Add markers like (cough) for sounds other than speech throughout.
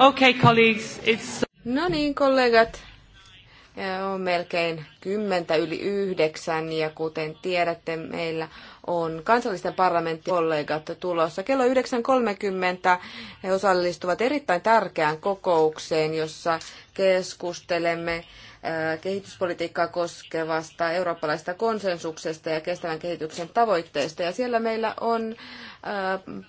Okay, colleagues, it's... No niin, kollegat. On melkein kymmentä yli yhdeksän ja kuten tiedätte, meillä on kansallisten parlamenttikollegat tulossa. Kello 9.30 he osallistuvat erittäin tärkeään kokoukseen, jossa keskustelemme äh, kehityspolitiikkaa koskevasta eurooppalaista konsensuksesta ja kestävän kehityksen tavoitteista. Ja siellä meillä on äh,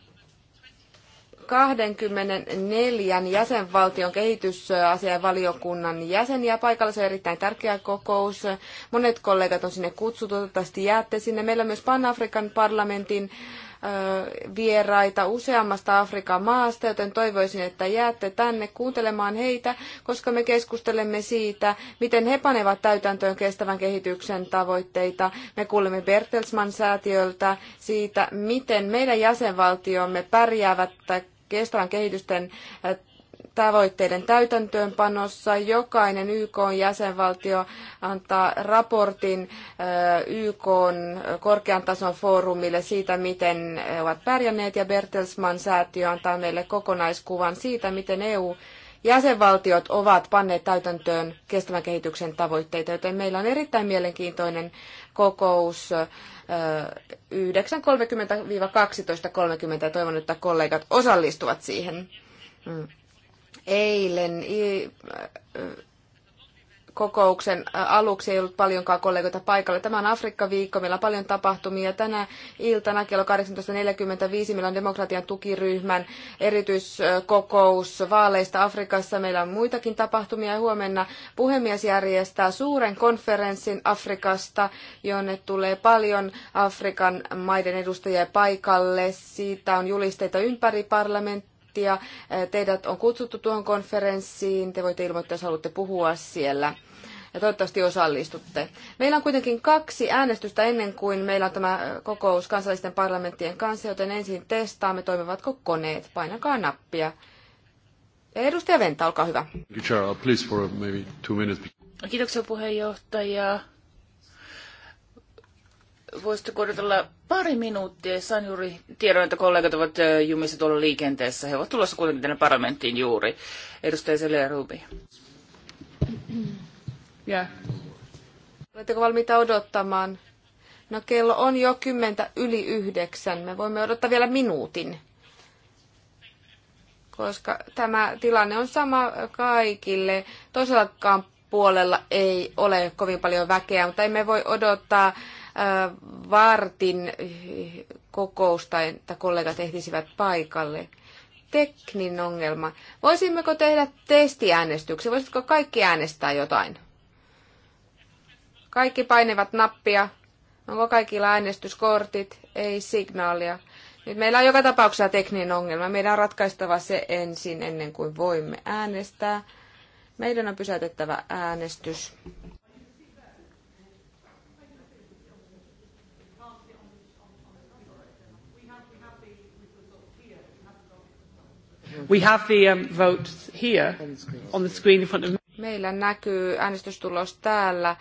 24 jäsenvaltion kehitysasianvaliokunnan jäseniä paikalla. Se on erittäin tärkeä kokous. Monet kollegat on sinne kutsuttu, toivottavasti jäätte sinne. Meillä on myös Pan-Afrikan parlamentin vieraita useammasta Afrikan maasta, joten toivoisin, että jäätte tänne kuuntelemaan heitä, koska me keskustelemme siitä, miten he panevat täytäntöön kestävän kehityksen tavoitteita. Me kuulemme Bertelsmann-säätiöltä siitä, miten meidän jäsenvaltiomme pärjäävät kestävän kehitysten äh, tavoitteiden täytäntöönpanossa. Jokainen YK jäsenvaltio antaa raportin äh, YK korkean tason foorumille siitä, miten ovat pärjänneet, ja Bertelsmann säätiö antaa meille kokonaiskuvan siitä, miten EU jäsenvaltiot ovat panneet täytäntöön kestävän kehityksen tavoitteita, joten meillä on erittäin mielenkiintoinen kokous äh, 9.30-12.30 ja toivon, että kollegat osallistuvat siihen. Mm. Eilen kokouksen aluksi ei ollut paljonkaan kollegoita paikalla. Tämä on Afrikka-viikko, meillä on paljon tapahtumia. Tänä iltana kello 18.45 meillä on demokratian tukiryhmän erityiskokous vaaleista Afrikassa. Meillä on muitakin tapahtumia ja huomenna puhemies järjestää suuren konferenssin Afrikasta, jonne tulee paljon Afrikan maiden edustajia paikalle. Siitä on julisteita ympäri parlamenttia Ja Teidät on kutsuttu tuohon konferenssiin. Te voitte ilmoittaa, jos haluatte puhua siellä ja toivottavasti osallistutte. Meillä on kuitenkin kaksi äänestystä ennen kuin meillä on tämä kokous kansallisten parlamenttien kanssa, joten ensin testaamme, toimivatko koneet. Painakaa nappia. Ja edustaja Venta, olkaa hyvä. Kiitoksia puheenjohtaja. Voisitko odotella pari minuuttia? Sain juuri tiedon, että kollegat ovat jumissa tuolla liikenteessä. He ovat tulossa kuitenkin tänne parlamenttiin juuri. Edustaja Selja Rubi. Yeah. Oletteko valmiita odottamaan? No kello on jo kymmentä yli yhdeksän. Me voimme odottaa vielä minuutin. Koska tämä tilanne on sama kaikille. Toisellakaan puolella ei ole kovin paljon väkeä, mutta emme voi odottaa äh, vartin kokousta, että kollegat ehtisivät paikalle. Tekninen ongelma. Voisimmeko tehdä testiäänestyksen? Voisitko kaikki äänestää jotain? Kaikki painavat nappia. Onko kaikilla äänestyskortit? Ei signaalia. Nyt meillä on joka tapauksessa tekninen ongelma. Meidän on ratkaistava se ensin ennen kuin voimme äänestää. Meidän on pysäytettävä äänestys. We have the um, vote here on the screen in front of me. Meillä näkyy äänestystulos täällä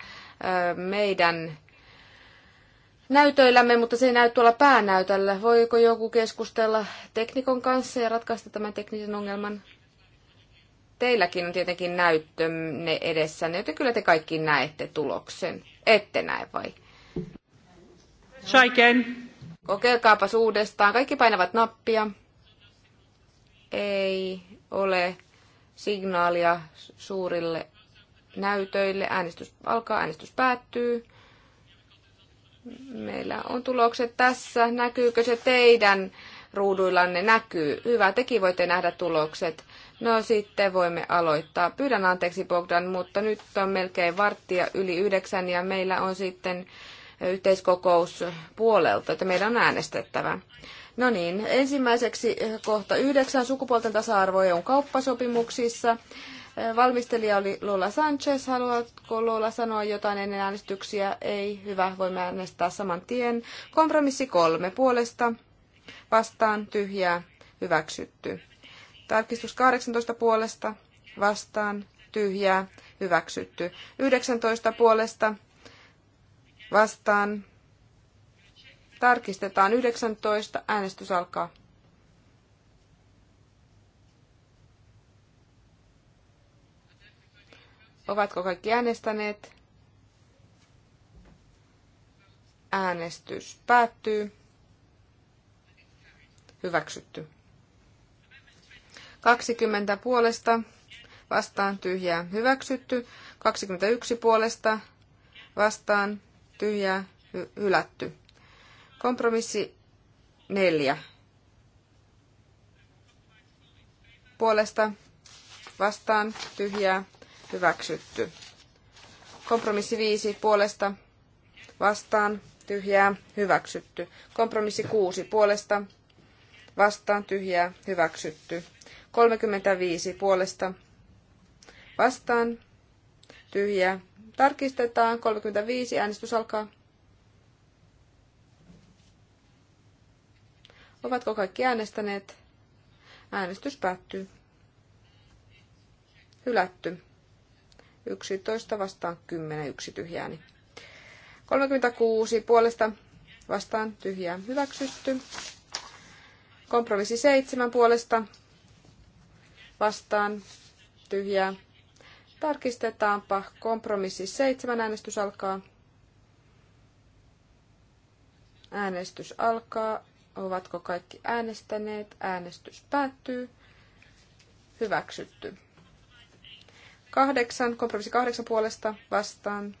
meidän näytöillämme, mutta se ei näy tuolla päänäytöllä. Voiko joku keskustella teknikon kanssa ja ratkaista tämän teknisen ongelman? Teilläkin on tietenkin näyttönne edessä, joten kyllä te kaikki näette tuloksen. Ette näe vai? Shaiken. Kokeilkaapas uudestaan. Kaikki painavat nappia. Ei ole signaalia suurille näytöille. Äänestys alkaa, äänestys päättyy. Meillä on tulokset tässä. Näkyykö se teidän ruuduillanne? Näkyy. Hyvä, tekin voitte nähdä tulokset. No sitten voimme aloittaa. Pyydän anteeksi Bogdan, mutta nyt on melkein varttia yli yhdeksän ja meillä on sitten yhteiskokous puolelta, että meidän on äänestettävä. No niin, ensimmäiseksi kohta yhdeksän sukupuolten tasa-arvo on e kauppasopimuksissa. Valmistelija oli Lola Sanchez. Haluatko Lola sanoa jotain ennen äänestyksiä? Ei. Hyvä, voimme äänestää saman tien. Kompromissi kolme puolesta. Vastaan tyhjää. Hyväksytty. Tarkistus 18 puolesta. Vastaan tyhjää. Hyväksytty. 19 puolesta. Vastaan. Tarkistetaan 19. Äänestys alkaa. Ovatko kaikki äänestäneet? Äänestys päättyy. Hyväksytty. 20 puolesta vastaan tyhjää hyväksytty. 21 puolesta vastaan tyhjää hylätty. Kompromissi 4 puolesta vastaan tyhjää hyväksytty. Kompromissi 5 puolesta vastaan tyhjää hyväksytty. Kompromissi 6 puolesta vastaan tyhjää hyväksytty. 35 puolesta vastaan tyhjää. Tarkistetaan 35 äänestys alkaa. Ovatko kaikki äänestäneet? Äänestys päättyy. Hylätty. 11 vastaan 10, yksi tyhjääni. 36 puolesta vastaan tyhjää hyväksytty. Kompromissi 7 puolesta vastaan tyhjää. Tarkistetaanpa. Kompromissi 7 äänestys alkaa. Äänestys alkaa. Ovatko kaikki äänestäneet? Äänestys päättyy. Hyväksytty. Kahdeksan kompromissi kahdeksan puolesta vastaan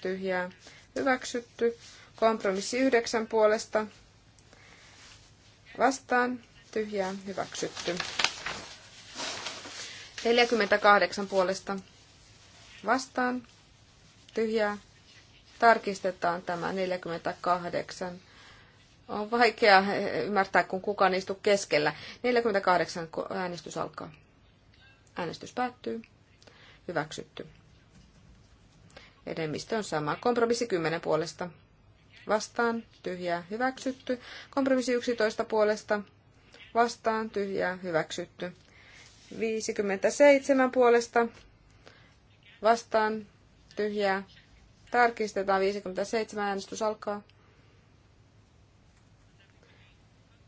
tyhjää hyväksytty. Kompromissi yhdeksän puolesta vastaan tyhjää hyväksytty. 48 puolesta vastaan tyhjää. Tarkistetaan tämä 48. On vaikea ymmärtää, kun kukaan istuu keskellä. 48 äänestys alkaa. Äänestys päättyy. Hyväksytty. Enemmistö on sama. Kompromissi 10 puolesta. Vastaan. Tyhjää. Hyväksytty. Kompromissi 11 puolesta. Vastaan. Tyhjää. Hyväksytty. 57 puolesta. Vastaan. Tyhjää. Tarkistetaan 57 äänestys alkaa.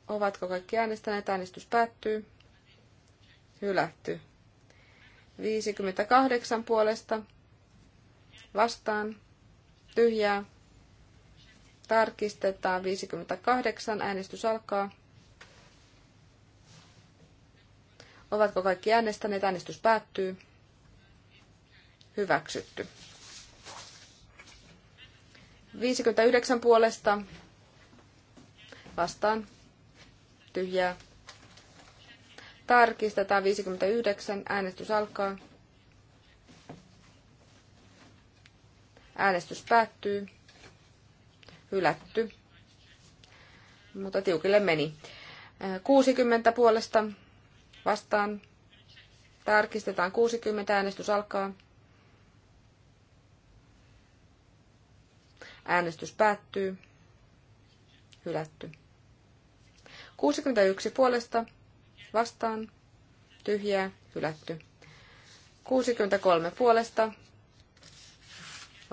Ovatko kaikki äänestäneet? Äänestys päättyy. Hylätty. 58 puolesta vastaan tyhjää. Tarkistetaan 58. Äänestys alkaa. Ovatko kaikki äänestäneet? Äänestys päättyy. Hyväksytty. 59 puolesta vastaan tyhjää Tarkistetaan 59. Äänestys alkaa. Äänestys päättyy. Hylätty. Mutta tiukille meni. 60 puolesta vastaan. Tarkistetaan 60. Äänestys alkaa. Äänestys päättyy. Hylätty. 61 puolesta vastaan, tyhjää, hylätty. 63 puolesta,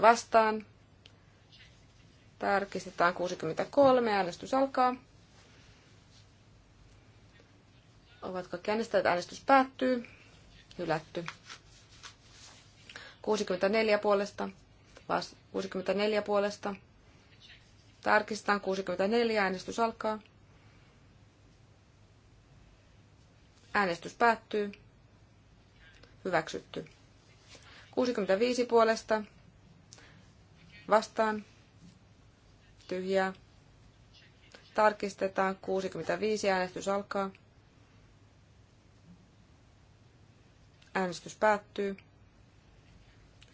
vastaan, tarkistetaan 63, äänestys alkaa. Ovatko äänestäjät, äänestys päättyy, hylätty. 64 puolesta, vas, 64 puolesta, tarkistetaan 64, äänestys alkaa. Äänestys päättyy. Hyväksytty. 65 puolesta. Vastaan. Tyhjää. Tarkistetaan. 65. Äänestys alkaa. Äänestys päättyy.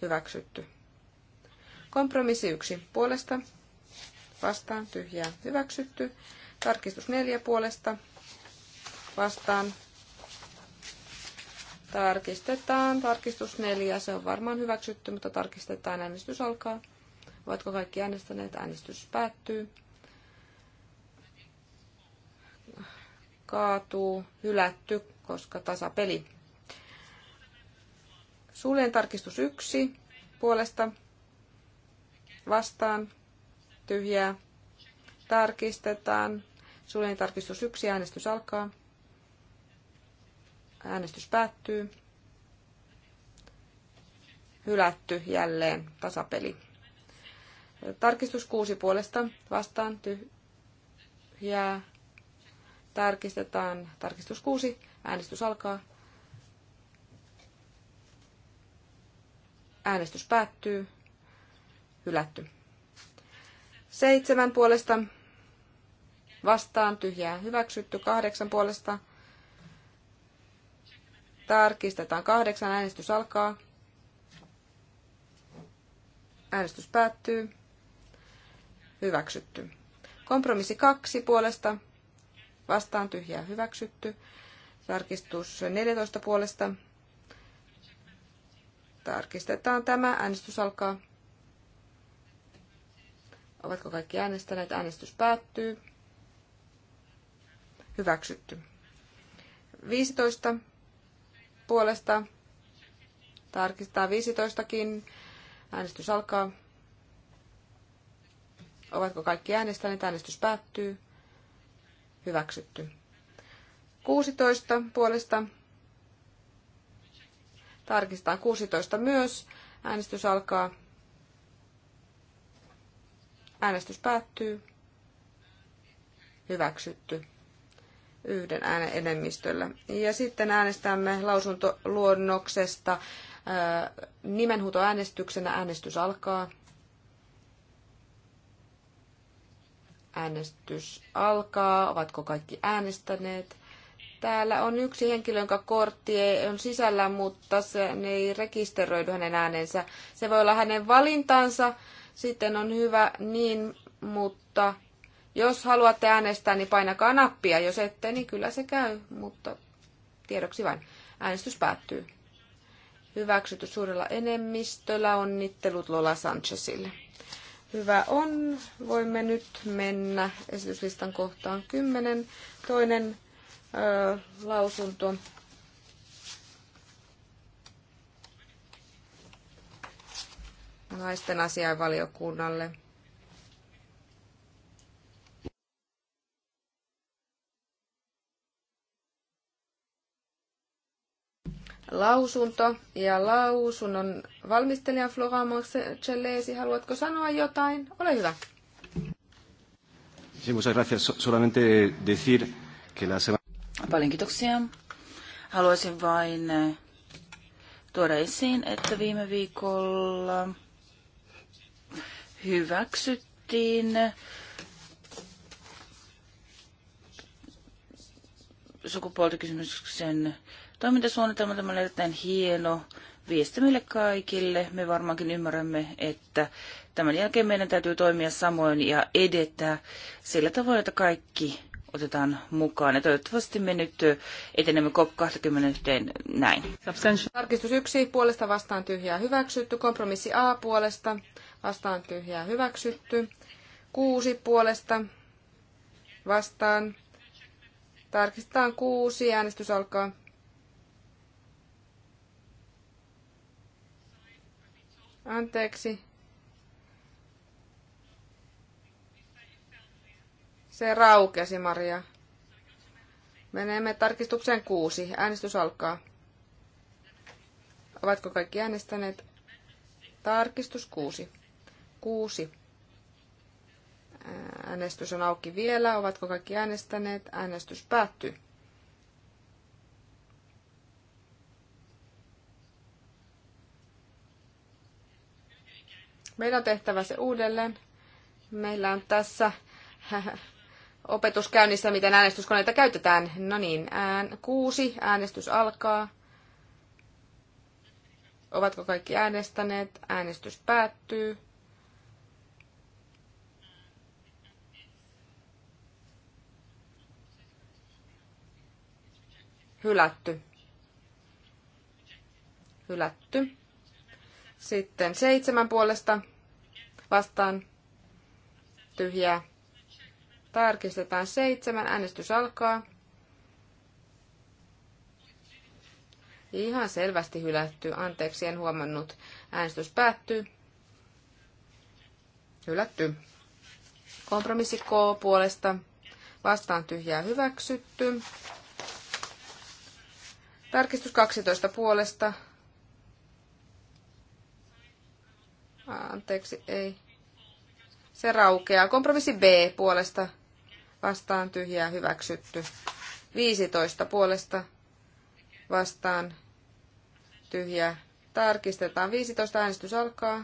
Hyväksytty. Kompromissi 1. Puolesta. Vastaan. Tyhjää. Hyväksytty. Tarkistus 4. Puolesta. Vastaan. Tarkistetaan. Tarkistus neljä. Se on varmaan hyväksytty, mutta tarkistetaan. Äänestys alkaa. Ovatko kaikki äänestäneet? Äänestys päättyy. Kaatuu. Hylätty, koska tasapeli. Suljen tarkistus yksi. Puolesta. Vastaan. Tyhjää. Tarkistetaan. Suljen tarkistus yksi. Äänestys alkaa. Äänestys päättyy. Hylätty jälleen tasapeli. Tarkistus kuusi puolesta vastaan tyhjää. Tarkistetaan. Tarkistus kuusi. Äänestys alkaa. Äänestys päättyy. Hylätty. Seitsemän puolesta vastaan tyhjää hyväksytty. Kahdeksan puolesta Tarkistetaan kahdeksan. Äänestys alkaa. Äänestys päättyy. Hyväksytty. Kompromissi kaksi puolesta. Vastaan tyhjää hyväksytty. Tarkistus 14 puolesta. Tarkistetaan tämä. Äänestys alkaa. Ovatko kaikki äänestäneet? Äänestys päättyy. Hyväksytty. 15 puolesta. Tarkistetaan 15kin. Äänestys alkaa. Ovatko kaikki äänestäneet? Äänestys päättyy. Hyväksytty. 16 puolesta. Tarkistetaan 16 myös. Äänestys alkaa. Äänestys päättyy. Hyväksytty yhden äänen enemmistöllä. Ja sitten äänestämme lausuntoluonnoksesta nimenhuutoäänestyksenä. Äänestys alkaa. Äänestys alkaa. Ovatko kaikki äänestäneet? Täällä on yksi henkilö, jonka kortti ei, on sisällä, mutta se ei rekisteröidy hänen äänensä. Se voi olla hänen valintansa, sitten on hyvä niin, mutta jos haluatte äänestää, niin painakaa nappia. Jos ette, niin kyllä se käy, mutta tiedoksi vain. Äänestys päättyy. Hyväksytty suurella enemmistöllä. Onnittelut Lola Sanchezille. Hyvä on. Voimme nyt mennä esityslistan kohtaan 10. Toinen ö, lausunto. Naisten asiainvaliokunnalle. lausunto ja lausunnon valmistelija Flora Marcellesi. Haluatko sanoa jotain? Ole hyvä. Sí, muchas gracias. Solamente decir que la semana... Paljon kiitoksia. Haluaisin vain eh, tuoda esiin, että viime viikolla hyväksyttiin eh, sukupuolikysymyksen toimintasuunnitelma. Tämä on erittäin hieno viesti meille kaikille. Me varmaankin ymmärrämme, että tämän jälkeen meidän täytyy toimia samoin ja edetä sillä tavoin, että kaikki otetaan mukaan. Ja toivottavasti me nyt etenemme COP21 näin. Tarkistus 1. Puolesta vastaan tyhjää hyväksytty. Kompromissi A. Puolesta vastaan tyhjää hyväksytty. 6. Puolesta vastaan. Tarkistetaan 6. Äänestys alkaa. Anteeksi. Se raukesi, Maria. Menemme tarkistukseen kuusi. Äänestys alkaa. Ovatko kaikki äänestäneet? Tarkistus kuusi. Kuusi. Äänestys on auki vielä. Ovatko kaikki äänestäneet? Äänestys päättyy. Meidän on tehtävä se uudelleen. Meillä on tässä (laughs) opetuskäynnissä miten äänestyskoneita käytetään. No niin, ään, kuusi, äänestys alkaa. Ovatko kaikki äänestäneet? Äänestys päättyy. Hylätty. Hylätty. Sitten seitsemän puolesta vastaan tyhjää. Tarkistetaan seitsemän. Äänestys alkaa. Ihan selvästi hylätty. Anteeksi, en huomannut. Äänestys päättyy. Hylätty. Kompromissi K puolesta. Vastaan tyhjää hyväksytty. Tarkistus 12 puolesta. Anteeksi, ei. Se raukeaa. Kompromissi B puolesta vastaan tyhjää hyväksytty. 15 puolesta vastaan tyhjää. Tarkistetaan. 15 äänestys alkaa.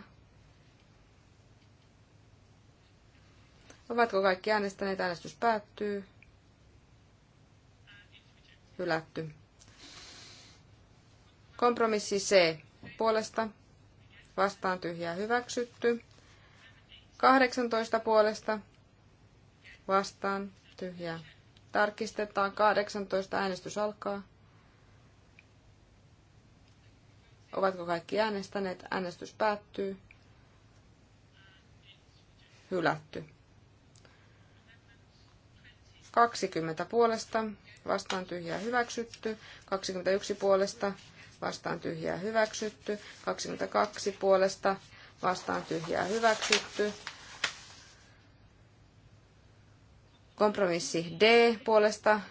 Ovatko kaikki äänestäneet? Äänestys päättyy. Hylätty. Kompromissi C puolesta vastaan tyhjää hyväksytty. 18 puolesta vastaan tyhjää. Tarkistetaan 18 äänestys alkaa. Ovatko kaikki äänestäneet? Äänestys päättyy. Hylätty. 20 puolesta, vastaan tyhjää hyväksytty. 21 puolesta, vastaan tyhjää hyväksytty. 22 puolesta vastaan tyhjää hyväksytty. Kompromissi D puolesta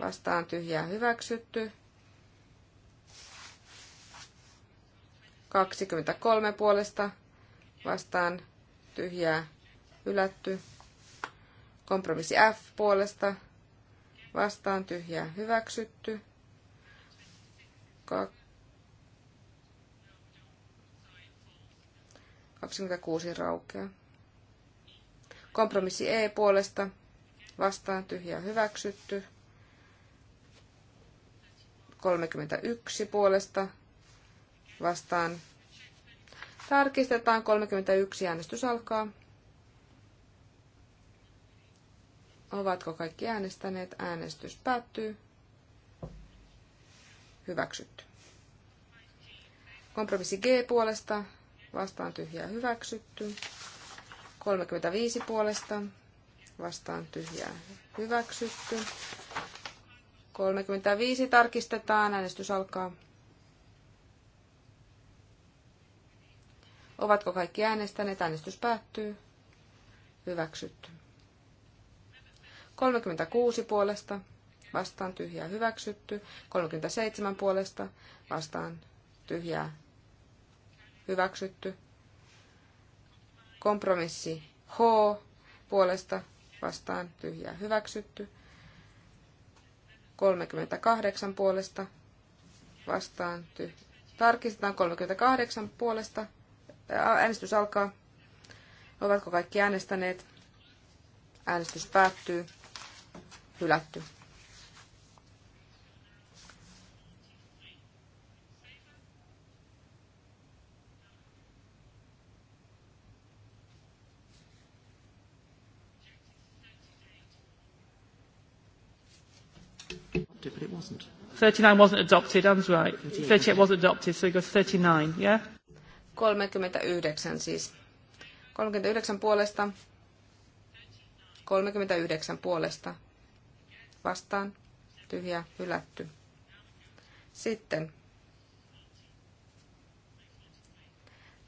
vastaan tyhjää hyväksytty. 23 puolesta vastaan tyhjää hylätty. Kompromissi F puolesta vastaan tyhjää hyväksytty. 26 raukeaa. Kompromissi E puolesta vastaan tyhjä hyväksytty. 31 puolesta vastaan. Tarkistetaan 31 äänestys alkaa. Ovatko kaikki äänestäneet? Äänestys päättyy. Hyväksytty. Kompromissi G puolesta vastaan tyhjää hyväksytty. 35 puolesta vastaan tyhjää hyväksytty. 35 tarkistetaan, äänestys alkaa. Ovatko kaikki äänestäneet? Äänestys päättyy. Hyväksytty. 36 puolesta vastaan tyhjää hyväksytty. 37 puolesta vastaan tyhjää hyväksytty. Kompromissi H puolesta vastaan tyhjää hyväksytty. 38 puolesta vastaan tyhjää. Tarkistetaan 38 puolesta. Äänestys alkaa. Ovatko kaikki äänestäneet? Äänestys päättyy. Hylätty. adopted, but it wasn't. 39 wasn't adopted, I was right. 38 wasn't adopted, so it goes 39, yeah? 39 siis. 39 puolesta. 39 puolesta. Vastaan. Tyhjä, hylätty. Sitten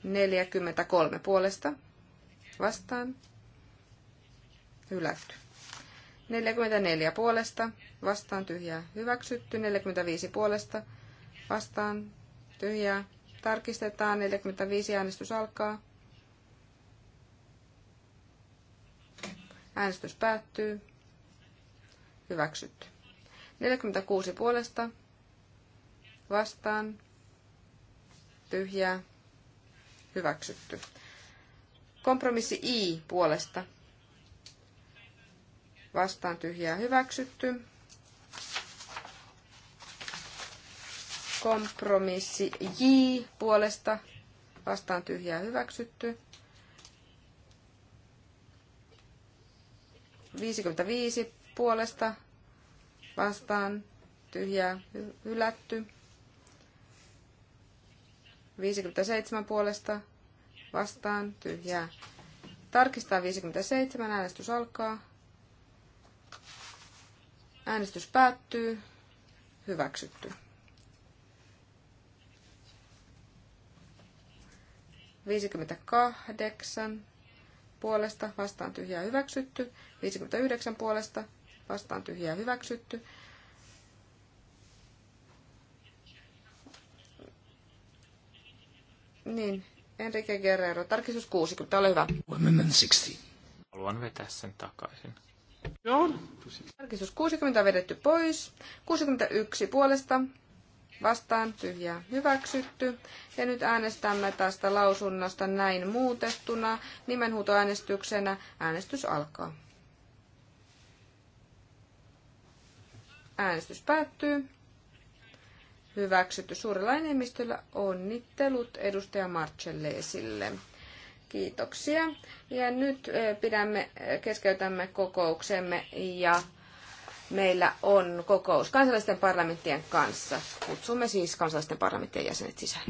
43 puolesta. Vastaan. Hylätty. 44 puolesta, vastaan tyhjää hyväksytty. 45 puolesta, vastaan tyhjää. Tarkistetaan, 45 äänestys alkaa. Äänestys päättyy. Hyväksytty. 46 puolesta, vastaan, tyhjää, hyväksytty. Kompromissi I puolesta, vastaan tyhjää hyväksytty. Kompromissi J puolesta vastaan tyhjää hyväksytty. 55 puolesta vastaan tyhjää hylätty. 57 puolesta vastaan tyhjää. Tarkistaa 57, äänestys alkaa. Äänestys päättyy. Hyväksytty. 58 puolesta vastaan tyhjää hyväksytty. 59 puolesta vastaan tyhjää hyväksytty. Niin, Enrique Guerrero, tarkistus 60, ole hyvä. Women 60. Haluan vetää sen takaisin. Joo. Tarkistus 60 vedetty pois. 61 puolesta vastaan tyhjää hyväksytty. Ja nyt äänestämme tästä lausunnosta näin muutettuna. Nimenhuutoäänestyksenä äänestys alkaa. Äänestys päättyy. Hyväksytty suurella enemmistöllä. Onnittelut edustaja Marcelleesille. Kiitoksia. Ja nyt pidämme, keskeytämme kokouksemme ja meillä on kokous kansallisten parlamenttien kanssa. Kutsumme siis kansallisten parlamenttien jäsenet sisään.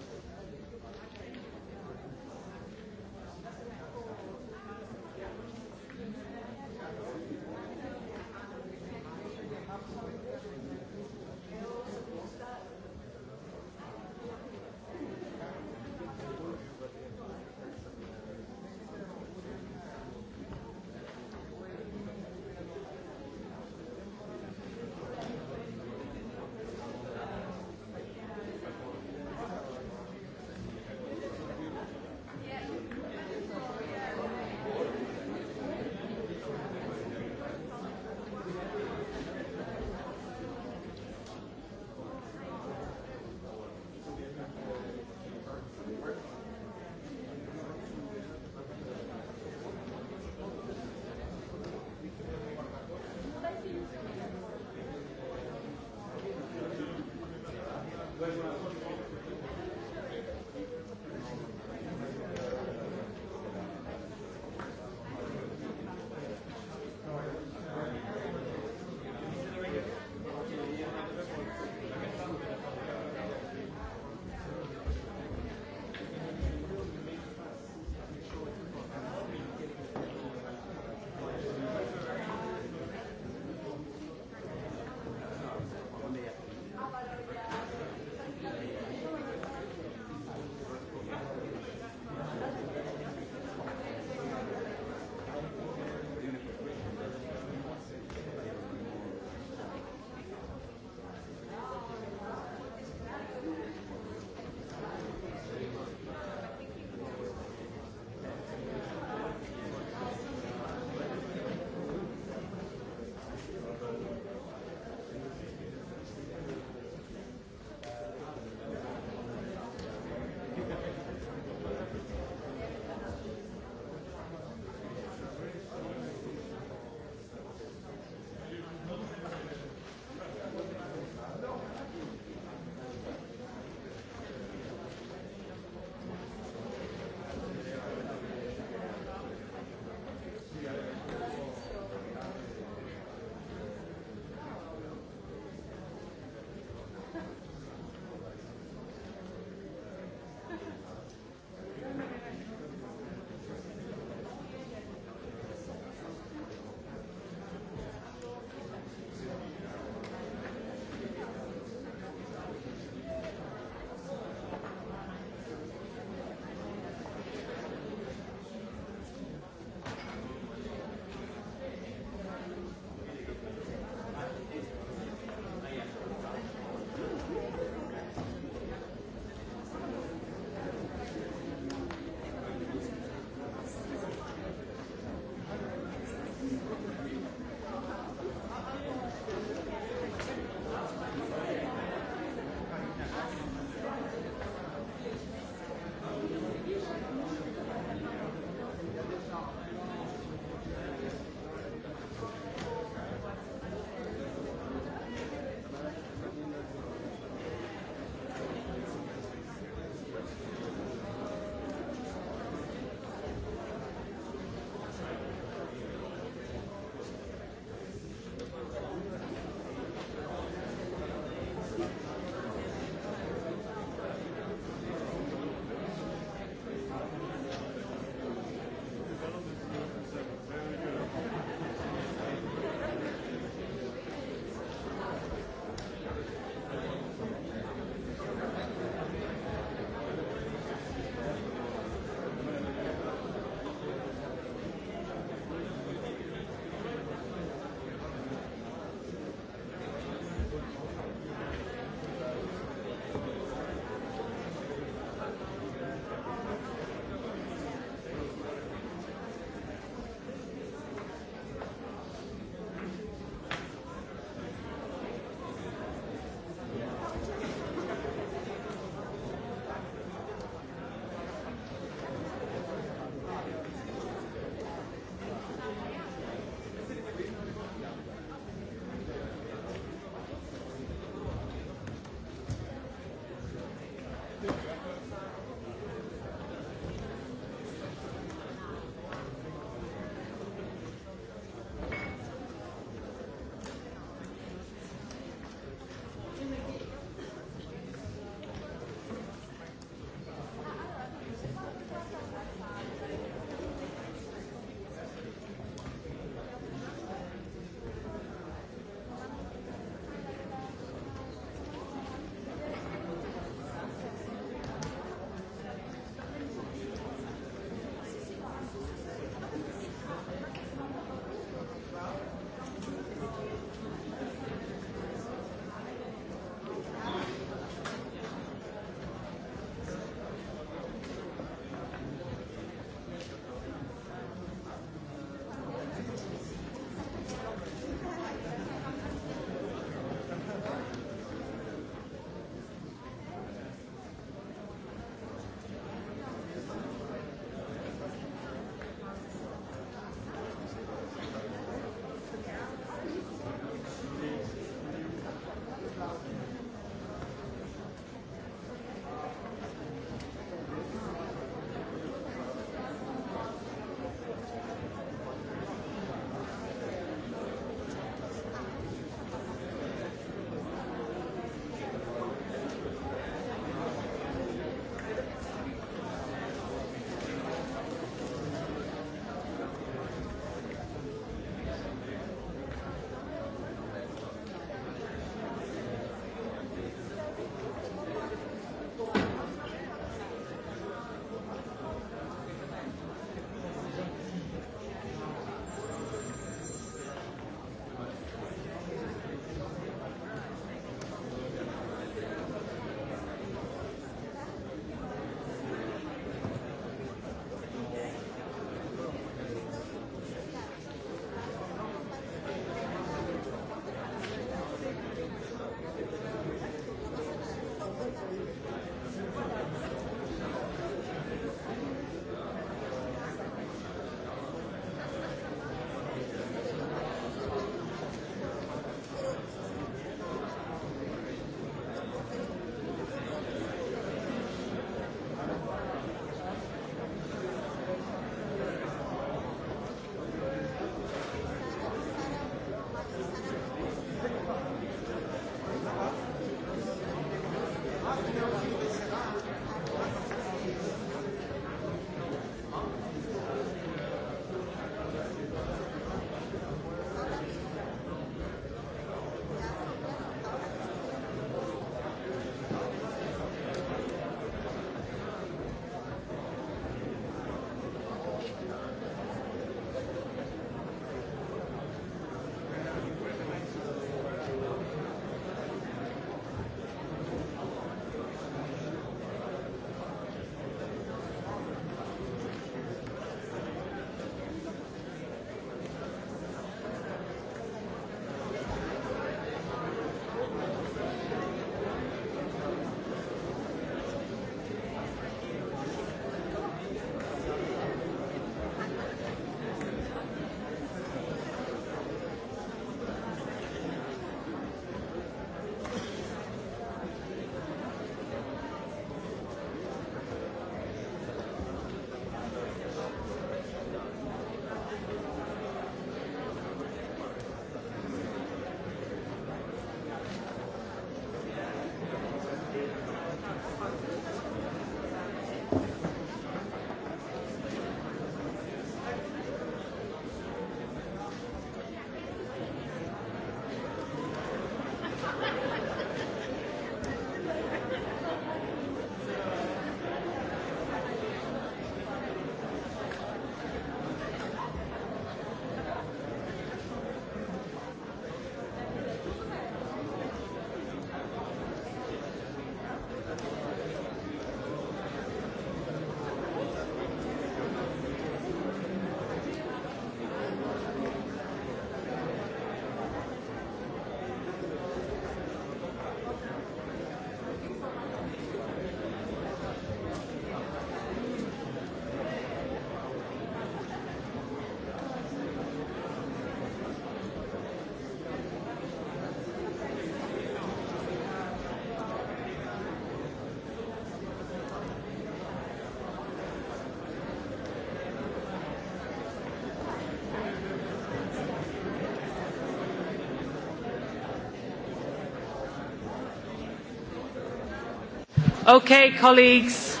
Okay, colleagues.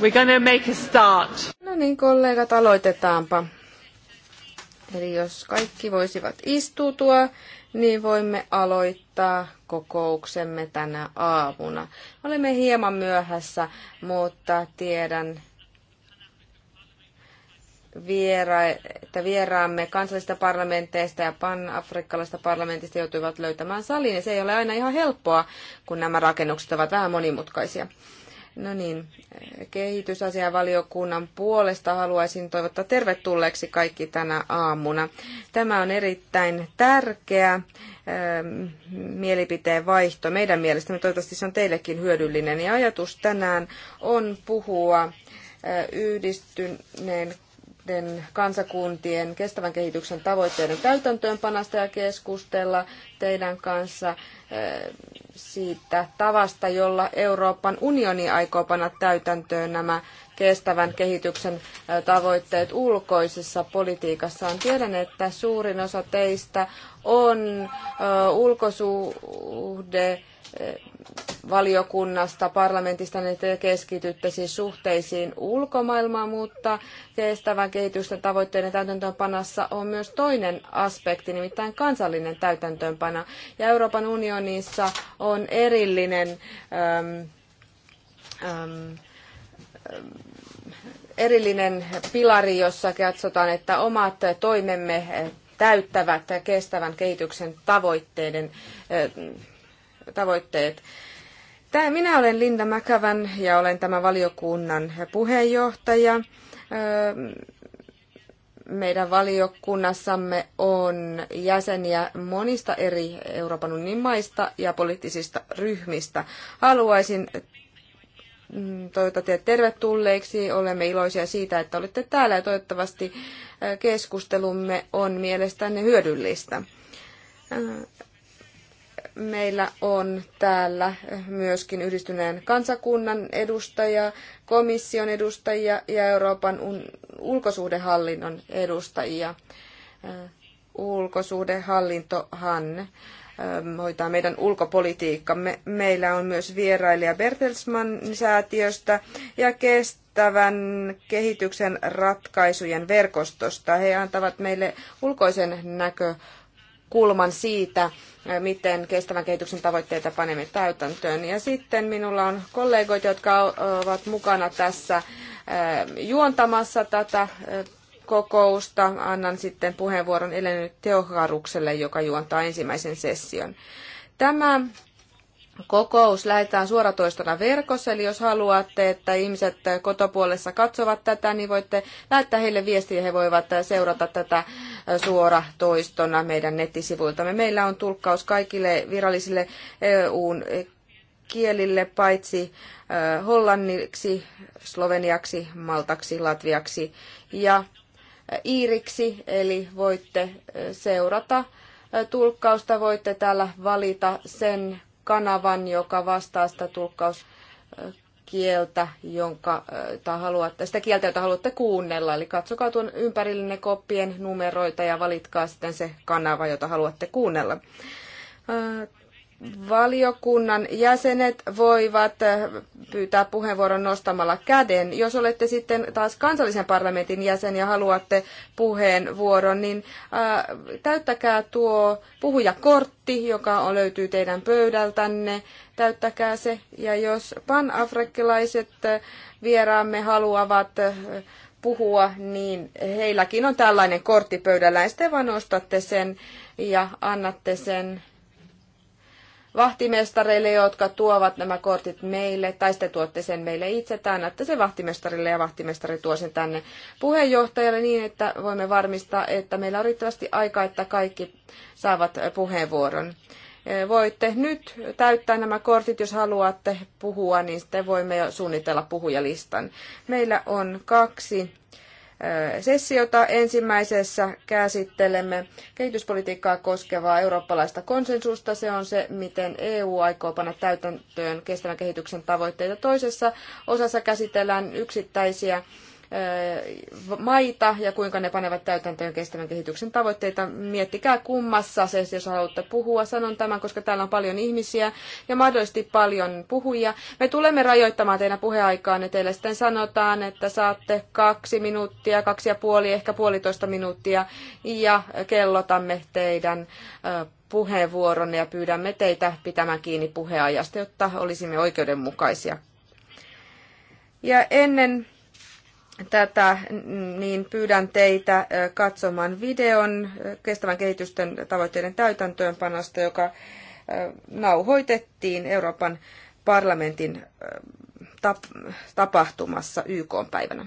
We're gonna make a start. No niin, kollegat, aloitetaanpa. Eli jos kaikki voisivat istutua, niin voimme aloittaa kokouksemme tänä aamuna. Olemme hieman myöhässä, mutta tiedän viera, että vieraamme kansallisista parlamenteista ja panafrikkalaisista parlamentista joutuivat löytämään salin. Ja se ei ole aina ihan helppoa, kun nämä rakennukset ovat vähän monimutkaisia. No niin, kehitysasiavaliokunnan puolesta haluaisin toivottaa tervetulleeksi kaikki tänä aamuna. Tämä on erittäin tärkeä ähm, mielipiteen vaihto meidän mielestämme. Toivottavasti se on teillekin hyödyllinen. Ja ajatus tänään on puhua äh, yhdistyneen näiden kansakuntien kestävän kehityksen tavoitteiden täytäntöönpanosta ja keskustella teidän kanssa eh, siitä tavasta, jolla Euroopan unioni aikoo panna täytäntöön nämä kestävän kehityksen eh, tavoitteet ulkoisessa politiikassaan. Tiedän, että suurin osa teistä on eh, ulkosuhde valiokunnasta, parlamentista, niin te keskitytte siis suhteisiin ulkomaailmaan, mutta kestävän kehitysten tavoitteiden täytäntöönpanossa on myös toinen aspekti, nimittäin kansallinen täytäntöönpano. Ja Euroopan unionissa on erillinen äm, äm, ähm, erillinen pilari, jossa katsotaan, että omat toimemme täyttävät kestävän kehityksen tavoitteiden äm, äh, tavoitteet. Tämä, minä olen Linda Mäkävän ja olen tämän valiokunnan puheenjohtaja. Meidän valiokunnassamme on jäseniä monista eri Euroopan unionin maista ja poliittisista ryhmistä. Haluaisin mm, toivottaa teidät tervetulleiksi. Olemme iloisia siitä, että olette täällä ja toivottavasti keskustelumme on mielestänne hyödyllistä meillä on täällä myöskin yhdistyneen kansakunnan edustajia, komission edustajia ja Euroopan ulkosuhdehallinnon edustajia. Ulkosuhdehallintohan hoitaa meidän ulkopolitiikkamme. Meillä on myös vierailija Bertelsmann-säätiöstä ja kestävän kehityksen ratkaisujen verkostosta. He antavat meille ulkoisen näkökulman kulman siitä, miten kestävän kehityksen tavoitteita panemme täytäntöön. Ja sitten minulla on kollegoita, jotka ovat mukana tässä juontamassa tätä kokousta. Annan sitten puheenvuoron Eleni Teoharukselle, joka juontaa ensimmäisen session. Tämä kokous lähetään suoratoistona verkossa, eli jos haluatte, että ihmiset kotopuolessa katsovat tätä, niin voitte lähettää heille viestiä, he voivat seurata tätä suoratoistona meidän nettisivuiltamme. Meillä on tulkkaus kaikille virallisille EUn kielille, paitsi hollanniksi, sloveniaksi, maltaksi, latviaksi ja iiriksi, eli voitte seurata tulkkausta, voitte täällä valita sen kanavan, joka vastaa sitä tulkkauskieltä, jonka, tai haluatte, sitä kieltä, jota haluatte kuunnella. Eli katsokaa tuon ympärillenne koppien numeroita ja valitkaa sitten se kanava, jota haluatte kuunnella. Valiokunnan jäsenet voivat eh, pyytää puheenvuoron nostamalla käden. Jos olette sitten taas kansallisen parlamentin jäsen ja haluatte puheenvuoron, niin eh, täyttäkää tuo puhujakortti, joka löytyy teidän pöydältänne. Täyttäkää se. Ja jos panafrikkalaiset eh, vieraamme haluavat puhua, niin heilläkin on tällainen kortti pöydällä. Ja sitten vaan nostatte sen ja annatte sen vahtimestareille, jotka tuovat nämä kortit meille, tai sitten tuotte sen meille itse tai annatte sen vahtimestarille ja vahtimestari tuo sen tänne puheenjohtajalle niin, että voimme varmistaa, että meillä on riittävästi aikaa, että kaikki saavat puheenvuoron. E, voitte nyt täyttää nämä kortit, jos haluatte puhua, niin sitten voimme jo suunnitella puhujalistan. Meillä on kaksi sessiota. Ensimmäisessä käsittelemme kehityspolitiikkaa koskevaa eurooppalaista konsensusta. Se on se, miten EU aikoo panna täytäntöön kestävän kehityksen tavoitteita. Toisessa osassa käsitellään yksittäisiä maita ja kuinka ne panevat täytäntöön kestävän kehityksen tavoitteita. Miettikää kummassa se, jos haluatte puhua. Sanon tämän, koska täällä on paljon ihmisiä ja mahdollisesti paljon puhujia. Me tulemme rajoittamaan teidän puheaikaan. Teille sitten sanotaan, että saatte kaksi minuuttia, kaksi ja puoli, ehkä puolitoista minuuttia ja kellotamme teidän puheenvuoronne ja pyydämme teitä pitämään kiinni puheajasta, jotta olisimme oikeudenmukaisia. Ja ennen tätä, niin pyydän teitä katsomaan videon kestävän kehitysten tavoitteiden täytäntöönpanosta, joka nauhoitettiin Euroopan parlamentin tapahtumassa YK-päivänä.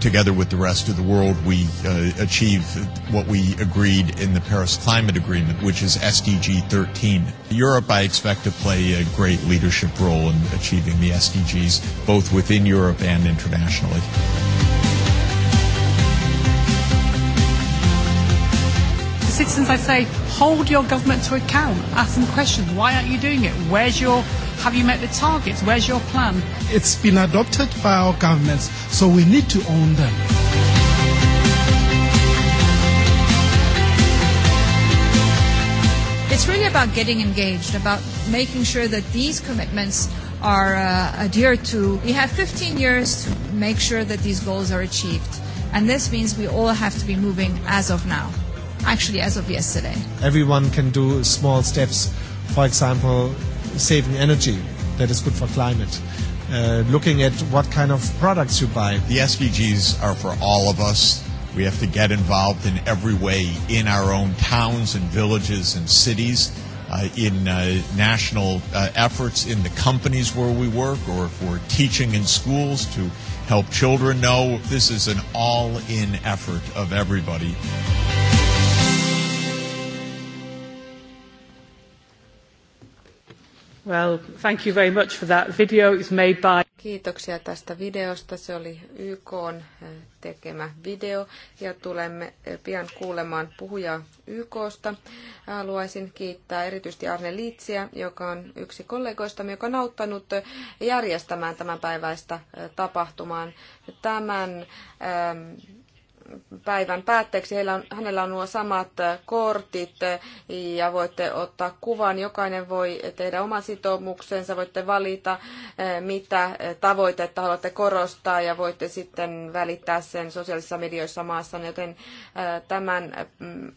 together with the rest of the world, we uh, achieve what we agreed in the Paris Climate Agreement, which is SDG 13. Europe, I expect to play a great leadership role in achieving the SDGs, both within Europe and internationally. The citizens, I say, hold your government to account. Ask them questions. Why aren't you doing it? Where's your Have you met the targets? Where's your plan? It's been adopted by our governments, so we need to own them. It's really about getting engaged, about making sure that these commitments are uh, adhered to. We have 15 years to make sure that these goals are achieved. And this means we all have to be moving as of now, actually, as of yesterday. Everyone can do small steps. For example, saving energy that is good for climate. Uh, looking at what kind of products you buy. The SDGs are for all of us. We have to get involved in every way in our own towns and villages and cities, uh, in uh, national uh, efforts in the companies where we work, or if we're teaching in schools to help children know this is an all in effort of everybody. Well, thank you very much for that video. It's made by... Kiitoksia tästä videosta. Se oli YK eh, tekemä video ja tulemme eh, pian kuulemaan puhujaa YKsta. Haluaisin kiittää erityisesti Arne Liitsiä, joka on yksi kollegoista, joka on auttanut eh, järjestämään tämän päiväistä tapahtumaan. Tämän ähm, päivän päätteeksi. Heillä on, hänellä on nuo samat kortit ja voitte ottaa kuvan. Jokainen voi tehdä oman sitoumuksensa, voitte valita mitä tavoitetta haluatte korostaa ja voitte sitten välittää sen sosiaalisissa medioissa maassa. Joten tämän mm,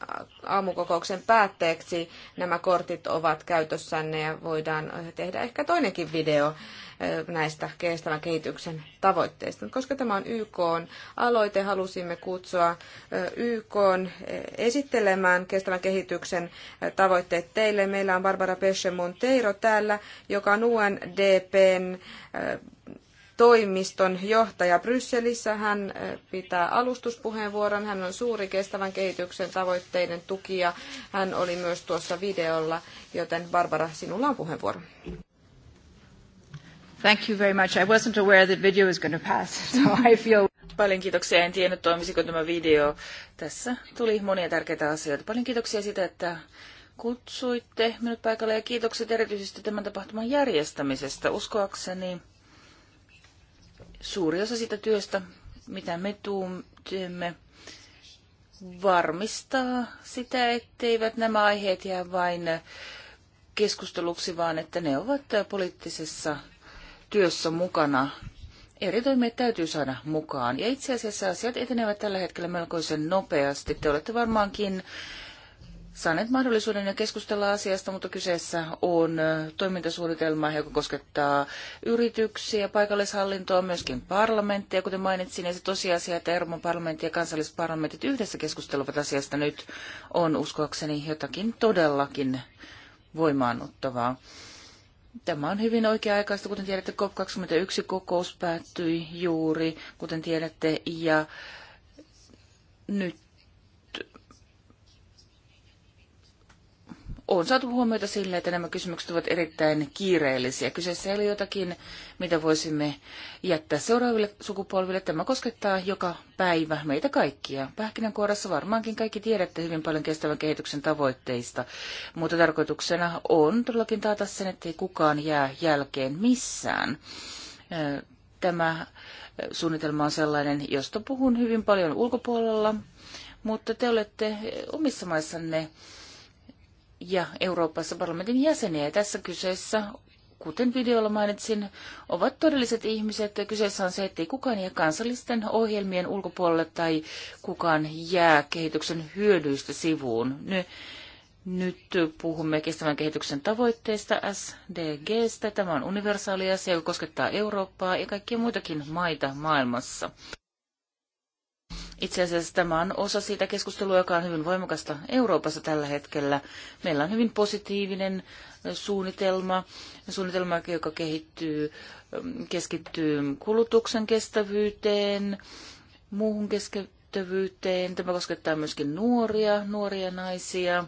aamukokouksen päätteeksi nämä kortit ovat käytössänne ja voidaan tehdä ehkä toinenkin video näistä kestävän kehityksen tavoitteista. Koska tämä on YK on aloite, halusimme kutsua YK on esittelemään kestävän kehityksen tavoitteet teille. Meillä on Barbara Pesce Monteiro täällä, joka on UNDPn toimiston johtaja Brysselissä. Hän pitää alustuspuheenvuoron. Hän on suuri kestävän kehityksen tavoitteiden tukija. Hän oli myös tuossa videolla, joten Barbara, sinulla on puheenvuoro. Thank you very much. I wasn't aware that video is going to pass, (laughs) so I feel... Paljon kiitoksia. En tiennyt, toimisiko tämä video. Tässä tuli monia tärkeitä asioita. Paljon kiitoksia siitä, että kutsuitte minut paikalle ja kiitokset erityisesti tämän tapahtuman järjestämisestä. Uskoakseni suuri osa siitä työstä, mitä me tuumme varmistaa sitä, etteivät nämä aiheet jää vain keskusteluksi, vaan että ne ovat poliittisessa työssä mukana. Eri toimijat täytyy saada mukaan. Ja itse asiassa asiat etenevät tällä hetkellä melkoisen nopeasti. Te olette varmaankin saaneet mahdollisuuden jo keskustella asiasta, mutta kyseessä on toimintasuunnitelma, joka koskettaa yrityksiä, paikallishallintoa, myöskin parlamentteja, kuten mainitsin, ja se tosiasia, että Euroopan parlamentti ja kansallisparlamentit yhdessä keskustelevat asiasta nyt, on uskoakseni jotakin todellakin voimaannuttavaa. Tämä on hyvin oikea-aikaista, kuten tiedätte, COP21-kokous päättyi juuri, kuten tiedätte, ja nyt on saatu huomiota sille, että nämä kysymykset ovat erittäin kiireellisiä. Kyseessä ei ole jotakin, mitä voisimme jättää seuraaville sukupolville. Tämä koskettaa joka päivä meitä kaikkia. Pähkinänkuoressa varmaankin kaikki tiedätte hyvin paljon kestävän kehityksen tavoitteista, mutta tarkoituksena on todellakin taata sen, ettei kukaan jää jälkeen missään. Tämä suunnitelma on sellainen, josta puhun hyvin paljon ulkopuolella, mutta te olette omissa maissanne ja Euroopassa parlamentin jäseniä. Tässä kyseessä, kuten videolla mainitsin, ovat todelliset ihmiset. Kyseessä on se, ettei kukaan jää kansallisten ohjelmien ulkopuolelle tai kukaan jää kehityksen hyödyistä sivuun. Nyt, nyt puhumme kestävän kehityksen tavoitteista, SDGstä. Tämä on universaalia, se koskettaa Eurooppaa ja kaikkia muitakin maita maailmassa. Itse asiassa tämä on osa siitä keskustelua, joka on hyvin voimakasta Euroopassa tällä hetkellä. Meillä on hyvin positiivinen suunnitelma, suunnitelma, joka kehittyy, mm, keskittyy kulutuksen kestävyyteen, muuhun kestävyyteen. Tämä koskettaa myöskin nuoria, nuoria naisia,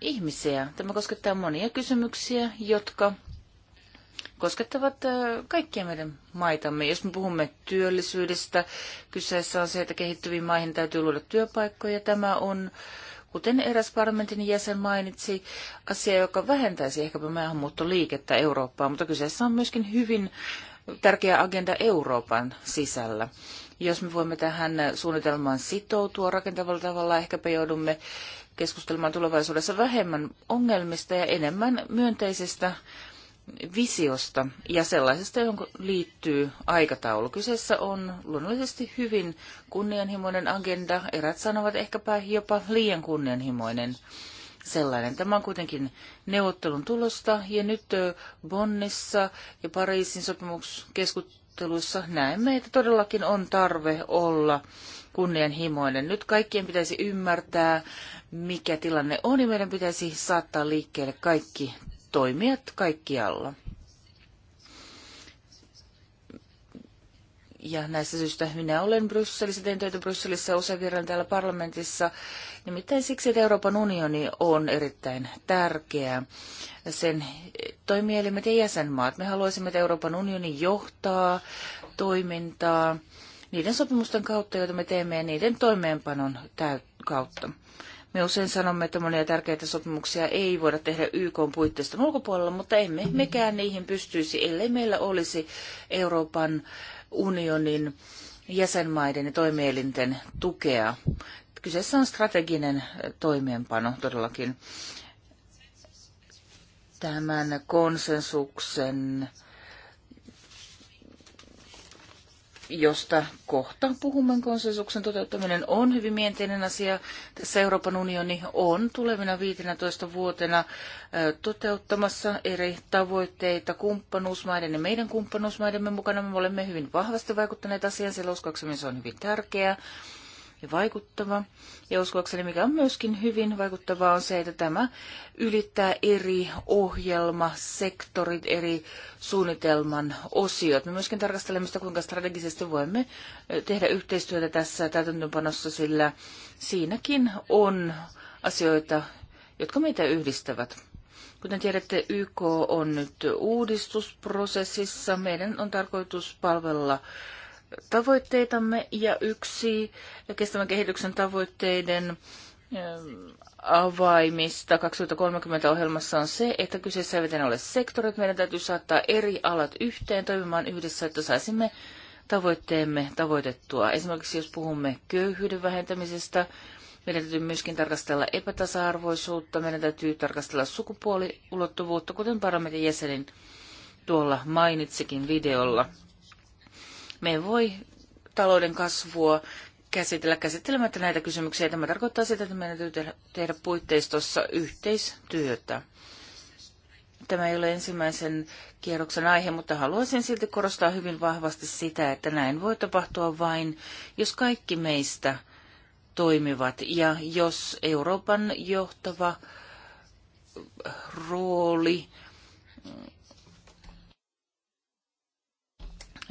ihmisiä. Tämä koskettaa monia kysymyksiä, jotka koskettavat äh, kaikkia meidän maitamme. Jos me puhumme työllisyydestä, kyseessä on se, että kehittyviin maihin täytyy luoda työpaikkoja. Tämä on, kuten eräs parlamentin jäsen mainitsi, asia, joka vähentäisi ehkäpä maahanmuuttoliikettä Eurooppaan, mutta kyseessä on myöskin hyvin tärkeä agenda Euroopan sisällä. Jos me voimme tähän suunnitelmaan sitoutua rakentavalla tavalla, ehkäpä joudumme keskustelemaan tulevaisuudessa vähemmän ongelmista ja enemmän myönteisistä visiosta ja sellaisesta, johon liittyy aikataulu. Kyseessä on luonnollisesti hyvin kunnianhimoinen agenda, erät sanovat ehkäpä jopa liian kunnianhimoinen sellainen. Tämä on kuitenkin neuvottelun tulosta ja nyt Bonnissa ja Pariisin sopimuskeskusteluissa näemme, että todellakin on tarve olla kunnianhimoinen. Nyt kaikkien pitäisi ymmärtää, mikä tilanne on ja meidän pitäisi saattaa liikkeelle kaikki toimijat kaikkialla. Ja näistä syistä minä olen Brysselissä, teen töitä Brysselissä usein täällä parlamentissa, nimittäin siksi, että Euroopan unioni on erittäin tärkeä. Sen toimielimet ja jäsenmaat. Me haluaisimme, että Euroopan unioni johtaa toimintaa niiden sopimusten kautta, joita me teemme ja niiden toimeenpanon täyt- kautta. Me usein sanomme, että monia tärkeitä sopimuksia ei voida tehdä YK puitteista ulkopuolella, mutta emme mekään niihin pystyisi, ellei meillä olisi Euroopan unionin jäsenmaiden ja toimielinten tukea. Kyseessä on strateginen toimeenpano todellakin. Tämän konsensuksen josta kohta puhumme. Konsensuksen toteuttaminen on hyvin myönteinen asia. Tässä Euroopan unioni on tulevina 15 vuotena toteuttamassa eri tavoitteita kumppanuusmaiden ja meidän kumppanuusmaidemme mukana. Me olemme hyvin vahvasti vaikuttaneet asiaan, sillä uskoakseni se on hyvin tärkeää ja vaikuttava. Ja uskoakseni, mikä on myöskin hyvin vaikuttavaa, on se, että tämä ylittää eri ohjelma, sektorit, eri suunnitelman osiot. Me myöskin tarkastelemme sitä, kuinka strategisesti voimme tehdä yhteistyötä tässä täytäntöönpanossa, sillä siinäkin on asioita, jotka meitä yhdistävät. Kuten tiedätte, YK on nyt uudistusprosessissa. Meidän on tarkoitus palvella tavoitteitamme ja yksi kestävän kehityksen tavoitteiden ähm, avaimista 2030 ohjelmassa on se, että kyseessä eivät ole sektorit. Meidän täytyy saattaa eri alat yhteen toimimaan yhdessä, että saisimme tavoitteemme tavoitettua. Esimerkiksi jos puhumme köyhyyden vähentämisestä, meidän täytyy myöskin tarkastella epätasa-arvoisuutta, meidän täytyy tarkastella sukupuoliulottuvuutta, kuten parlamentin jäsenin tuolla mainitsikin videolla. Me ei voi talouden kasvua käsitellä käsittelemättä näitä kysymyksiä. Tämä tarkoittaa sitä, että meidän täytyy tehdä puitteistossa yhteistyötä. Tämä ei ole ensimmäisen kierroksen aihe, mutta haluaisin silti korostaa hyvin vahvasti sitä, että näin voi tapahtua vain, jos kaikki meistä toimivat ja jos Euroopan johtava rooli –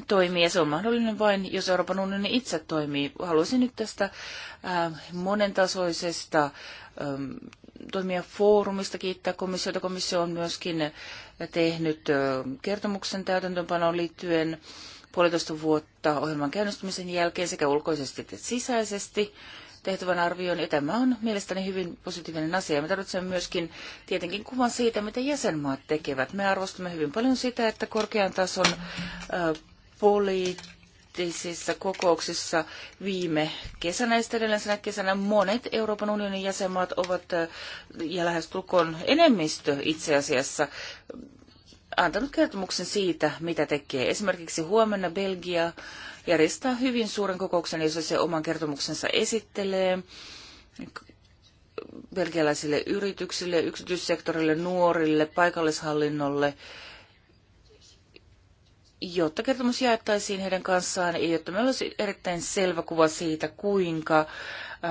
toimii ja se on mahdollinen vain, jos Euroopan unioni itse toimii. Haluaisin nyt tästä äh, monentasoisesta ähm, toimijafoorumista kiittää komissiota. Komissio on myöskin äh, tehnyt äh, kertomuksen täytäntöönpanoon liittyen puolitoista vuotta ohjelman käynnistymisen jälkeen sekä ulkoisesti että sisäisesti tehtävän arvioon, ja tämä on mielestäni hyvin positiivinen asia. Me tarvitsemme myöskin tietenkin kuvan siitä, mitä jäsenmaat tekevät. Me arvostamme hyvin paljon sitä, että korkean tason äh, poliittisissa kokouksissa viime kesänä ja edellisenä kesänä monet Euroopan unionin jäsenmaat ovat, ja lähes tulkoon enemmistö itse asiassa, antanut kertomuksen siitä, mitä tekee. Esimerkiksi huomenna Belgia järjestää hyvin suuren kokouksen, jossa se oman kertomuksensa esittelee belgialaisille yrityksille, yksityissektorille, nuorille, paikallishallinnolle jotta kertomus jaettaisiin heidän kanssaan ja jotta meillä olisi erittäin selvä kuva siitä, kuinka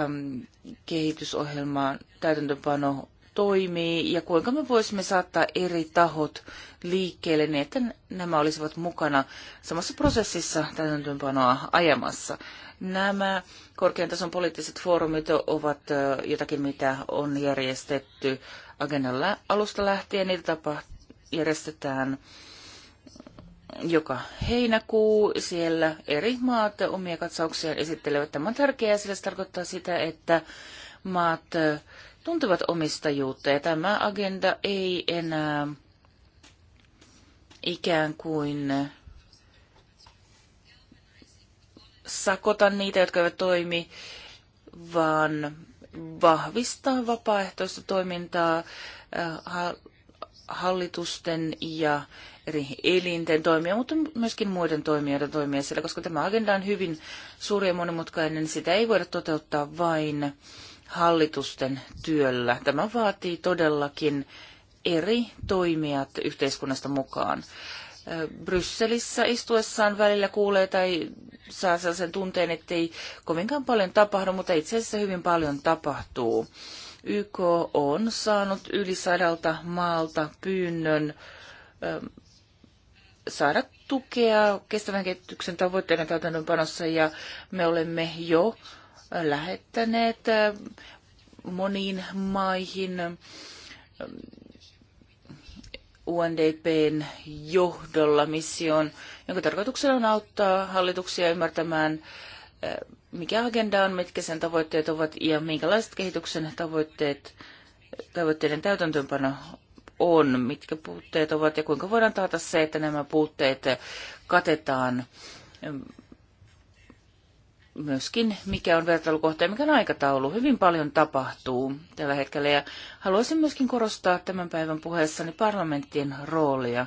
äm, kehitysohjelman täytäntöpano toimii ja kuinka me voisimme saattaa eri tahot liikkeelle niin, että nämä olisivat mukana samassa prosessissa täytäntöönpanoa ajamassa. Nämä korkean tason poliittiset foorumit ovat jotakin, mitä on järjestetty agendalla alusta lähtien. Niitä tapa järjestetään joka heinäkuu. Siellä eri maat omia katsauksiaan esittelevät. Tämä on tärkeää, sillä se tarkoittaa sitä, että maat tuntevat omistajuutta ja tämä agenda ei enää ikään kuin sakota niitä, jotka eivät toimi, vaan vahvistaa vapaaehtoista toimintaa hallitusten ja eri elinten toimia, mutta myöskin muiden toimijoiden toimia siellä, koska tämä agenda on hyvin suuri ja monimutkainen, niin sitä ei voida toteuttaa vain hallitusten työllä. Tämä vaatii todellakin eri toimijat yhteiskunnasta mukaan. Brysselissä istuessaan välillä kuulee tai saa sellaisen tunteen, että ei kovinkaan paljon tapahdu, mutta itse asiassa hyvin paljon tapahtuu. YK on saanut yli sadalta maalta pyynnön saada tukea kestävän kehityksen tavoitteiden täytäntöönpanossa ja me olemme jo lähettäneet äh, moniin maihin ähm, UNDPn johdolla mission, jonka tarkoituksena on auttaa hallituksia ymmärtämään, äh, mikä agenda on, mitkä sen tavoitteet ovat ja minkälaiset kehityksen tavoitteet, tavoitteiden täytäntöönpano on, mitkä puutteet ovat ja kuinka voidaan taata se, että nämä puutteet katetaan myöskin, mikä on vertailukohta ja mikä on aikataulu. Hyvin paljon tapahtuu tällä hetkellä ja haluaisin myöskin korostaa tämän päivän puheessani parlamenttien roolia.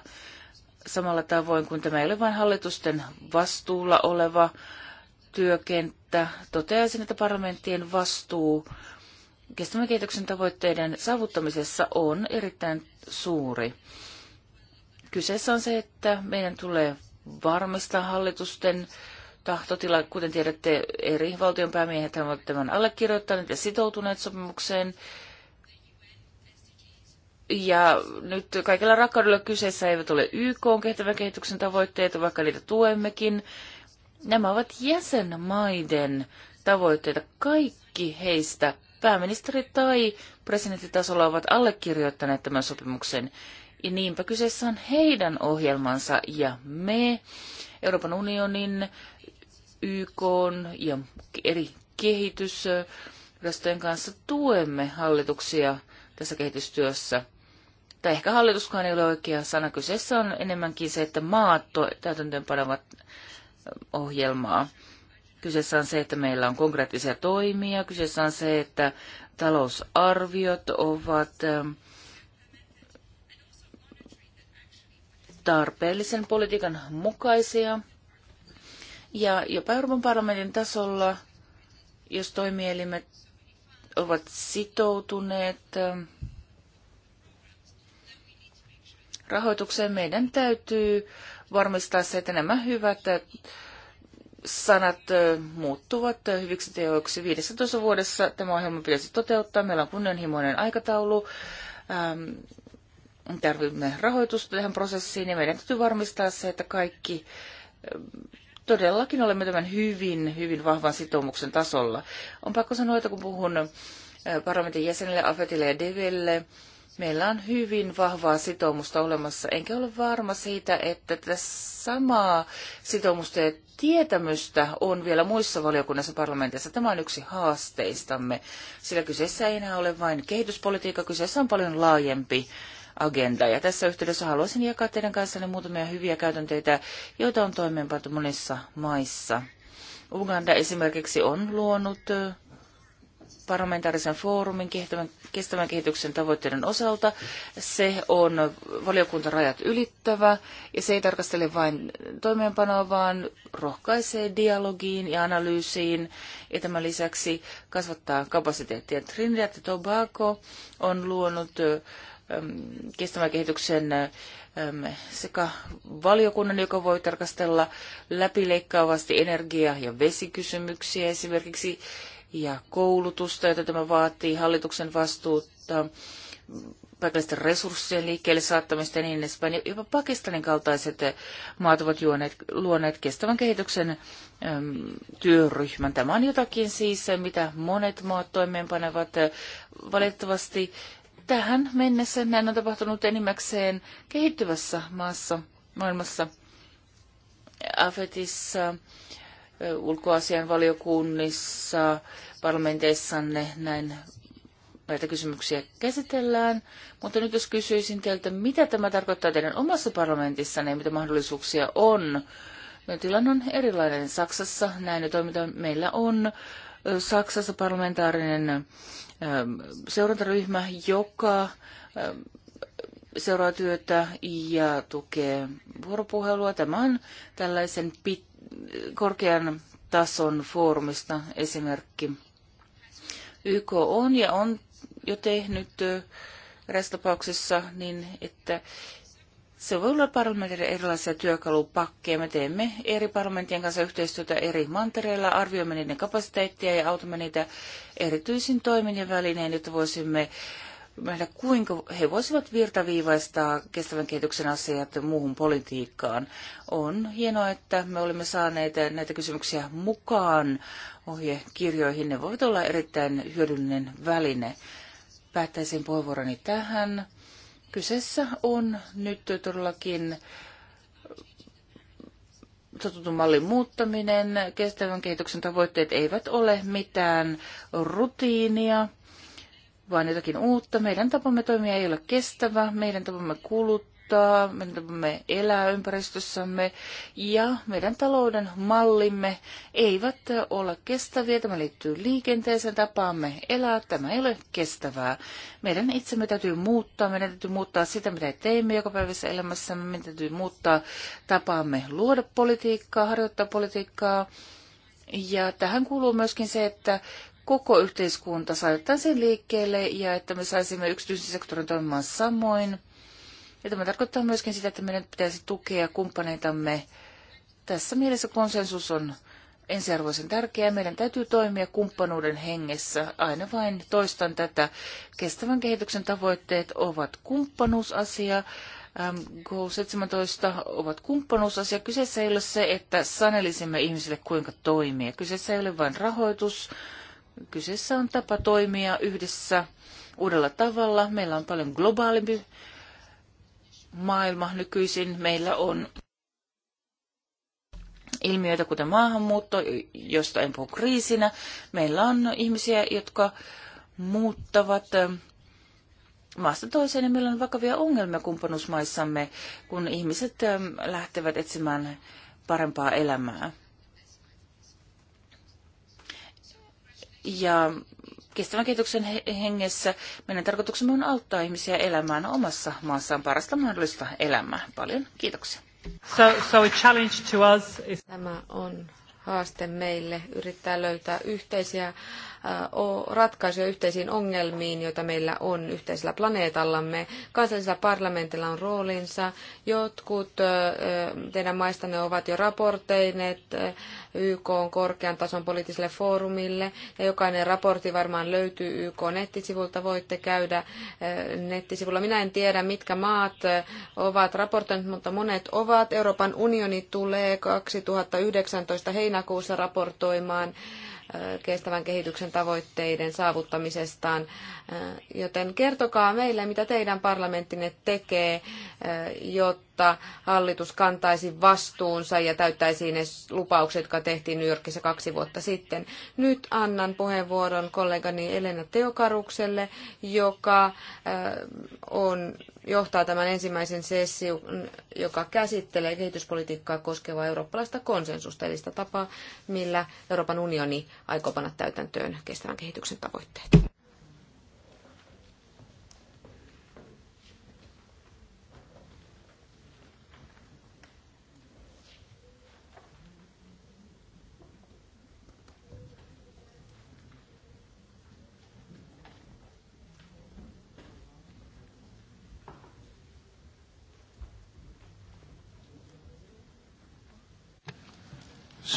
Samalla tavoin kuin tämä ei ole vain hallitusten vastuulla oleva työkenttä, toteaisin, että parlamenttien vastuu kestävän kehityksen tavoitteiden saavuttamisessa on erittäin suuri. Kyseessä on se, että meidän tulee varmistaa hallitusten tahtotila. Kuten tiedätte, eri valtionpäämiehet ovat tämän allekirjoittaneet ja sitoutuneet sopimukseen. Ja nyt kaikilla rakkaudella kyseessä eivät ole YK on kehittävän kehityksen tavoitteita, vaikka niitä tuemmekin. Nämä ovat jäsenmaiden tavoitteita. Kaikki heistä pääministeri tai presidenttitasolla ovat allekirjoittaneet tämän sopimuksen. Ja niinpä kyseessä on heidän ohjelmansa ja me Euroopan unionin, YK ja eri kehitysrastojen kanssa tuemme hallituksia tässä kehitystyössä. Tai ehkä hallituskaan ei ole oikea sana. Kyseessä on enemmänkin se, että maat täytäntöönpanevat ohjelmaa. Kyseessä on se, että meillä on konkreettisia toimia. Kyseessä on se, että talousarviot ovat ähm, tarpeellisen politiikan mukaisia. Ja jopa Euroopan parlamentin tasolla, jos toimielimet ovat sitoutuneet ähm, rahoitukseen, meidän täytyy varmistaa se, että nämä hyvät sanat muuttuvat hyviksi teoiksi. 15 vuodessa tämä ohjelma pitäisi toteuttaa. Meillä on kunnianhimoinen aikataulu. Ähm, tarvitsemme rahoitusta tähän prosessiin ja meidän täytyy varmistaa se, että kaikki todellakin olemme tämän hyvin, hyvin vahvan sitoumuksen tasolla. On pakko sanoa, että kun puhun parlamentin jäsenille, Afetille ja Deville, Meillä on hyvin vahvaa sitoumusta olemassa, enkä ole varma siitä, että tätä samaa sitoumusta ja tietämystä on vielä muissa valiokunnassa parlamentissa. Tämä on yksi haasteistamme, sillä kyseessä ei enää ole vain kehityspolitiikka, kyseessä on paljon laajempi agenda. Ja tässä yhteydessä haluaisin jakaa teidän kanssanne muutamia hyviä käytänteitä, joita on toimeenpantu monissa maissa. Uganda esimerkiksi on luonut parlamentaarisen foorumin kestävän kehityksen tavoitteiden osalta. Se on valiokuntarajat ylittävä ja se ei tarkastele vain toimeenpanoa, vaan rohkaisee dialogiin ja analyysiin. Ja tämän lisäksi kasvattaa kapasiteettia. Trinidad ja Tobago on luonut ähm, kestävän kehityksen ähm, sekä valiokunnan, joka voi tarkastella läpileikkaavasti energia- ja vesikysymyksiä esimerkiksi ja koulutusta, jota tämä vaatii, hallituksen vastuutta, paikallisten resurssien liikkeelle saattamista ja niin edespäin. Jopa Pakistanin kaltaiset maat ovat juoneet, luoneet kestävän kehityksen äm, työryhmän. Tämä on jotakin siis, mitä monet maat toimeenpanevat. Valitettavasti tähän mennessä näin on tapahtunut enimmäkseen kehittyvässä maassa, maailmassa. Afetissa ulkoasian valiokunnissa, parlamenteissanne näin näitä kysymyksiä käsitellään. Mutta nyt jos kysyisin teiltä, mitä tämä tarkoittaa teidän omassa parlamentissanne ja mitä mahdollisuuksia on? No, tilanne on erilainen Saksassa. Näin toiminta meillä on. Saksassa parlamentaarinen seurantaryhmä, joka seuraa työtä ja tukee vuoropuhelua. Tämä on tällaisen pit korkean tason foorumista esimerkki. YK on ja on jo tehnyt eräs niin, että se voi olla parlamentille erilaisia työkalupakkeja. Me teemme eri parlamenttien kanssa yhteistyötä eri mantereilla, arvioimme niiden kapasiteettia ja autamme niitä erityisin toimin ja välinein, jotta voisimme nähdä, kuinka he voisivat virtaviivaistaa kestävän kehityksen asiat muuhun politiikkaan. On hienoa, että me olemme saaneet näitä kysymyksiä mukaan ohjekirjoihin. Ne voivat olla erittäin hyödyllinen väline. Päättäisin puheenvuoroni tähän. Kyseessä on nyt todellakin totutun mallin muuttaminen. Kestävän kehityksen tavoitteet eivät ole mitään rutiinia vaan jotakin uutta. Meidän tapamme toimia ei ole kestävä, meidän tapamme kuluttaa, meidän tapamme elää ympäristössämme ja meidän talouden mallimme eivät ole kestäviä. Tämä liittyy liikenteeseen, tapaamme elää, tämä ei ole kestävää. Meidän itsemme täytyy muuttaa, meidän täytyy muuttaa sitä, mitä teemme päivässä elämässämme, meidän täytyy muuttaa tapaamme luoda politiikkaa, harjoittaa politiikkaa. Ja tähän kuuluu myöskin se, että koko yhteiskunta saatettaisiin liikkeelle ja että me saisimme yksityisen sektorin toimimaan samoin. Ja tämä tarkoittaa myöskin sitä, että meidän pitäisi tukea kumppaneitamme. Tässä mielessä konsensus on ensiarvoisen tärkeää. Meidän täytyy toimia kumppanuuden hengessä. Aina vain toistan tätä. Kestävän kehityksen tavoitteet ovat kumppanuusasia. Ähm, Go17 ovat kumppanuusasia. Kyseessä ei ole se, että sanelisimme ihmisille kuinka toimia. Kyseessä ei ole vain rahoitus Kyseessä on tapa toimia yhdessä uudella tavalla. Meillä on paljon globaalimpi maailma nykyisin. Meillä on ilmiöitä, kuten maahanmuutto, josta en puhu kriisinä. Meillä on ihmisiä, jotka muuttavat maasta toiseen ja meillä on vakavia ongelmia kumppanuusmaissamme, kun ihmiset lähtevät etsimään parempaa elämää. Ja kestävän kehityksen hengessä meidän tarkoituksemme on auttaa ihmisiä elämään omassa maassaan parasta mahdollista elämää. Paljon kiitoksia. So, so a challenge to us is... Tämä on haaste meille yrittää löytää yhteisiä ole ratkaisuja yhteisiin ongelmiin, joita meillä on yhteisellä planeetallamme. Kansallisella parlamentilla on roolinsa. Jotkut teidän maistanne ovat jo raporteineet YK on korkean tason poliittiselle foorumille, ja jokainen raportti varmaan löytyy YK nettisivulta. Voitte käydä nettisivulla. Minä en tiedä, mitkä maat ovat raportoineet, mutta monet ovat. Euroopan unioni tulee 2019 heinäkuussa raportoimaan kestävän kehityksen tavoitteiden saavuttamisestaan. Joten kertokaa meille, mitä teidän parlamenttinne tekee, jotta jotta hallitus kantaisi vastuunsa ja täyttäisi ne lupaukset, jotka tehtiin New Yorkissa kaksi vuotta sitten. Nyt annan puheenvuoron kollegani Elena Teokarukselle, joka äh, on, johtaa tämän ensimmäisen session, joka käsittelee kehityspolitiikkaa koskevaa eurooppalaista konsensusta, eli sitä tapaa, millä Euroopan unioni aikoo panna täytäntöön kestävän kehityksen tavoitteet.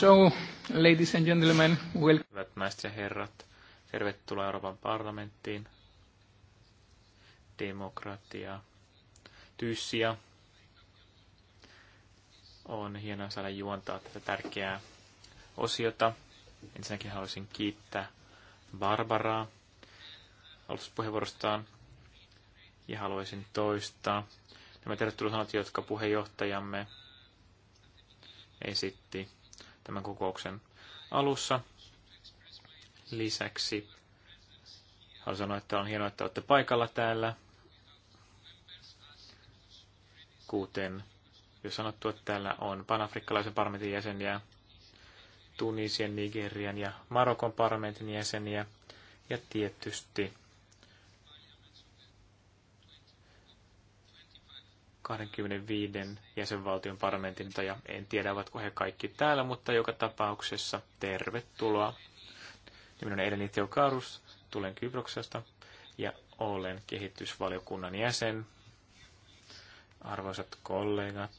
So, ladies and gentlemen, welcome. Hyvät naiset ja herrat, tervetuloa Euroopan parlamenttiin. Demokratia, tyyssiä. On hienoa saada juontaa tätä tärkeää osiota. Ensinnäkin haluaisin kiittää Barbaraa aloituspuheenvuorostaan. ja haluaisin toistaa nämä tervetulosanat, jotka puheenjohtajamme esitti tämän kokouksen alussa. Lisäksi haluan sanoa, että on hienoa, että olette paikalla täällä. Kuten jo sanottu, että täällä on panafrikkalaisen parlamentin jäseniä, tunisien, Nigerian ja Marokon parlamentin jäseniä ja tietysti 25 jäsenvaltion parlamentilta ja en tiedä, ovatko he kaikki täällä, mutta joka tapauksessa tervetuloa. Nimeni on Eleni Teokarus, tulen Kyproksesta ja olen kehitysvaliokunnan jäsen. Arvoisat kollegat,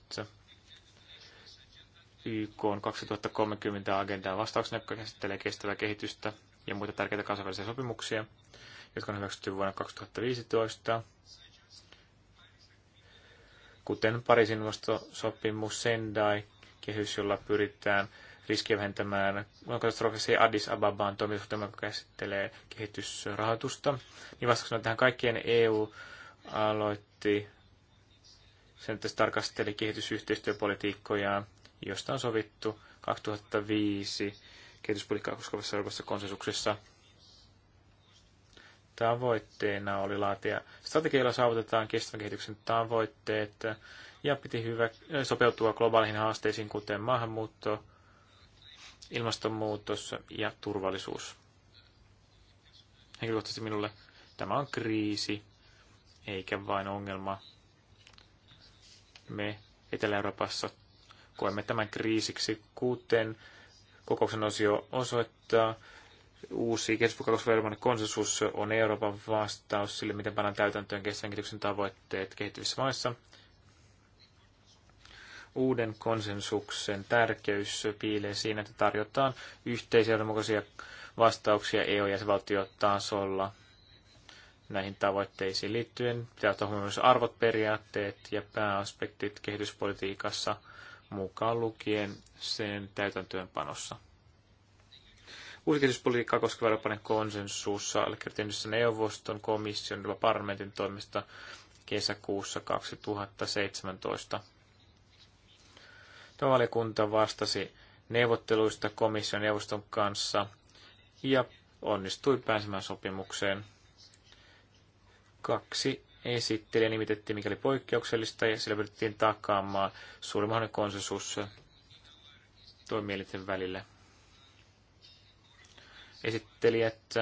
YK on 2030 agendaa vastauksena, joka käsittelee kestävää kehitystä ja muita tärkeitä kansainvälisiä sopimuksia, jotka on hyväksytty vuonna 2015 kuten Pariisin ilmastosopimus Sendai-kehys, jolla pyritään riskiä vähentämään luonnonkatastrofissa Addis Ababaan toimitusohjelma, joka käsittelee kehitysrahoitusta. Niin vastauksena tähän kaikkien EU aloitti sen, että se tarkasteli kehitysyhteistyöpolitiikkoja, josta on sovittu 2005 kehityspolitiikkaa koskevassa Euroopassa konsensuksessa Tavoitteena oli laatia strategia, jolla saavutetaan kestävän kehityksen tavoitteet ja piti hyvä, äh, sopeutua globaaleihin haasteisiin, kuten maahanmuutto, ilmastonmuutos ja turvallisuus. Henkilökohtaisesti minulle tämä on kriisi, eikä vain ongelma. Me Etelä-Euroopassa koemme tämän kriisiksi, kuten kokouksen osio osoittaa. Uusi keskustelukausiverkollinen konsensus on Euroopan vastaus sille, miten pannaan täytäntöön kestävän tavoitteet kehittyvissä maissa. Uuden konsensuksen tärkeys piilee siinä, että tarjotaan yhteisiä vastauksia EU-jäsenvaltiotasolla näihin tavoitteisiin liittyen. Pitää ottaa myös arvot, periaatteet ja pääaspektit kehityspolitiikassa mukaan lukien sen täytäntöönpanossa. Uusi koskeva eurooppalainen konsensus allekirjoitettiin neuvoston komission ja parlamentin toimesta kesäkuussa 2017. Tämä valiokunta vastasi neuvotteluista komission neuvoston kanssa ja onnistui pääsemään sopimukseen. Kaksi esittelijä nimitettiin mikäli poikkeuksellista ja sillä pyrittiin takaamaan suurimman konsensus toimielinten välille esittelijät,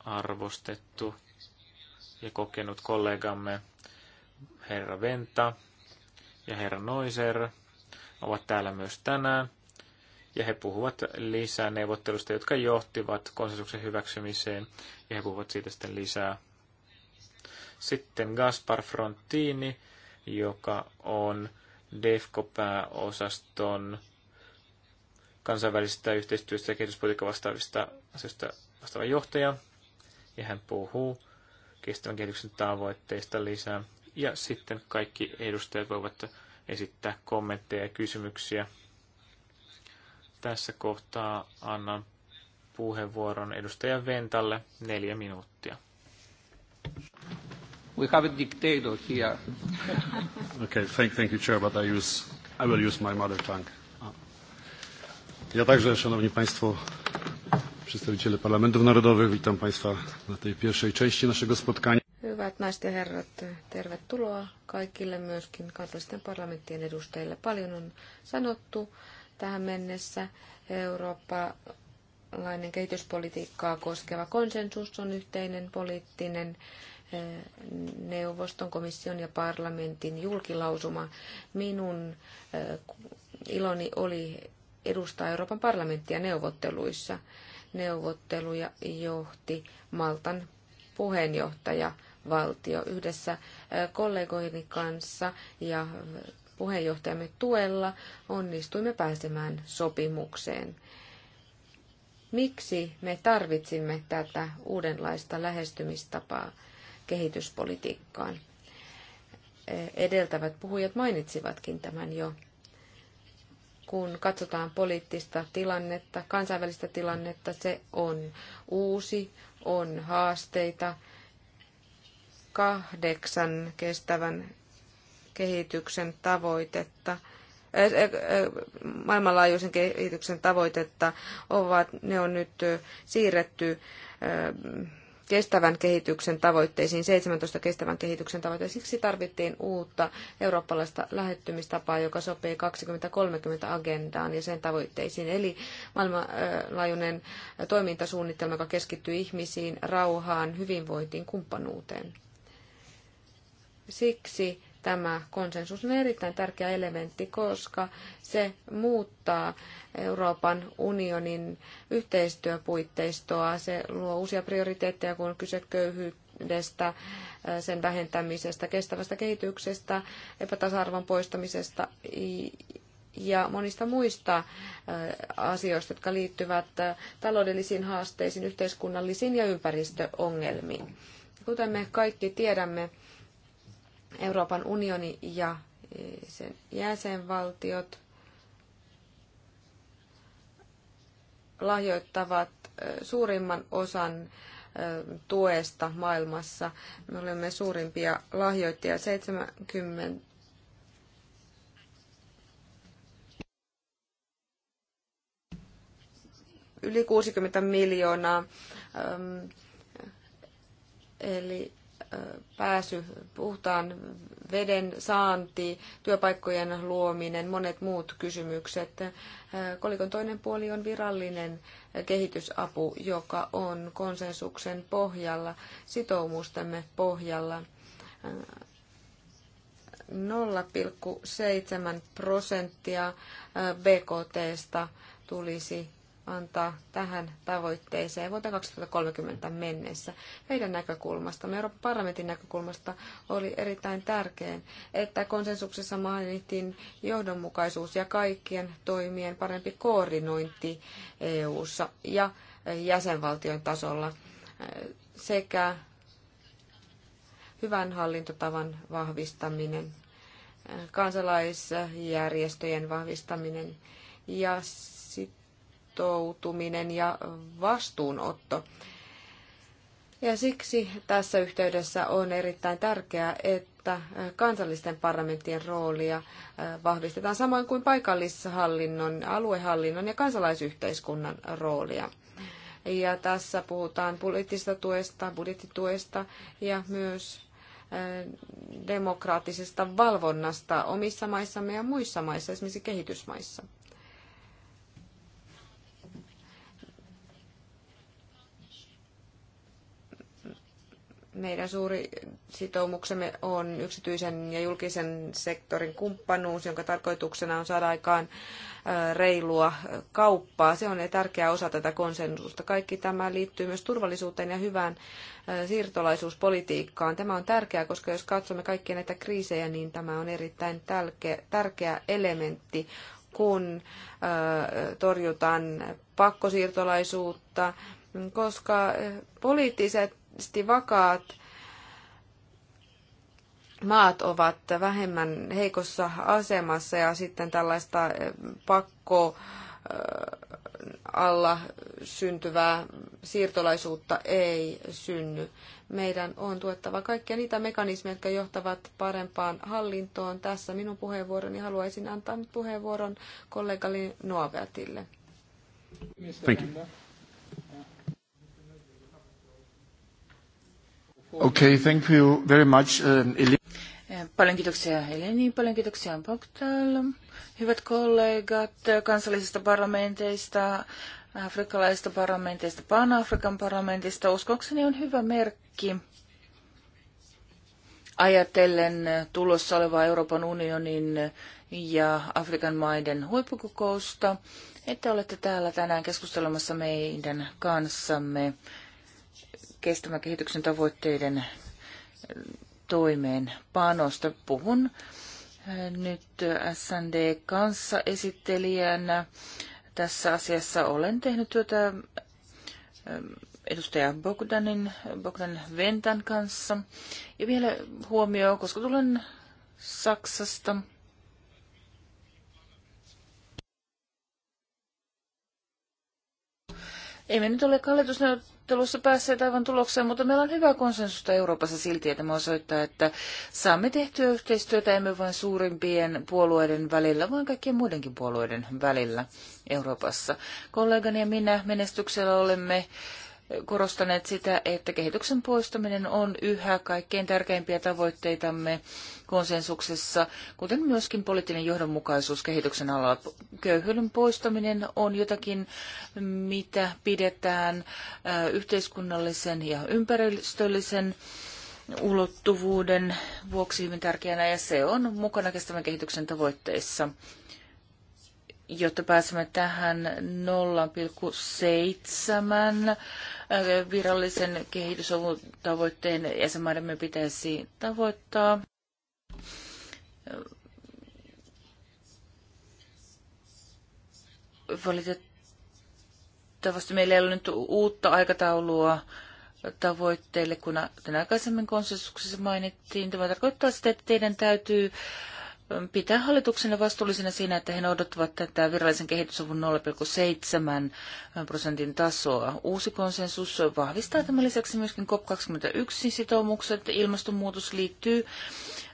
arvostettu ja kokenut kollegamme herra Venta ja herra Noiser ovat täällä myös tänään. Ja he puhuvat lisää neuvottelusta, jotka johtivat konsensuksen hyväksymiseen. Ja he puhuvat siitä sitten lisää. Sitten Gaspar Frontini, joka on DEFCO-pääosaston kansainvälisestä yhteistyöstä ja kehityspolitiikan vastaavista asioista vastaava johtaja. Ja hän puhuu kestävän kehityksen tavoitteista lisää. Ja sitten kaikki edustajat voivat esittää kommentteja ja kysymyksiä. Tässä kohtaa annan puheenvuoron edustaja Ventalle neljä minuuttia. We have a dictator here. (laughs) okay, thank, thank you, Chair, but I, use, I will use my mother tongue. Ja także, Szanowni Państwo, przedstawiciele parlamentów narodowych, witam Państwa na tej pierwszej części naszego spotkania. Hyvät naiset ja herrat, tervetuloa kaikille myöskin kansallisten parlamenttien edustajille. Paljon on sanottu tähän mennessä. Eurooppalainen kehityspolitiikkaa koskeva konsensus on yhteinen poliittinen eh, neuvoston, komission ja parlamentin julkilausuma. Minun eh, iloni oli edustaa Euroopan parlamenttia neuvotteluissa. Neuvotteluja johti Maltan puheenjohtaja valtio yhdessä äh, kollegoini kanssa ja puheenjohtajamme tuella onnistuimme pääsemään sopimukseen. Miksi me tarvitsimme tätä uudenlaista lähestymistapaa kehityspolitiikkaan? Äh, edeltävät puhujat mainitsivatkin tämän jo kun katsotaan poliittista tilannetta, kansainvälistä tilannetta, se on uusi, on haasteita. Kahdeksan kestävän kehityksen tavoitetta äh, äh, äh, maailmanlaajuisen kehityksen tavoitetta ovat, ne on nyt siirretty kestävän kehityksen tavoitteisiin, 17 kestävän kehityksen tavoitteisiin. Siksi tarvittiin uutta eurooppalaista lähettymistapaa, joka sopii 2030 agendaan ja sen tavoitteisiin. Eli maailmanlaajuinen toimintasuunnitelma, joka keskittyy ihmisiin, rauhaan, hyvinvointiin, kumppanuuteen. Siksi tämä konsensus on erittäin tärkeä elementti, koska se muuttaa Euroopan unionin yhteistyöpuitteistoa. Se luo uusia prioriteetteja, kun on kyse köyhyydestä, sen vähentämisestä, kestävästä kehityksestä, epätasa-arvon poistamisesta ja monista muista asioista, jotka liittyvät taloudellisiin haasteisiin, yhteiskunnallisiin ja ympäristöongelmiin. Kuten me kaikki tiedämme, Euroopan unioni ja e, sen jäsenvaltiot lahjoittavat e, suurimman osan e, tuesta maailmassa. Me olemme suurimpia lahjoittajia 70 yli 60 miljoonaa. Eli pääsy, puhtaan veden saanti, työpaikkojen luominen, monet muut kysymykset. Äh, kolikon toinen puoli on virallinen kehitysapu, joka on konsensuksen pohjalla, sitoumustemme pohjalla. 0,7 äh, prosenttia äh, BKTstä tulisi antaa tähän tavoitteeseen vuoteen 2030 mennessä. Meidän me Euroopan parlamentin näkökulmasta, oli erittäin tärkeää, että konsensuksessa mainittiin johdonmukaisuus ja kaikkien toimien parempi koordinointi EU-ssa ja jäsenvaltion tasolla sekä hyvän hallintotavan vahvistaminen, kansalaisjärjestöjen vahvistaminen ja sitoutuminen ja vastuunotto. Ja siksi tässä yhteydessä on erittäin tärkeää, että kansallisten parlamenttien roolia äh, vahvistetaan samoin kuin paikallishallinnon, aluehallinnon ja kansalaisyhteiskunnan roolia. Ja tässä puhutaan poliittisesta tuesta, budjettituesta ja myös äh, demokraattisesta valvonnasta omissa maissamme ja muissa maissa, esimerkiksi kehitysmaissa. Meidän suuri sitoumuksemme on yksityisen ja julkisen sektorin kumppanuus, jonka tarkoituksena on saada aikaan reilua kauppaa. Se on tärkeä osa tätä konsensusta. Kaikki tämä liittyy myös turvallisuuteen ja hyvään siirtolaisuuspolitiikkaan. Tämä on tärkeää, koska jos katsomme kaikkia näitä kriisejä, niin tämä on erittäin tärkeä elementti, kun torjutaan pakkosiirtolaisuutta, koska poliittiset poliittisesti vakaat maat ovat vähemmän heikossa asemassa ja sitten tällaista eh, pakko eh, alla syntyvää siirtolaisuutta ei synny. Meidän on tuettava kaikkia niitä mekanismeja, jotka johtavat parempaan hallintoon. Tässä minun puheenvuoroni haluaisin antaa puheenvuoron kollegalle Noavetille. Thank you. Okay, thank you very much, uh, Eleni. Eh, paljon kiitoksia Eleni, paljon kiitoksia Bogdal. Hyvät kollegat kansallisista parlamenteista, afrikkalaisista parlamenteista, Pan-Afrikan parlamentista, uskokseni on hyvä merkki ajatellen tulossa olevaa Euroopan unionin ja Afrikan maiden huippukokousta, että olette täällä tänään keskustelemassa meidän kanssamme kestävän kehityksen tavoitteiden toimeenpanosta. Puhun eh, nyt SND kanssa esittelijänä. Tässä asiassa olen tehnyt työtä eh, edustaja Bogdanin, Bogdan Ventan kanssa. Ja vielä huomio, koska tulen Saksasta. Ei me nyt ole hallitusneuvotteluja neuvottelussa päässeet aivan tulokseen, mutta meillä on hyvä konsensusta Euroopassa silti, että me osoittaa, että saamme tehtyä yhteistyötä emme vain suurimpien puolueiden välillä, vaan kaikkien muidenkin puolueiden välillä Euroopassa. Kollegani ja minä menestyksellä olemme korostaneet sitä, että kehityksen poistaminen on yhä kaikkein tärkeimpiä tavoitteitamme konsensuksessa, kuten myöskin poliittinen johdonmukaisuus kehityksen alalla. Köyhyyden poistaminen on jotakin, mitä pidetään yhteiskunnallisen ja ympäristöllisen ulottuvuuden vuoksi hyvin tärkeänä, ja se on mukana kestävän kehityksen tavoitteissa jotta pääsemme tähän 0,7 äh, virallisen kehitysavun tavoitteen jäsenmaidemme pitäisi tavoittaa. Valitettavasti meillä ei ole nyt uutta aikataulua tavoitteille, kun aikaisemmin konsensuksessa mainittiin. Tämä tarkoittaa sitä, että teidän täytyy pitää hallituksenne vastuullisena siinä, että he noudattavat tätä virallisen kehitysavun 0,7 prosentin tasoa. Uusi konsensus vahvistaa tämän lisäksi myöskin COP21 sitoumukset. Ilmastonmuutos liittyy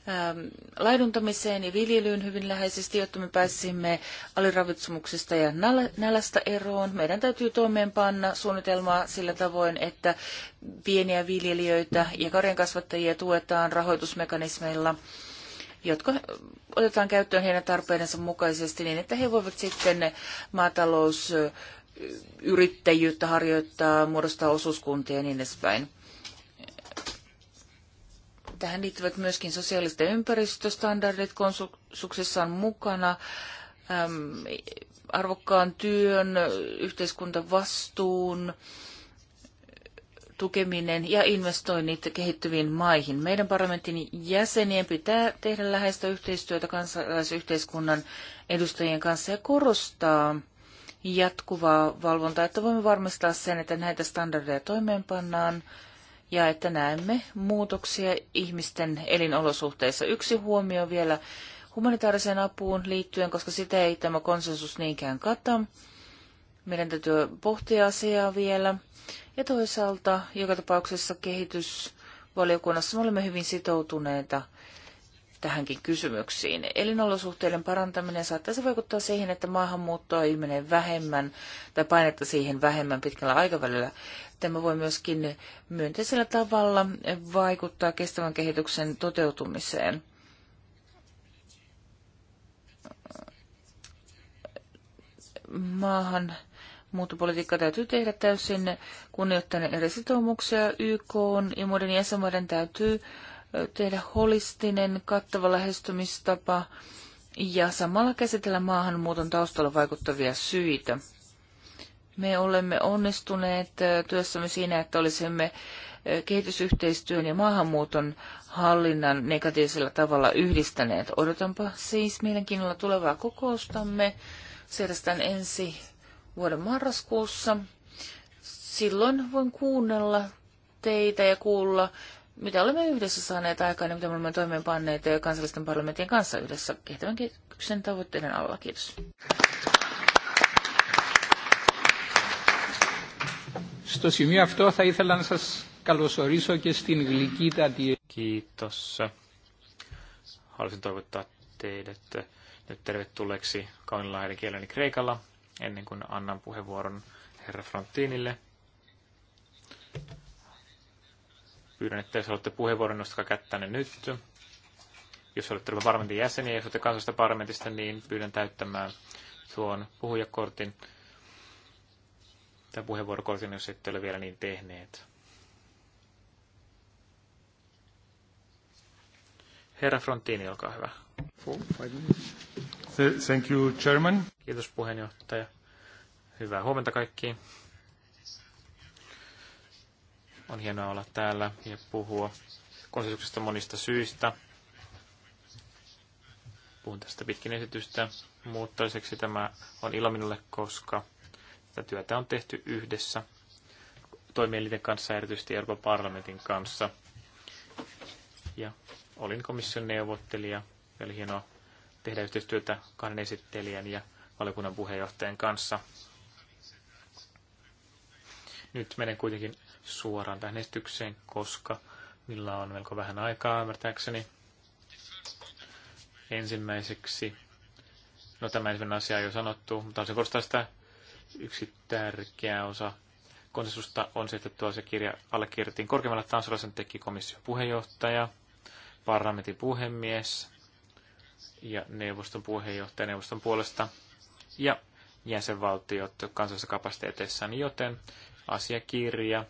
ähm, laiduntamiseen ja viljelyyn hyvin läheisesti, jotta me pääsisimme aliravitsemuksesta ja nälästä eroon. Meidän täytyy toimeenpanna suunnitelmaa sillä tavoin, että pieniä viljelijöitä ja karjankasvattajia tuetaan rahoitusmekanismeilla – jotka otetaan käyttöön heidän tarpeidensa mukaisesti niin, että he voivat sitten maatalousyrittäjyyttä harjoittaa, muodostaa osuuskuntia ja niin edespäin. Tähän liittyvät myöskin sosiaaliset ja ympäristöstandardit konsulsuksessa on mukana, arvokkaan työn, yhteiskuntavastuun, vastuun tukeminen ja investoinnit kehittyviin maihin. Meidän parlamentin jäsenien pitää tehdä läheistä yhteistyötä kansalaisyhteiskunnan edustajien kanssa ja korostaa jatkuvaa valvontaa, että voimme varmistaa sen, että näitä standardeja toimeenpannaan ja että näemme muutoksia ihmisten elinolosuhteissa. Yksi huomio vielä humanitaariseen apuun liittyen, koska sitä ei tämä konsensus niinkään kata. Meidän täytyy pohtia asiaa vielä. Ja toisaalta joka tapauksessa kehitysvaliokunnassa me olemme hyvin sitoutuneita tähänkin kysymyksiin. Elinolosuhteiden parantaminen saattaisi vaikuttaa siihen, että maahanmuuttoa ilmenee vähemmän tai painetta siihen vähemmän pitkällä aikavälillä. Tämä voi myöskin myönteisellä tavalla vaikuttaa kestävän kehityksen toteutumiseen. Maahan muuttopolitiikka täytyy tehdä täysin kunnioittaneen eri sitoumuksia. YK on ja muiden jäsenmaiden täytyy tehdä holistinen, kattava lähestymistapa ja samalla käsitellä maahanmuuton taustalla vaikuttavia syitä. Me olemme onnistuneet työssämme siinä, että olisimme kehitysyhteistyön ja maahanmuuton hallinnan negatiivisella tavalla yhdistäneet. Odotanpa siis mielenkiinnolla tulevaa kokoustamme. Se ensi vuoden marraskuussa. Silloin voin kuunnella teitä ja kuulla, mitä olemme yhdessä saaneet aikaan ja mitä me olemme toimeenpanneet kansallisten parlamenttien kanssa yhdessä kehittävän kehityksen tavoitteiden alla. Kiitos. Στο σημείο αυτό θα ήθελα να σας καλωσορίσω και στην γλυκύτατη... Kiitos. Haluaisin toivottaa teidät nyt tervetulleeksi kaunilla äidinkielelläni niin Kreikalla ennen kuin annan puheenvuoron herra Frontinille. Pyydän, että jos olette puheenvuoron, nostakaa kättänne nyt. Jos olette parlamentin jäseniä, jos olette kansallisesta parlamentista, niin pyydän täyttämään tuon puhujakortin tai puheenvuorokortin, jos ette ole vielä niin tehneet. Herra Frontini, olkaa hyvä. Thank you, Chairman. Kiitos puheenjohtaja. Hyvää huomenta kaikkiin. On hienoa olla täällä ja puhua konsensuksesta monista syistä. Puhun tästä pitkin esitystä, mutta tämä on ilo minulle, koska tätä työtä on tehty yhdessä toimielinten kanssa, erityisesti Euroopan parlamentin kanssa. Ja olin komission neuvottelija ja oli hienoa tehdä yhteistyötä kahden esittelijän ja valiokunnan puheenjohtajan kanssa. Nyt menen kuitenkin suoraan tähän esitykseen, koska millä on melko vähän aikaa ymmärtääkseni. Ensimmäiseksi, no tämä ensimmäinen asia on jo sanottu, mutta se korostaa sitä yksi tärkeä osa konsensusta on se, että tuo se kirja allekirjoitettiin korkeimmalla tansalaisen sen teki komission puheenjohtaja, parlamentin puhemies, ja neuvoston puheenjohtaja neuvoston puolesta ja jäsenvaltiot kansallisessa kapasiteetissaan, joten asiakirja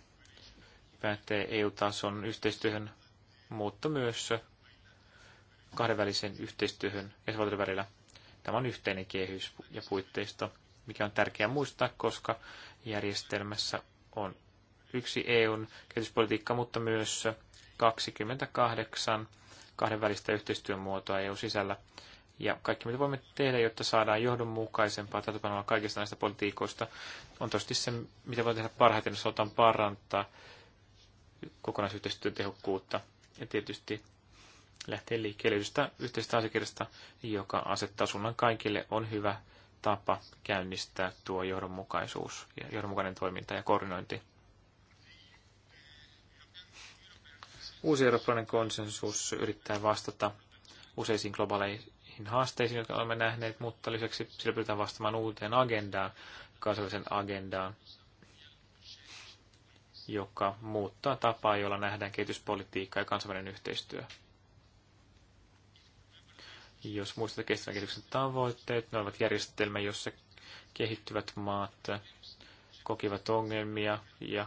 pätee EU-tason yhteistyöhön, mutta myös kahdenväliseen yhteistyöhön jäsenvaltioiden välillä. Tämä on yhteinen kehys ja puitteisto, mikä on tärkeää muistaa, koska järjestelmässä on yksi EUn kehityspolitiikka, mutta myös 28 kahdenvälistä yhteistyön muotoa EU-sisällä. Ja kaikki, mitä voimme tehdä, jotta saadaan johdonmukaisempaa täytäpanoa kaikista näistä politiikoista, on tosiaan se, mitä voimme tehdä parhaiten, jos halutaan parantaa kokonaisyhteistyön tehokkuutta. Ja tietysti lähtee liikkeelle yhdestä yhteisestä asiakirjasta, joka asettaa suunnan kaikille, on hyvä tapa käynnistää tuo johdonmukaisuus ja johdonmukainen toiminta ja koordinointi. Uusi eurooppalainen konsensus yrittää vastata useisiin globaaleihin haasteisiin, jotka olemme nähneet, mutta lisäksi sillä pyritään vastaamaan uuteen agendaan, kansallisen agendaan, joka muuttaa tapaa, jolla nähdään kehityspolitiikka ja kansainvälinen yhteistyö. Jos muistatte kestävän kehityksen tavoitteet, ne ovat järjestelmä, jossa kehittyvät maat kokivat ongelmia ja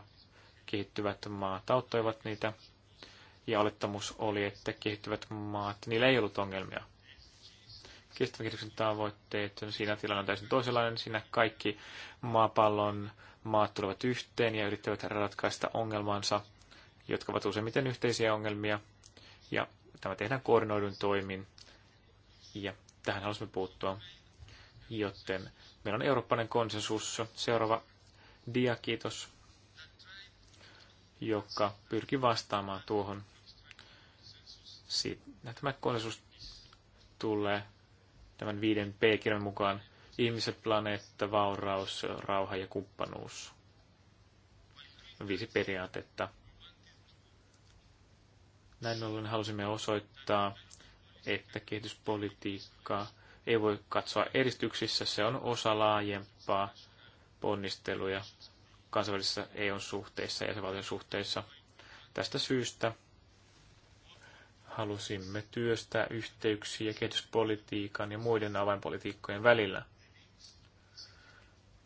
kehittyvät maat auttoivat niitä ja olettamus oli, että kehittyvät maat, niillä ei ollut ongelmia. Kestävän kehityksen tavoitteet, no siinä tilanne on täysin toisenlainen, siinä kaikki maapallon maat tulevat yhteen ja yrittävät ratkaista ongelmansa, jotka ovat useimmiten yhteisiä ongelmia, ja tämä tehdään koordinoidun toimin, ja tähän halusimme puuttua. Joten meillä on eurooppainen konsensus. Seuraava dia, kiitos, joka pyrki vastaamaan tuohon Tämä kuolleisuus tulee tämän viiden P-kirjan mukaan ihmiset, planeetta, vauraus, rauha ja kumppanuus. Viisi periaatetta. Näin ollen halusimme osoittaa, että kehityspolitiikkaa ei voi katsoa eristyksissä, se on osa laajempaa ponnisteluja kansainvälisissä eu suhteissa ja jäsenvaltion suhteissa. Tästä syystä halusimme työstää yhteyksiä kehityspolitiikan ja muiden avainpolitiikkojen välillä.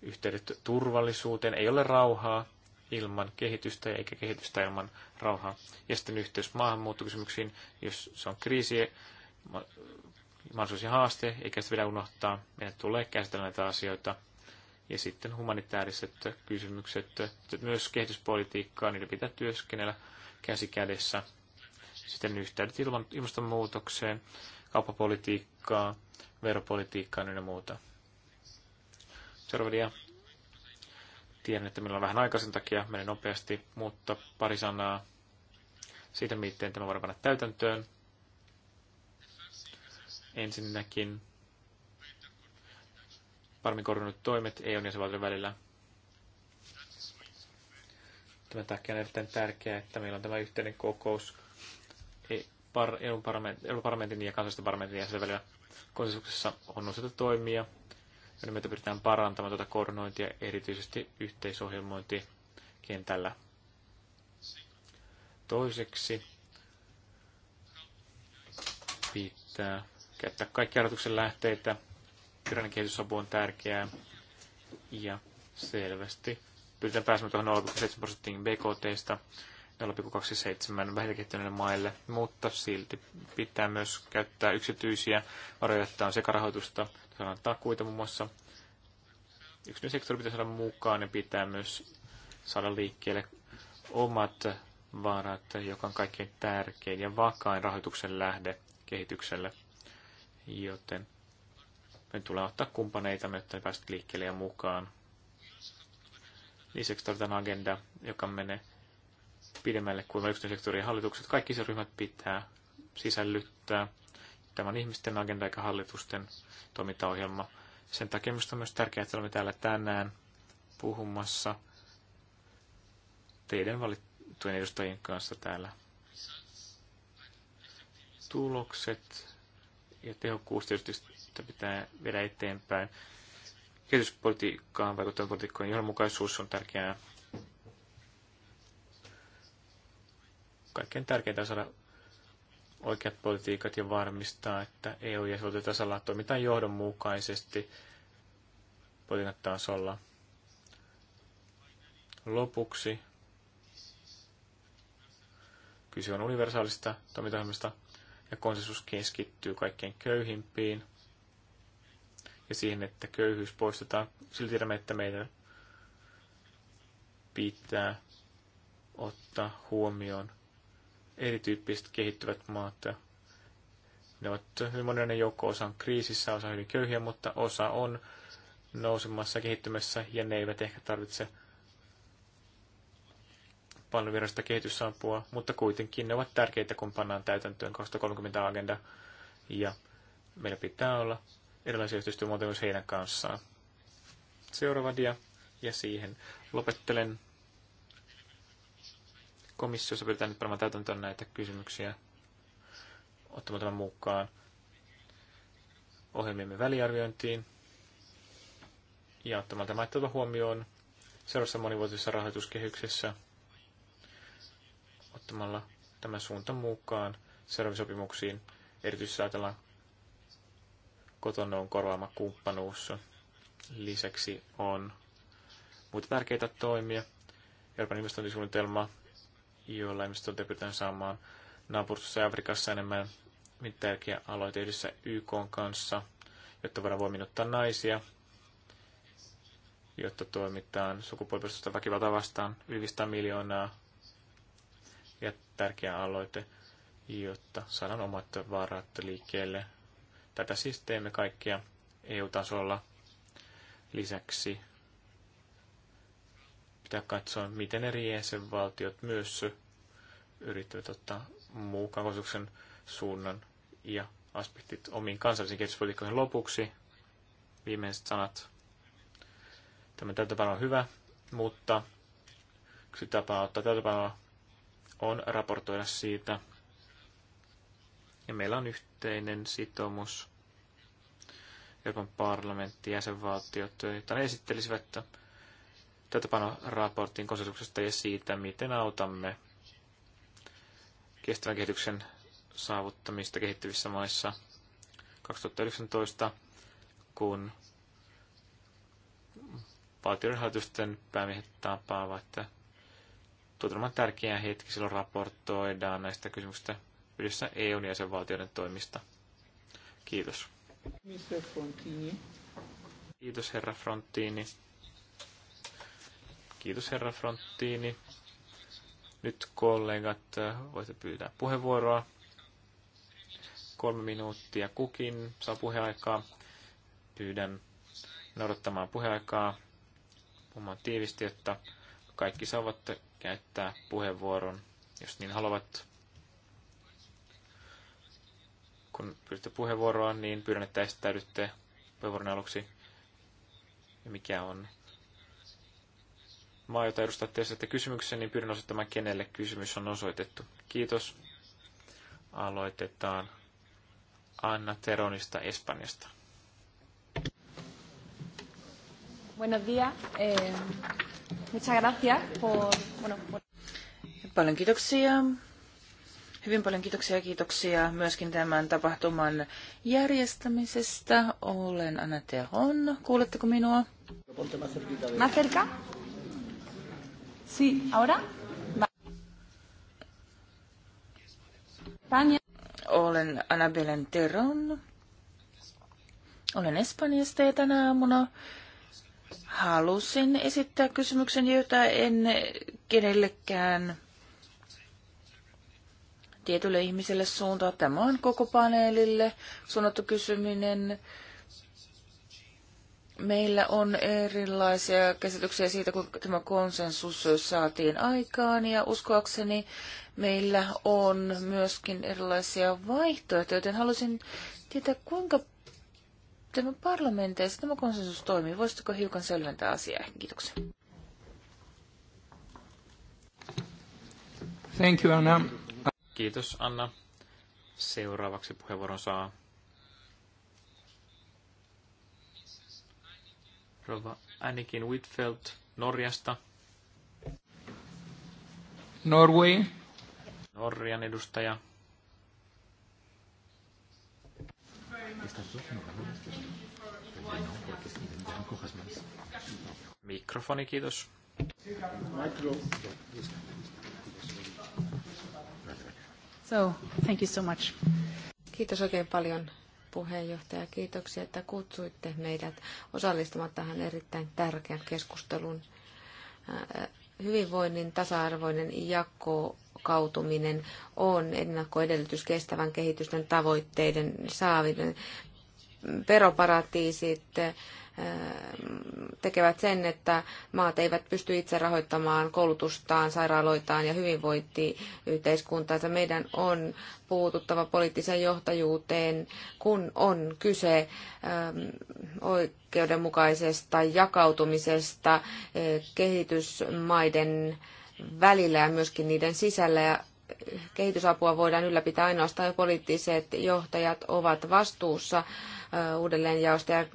Yhteydet turvallisuuteen ei ole rauhaa ilman kehitystä eikä kehitystä ilman rauhaa. Ja sitten yhteys maahanmuuttokysymyksiin, jos se on kriisi, mahdollisuus ja haaste, eikä sitä pidä unohtaa. Meidän tulee käsitellä näitä asioita. Ja sitten humanitaariset kysymykset, myös kehityspolitiikkaa, niitä pitää työskennellä käsi kädessä sitten yhteydet ilmastonmuutokseen, kauppapolitiikkaa, veropolitiikkaa ja muuta. Seuraava Tiedän, että meillä on vähän aikaisen takia, menen nopeasti, mutta pari sanaa siitä, miten tämä voidaan panna täytäntöön. Ensinnäkin paremmin koordinoidut toimet EU- ja sen välillä Tämän takia on erittäin tärkeää, että meillä on tämä yhteinen kokous par, EUn parlamentin, parlamentin ja kansallisten parlamentin jäsenten välillä konsensuksessa on useita toimia, joiden myötä pyritään parantamaan tuota koordinointia, erityisesti yhteisohjelmointi Toiseksi pitää käyttää kaikki ajatuksen lähteitä. Tyrannin kehitysapu on tärkeää ja selvästi pyritään pääsemään tuohon 0,7 prosenttiin BKTstä 0,27 vähintäkehittyneille maille, mutta silti pitää myös käyttää yksityisiä varoja, että on sekarahoitusta, on takuita muun muassa. Yksityinen sektori pitää saada mukaan ja pitää myös saada liikkeelle omat varat, joka on kaikkein tärkein ja vakain rahoituksen lähde kehitykselle. Joten me tulee ottaa kumppaneita, jotta ne päästä liikkeelle ja mukaan. Lisäksi tarvitaan agenda, joka menee pidemmälle kuin yksityisen sektorin hallitukset. Kaikki se ryhmät pitää sisällyttää. Tämä on ihmisten agenda eikä hallitusten toimintaohjelma. Sen takia minusta on myös tärkeää, että olemme täällä tänään puhumassa teidän valittujen edustajien kanssa täällä. Tulokset ja tehokkuus tietysti pitää viedä eteenpäin. Kehityspolitiikkaan vaikuttavan politiikkojen johdonmukaisuus on tärkeää kaikkein tärkeintä on saada oikeat politiikat ja varmistaa, että EU- ja tasolla toimitaan johdonmukaisesti politiikan tasolla. Lopuksi kyse on universaalista toimintaohjelmasta ja konsensus keskittyy kaikkein köyhimpiin ja siihen, että köyhyys poistetaan. Silti tiedämme, että meidän pitää ottaa huomioon erityyppiset kehittyvät maat. Ne ovat hyvin monenlainen joukko, osa on kriisissä, osa on hyvin köyhiä, mutta osa on nousemassa kehittymässä ja ne eivät ehkä tarvitse paljon virallista kehitysapua, mutta kuitenkin ne ovat tärkeitä, kun pannaan täytäntöön 2030 agenda ja meillä pitää olla erilaisia yhteistyömuotoja myös heidän kanssaan. Seuraava dia ja siihen lopettelen komissiossa pyritään nyt varmaan täytäntöön näitä kysymyksiä ottamaan tämän mukaan ohjelmiemme väliarviointiin ja ottamaan tämä huomioon seuraavassa monivuotisessa rahoituskehyksessä ottamalla tämä suunta mukaan sopimuksiin erityisesti ajatellaan kotonoon korvaama kumppanuus. Lisäksi on muita tärkeitä toimia. Euroopan investointisuunnitelma joilla on pyritään saamaan naapurustossa Afrikassa enemmän hyvin tärkeä aloite yhdessä YK kanssa, jotta voidaan voiminuttaa naisia, jotta toimitaan sukupuoliperusteista väkivalta vastaan yli 500 miljoonaa. Ja tärkeä aloite, jotta saadaan omat varat liikkeelle. Tätä siis teemme kaikkia EU-tasolla. Lisäksi pitää katsoa, miten eri jäsenvaltiot myös yrittävät ottaa mukaan koulutuksen suunnan ja aspektit omiin kansallisiin kehityspolitiikkoihin lopuksi. Viimeiset sanat. Tämä tältä on hyvä, mutta yksi tapa ottaa täytäntöpanoa on raportoida siitä. Ja meillä on yhteinen sitoumus Euroopan parlamentti, jäsenvaltiot, joita ne esittelisivät, että raportin konsensuksesta ja siitä, miten autamme kestävän kehityksen saavuttamista kehittyvissä maissa 2019, kun valtioiden hallitusten päämiehet tapaavat. Tuotelma on tärkeä hetki, silloin raportoidaan näistä kysymyksistä yhdessä EUn ja sen valtioiden toimista. Kiitos. Kiitos herra Frontini. Kiitos herra Fronttiini. Nyt kollegat, äh, voitte pyytää puheenvuoroa. Kolme minuuttia kukin saa puheaikaa. Pyydän noudattamaan puheaikaa, puhumaan tiivisti, että kaikki saavat käyttää puheenvuoron, jos niin haluavat. Kun pyydätte puheenvuoroa, niin pyydän, että estäydytte puheenvuoron aluksi, mikä on maa, jota edustatte esitätte kysymyksen, niin pyrin osoittamaan, kenelle kysymys on osoitettu. Kiitos. Aloitetaan Anna Teronista Espanjasta. Buenos días. Eh, muchas gracias por, bueno, por... Paljon kiitoksia. Hyvin paljon kiitoksia ja kiitoksia myöskin tämän tapahtuman järjestämisestä. Olen Anna Teron. Kuuletteko minua? Más cerca? Sí, ahora. España. Olen Anabelen Teron. Olen Espanjasta ja tänä aamuna halusin esittää kysymyksen, jota en kenellekään tietylle ihmiselle suuntaa. Tämä on koko paneelille suunnattu kysyminen Meillä on erilaisia käsityksiä siitä, kuinka tämä konsensus saatiin aikaan ja uskoakseni meillä on myöskin erilaisia vaihtoehtoja, joten haluaisin tietää, kuinka tämä parlamenteissa tämä konsensus toimii. Voisitko hiukan selventää asiaa? Kiitoksia. Thank you, Anna. Kiitos, Anna. Seuraavaksi puheenvuoron saa Rova Annikin Whitfeld Norjasta. Norway. Norjan edustaja. Mikrofoni, kiitos. So, thank you so much. Kiitos oikein paljon puheenjohtaja. Kiitoksia, että kutsuitte meidät osallistumaan tähän erittäin tärkeän keskustelun. Äh, hyvinvoinnin tasa-arvoinen jako kautuminen on ennakkoedellytys kestävän kehitysten tavoitteiden saaminen. Veroparatiisit, Öö, tekevät sen, että maat eivät pysty itse rahoittamaan koulutustaan, sairaaloitaan ja hyvinvointiyhteiskuntaansa. Meidän on puututtava poliittiseen johtajuuteen, kun on kyse öö, oikeudenmukaisesta jakautumisesta öö, kehitysmaiden välillä ja myöskin niiden sisällä. Ja kehitysapua voidaan ylläpitää ainoastaan, poliittiset johtajat ovat vastuussa uudelleenjaosta ja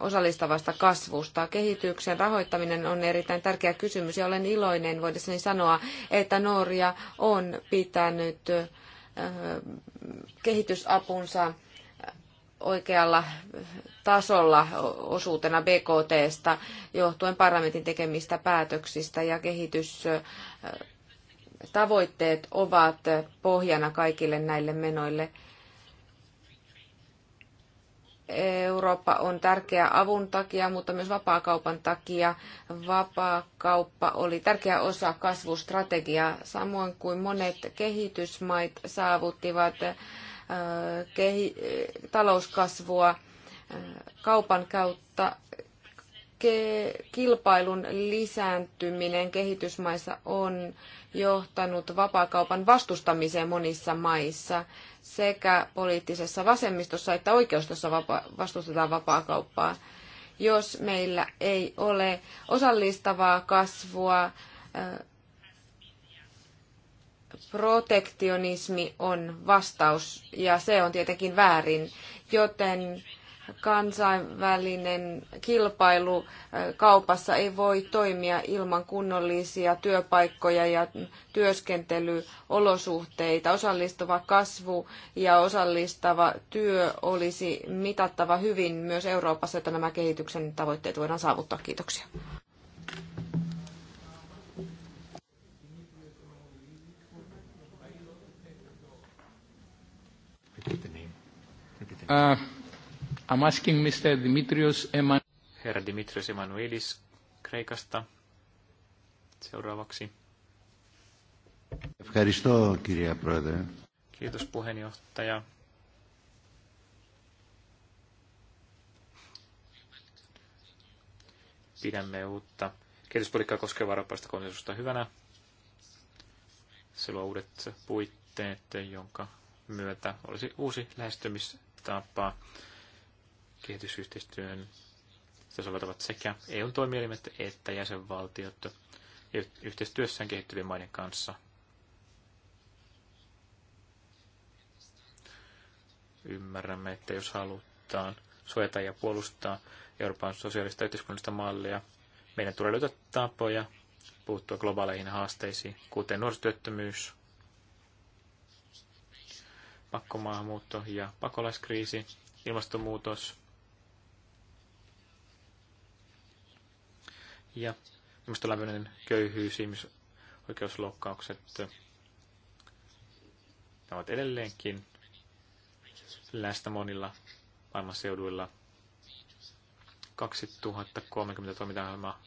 osallistavasta kasvusta. Kehityksen rahoittaminen on erittäin tärkeä kysymys ja olen iloinen voidessani sanoa, että Norja on pitänyt kehitysapunsa oikealla tasolla osuutena BKTstä johtuen parlamentin tekemistä päätöksistä ja kehitystavoitteet ovat pohjana kaikille näille menoille. Eurooppa on tärkeä avun takia, mutta myös vapaakaupan takia. Vapaakauppa oli tärkeä osa kasvustrategiaa, samoin kuin monet kehitysmait saavuttivat äh, kehi- talouskasvua äh, kaupan kautta. kilpailun lisääntyminen kehitysmaissa on johtanut vapaakaupan vastustamiseen monissa maissa sekä poliittisessa vasemmistossa että oikeustossa vapa- vastustetaan vapaakauppaa. Jos meillä ei ole osallistavaa kasvua, äh, protektionismi on vastaus ja se on tietenkin väärin, joten kansainvälinen kilpailu kaupassa ei voi toimia ilman kunnollisia työpaikkoja ja työskentelyolosuhteita. Osallistava kasvu ja osallistava työ olisi mitattava hyvin myös Euroopassa, jotta nämä kehityksen tavoitteet voidaan saavuttaa. Kiitoksia. Uh, I'm asking Mr. Dimitrios Eman... Herra Dimitrios Emanuelis Kreikasta seuraavaksi. Ευχαριστώ, κυρία Πρόεδρε. Kiitos puheenjohtaja. Pidämme uutta kehityspolitiikkaa koskevaa rapaista konsensusta hyvänä. Se luo uudet puitteet, jonka myötä olisi uusi lähestymistapa kehitysyhteistyön sitä soveltavat sekä EUn toimielimet että jäsenvaltiot yhteistyössään kehittyvien maiden kanssa. Ymmärrämme, että jos halutaan suojata ja puolustaa Euroopan sosiaalista yhteiskunnallista mallia, meidän tulee löytää tapoja puuttua globaaleihin haasteisiin, kuten nuorisotyöttömyys, pakkomaahanmuutto ja pakolaiskriisi, ilmastonmuutos – Ja ilmastolämpöinen köyhyys, ihmisoikeusloukkaukset, ne ovat edelleenkin läsnä monilla maailmanseuduilla. 2030 toimintaohjelma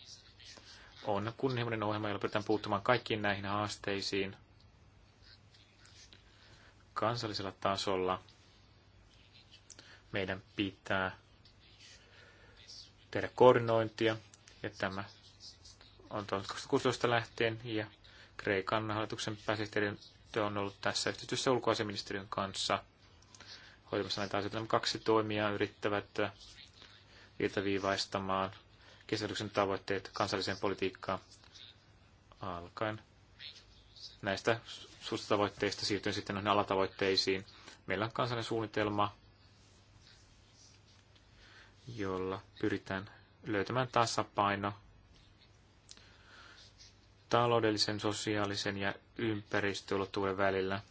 on kunnianhimoinen ohjelma, jolla pyritään puuttumaan kaikkiin näihin haasteisiin kansallisella tasolla. Meidän pitää tehdä koordinointia, ja tämä on ollut 2016 lähtien ja Kreikan hallituksen pääsihteerin työ on ollut tässä yhteistyössä ulkoasiaministeriön kanssa hoitamassa näitä asioita. Nämä kaksi toimijaa yrittävät virtaviivaistamaan äh, keskityksen tavoitteet kansalliseen politiikkaan alkaen. Näistä suurista tavoitteista siirtyen sitten noihin alatavoitteisiin. Meillä on kansallinen suunnitelma, jolla pyritään löytämään tasapaino taloudellisen, sosiaalisen ja ympäristöulottuvuuden välillä.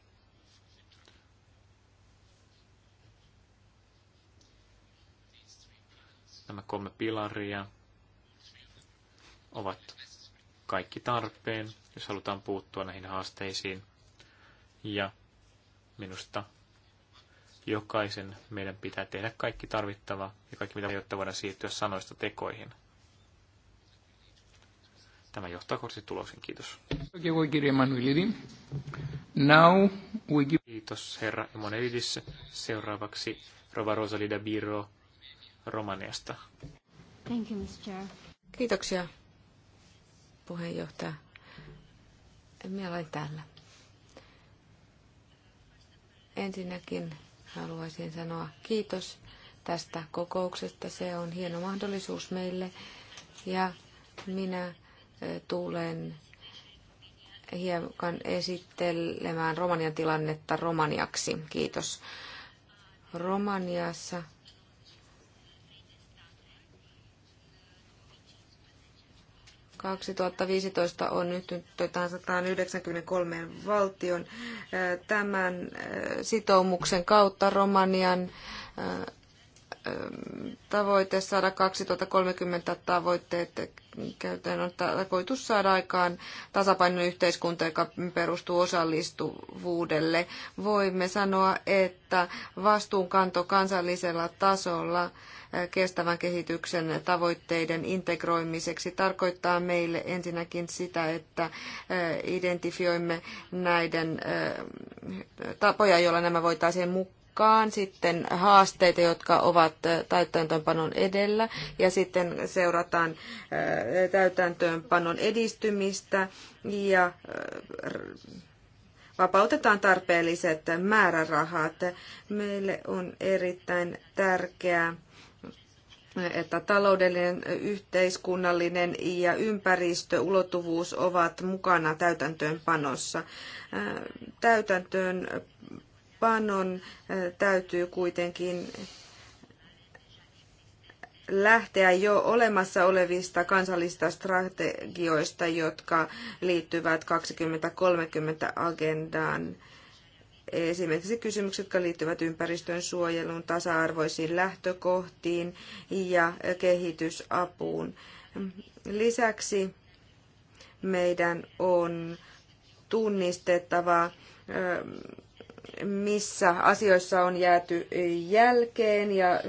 Nämä kolme pilaria ovat kaikki tarpeen, jos halutaan puuttua näihin haasteisiin. Ja minusta jokaisen meidän pitää tehdä kaikki tarvittava ja kaikki mitä jotta voidaan siirtyä sanoista tekoihin. Tämä johtaa tuloksen Kiitos. Now we give... Kiitos herra Emonelidis. Seuraavaksi Rova Rosalida Biro Romaniasta. Thank you, Mr. Chair. Kiitoksia, puheenjohtaja. Minä olen täällä. Ensinnäkin haluaisin sanoa kiitos tästä kokouksesta. Se on hieno mahdollisuus meille ja minä tulen hiukan esittelemään Romanian tilannetta romaniaksi. Kiitos. Romaniassa ...2015 on nyt tähän 193 valtion. Tämän sitoumuksen kautta Romanian tavoite saada 2030 tavoitteet käyttöön on tarkoitus saada aikaan tasapainoinen yhteiskunta, joka perustuu osallistuvuudelle. Voimme sanoa, että vastuunkanto kansallisella tasolla kestävän kehityksen tavoitteiden integroimiseksi tarkoittaa meille ensinnäkin sitä, että identifioimme näiden tapoja, joilla nämä voitaisiin mukaan mukaan, sitten haasteita, jotka ovat täytäntöönpanon edellä, ja sitten seurataan täytäntöönpanon edistymistä ja vapautetaan tarpeelliset määrärahat. Meille on erittäin tärkeää että taloudellinen, yhteiskunnallinen ja ympäristöulottuvuus ovat mukana täytäntöönpanossa. Täytäntöön panon täytyy kuitenkin lähteä jo olemassa olevista kansallista strategioista, jotka liittyvät 2030-agendaan. Esimerkiksi kysymykset, jotka liittyvät ympäristön suojeluun, tasa-arvoisiin lähtökohtiin ja kehitysapuun. Lisäksi meidän on tunnistettava missä asioissa on jääty jälkeen ja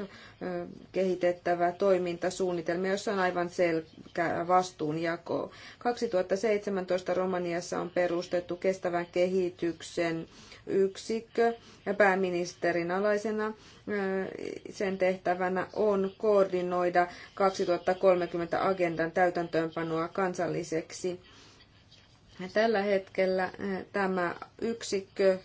kehitettävä toimintasuunnitelma, jossa on aivan selkeä vastuunjako. 2017 Romaniassa on perustettu kestävän kehityksen yksikkö ja pääministerin alaisena sen tehtävänä on koordinoida 2030 agendan täytäntöönpanoa kansalliseksi. Tällä hetkellä tämä yksikkö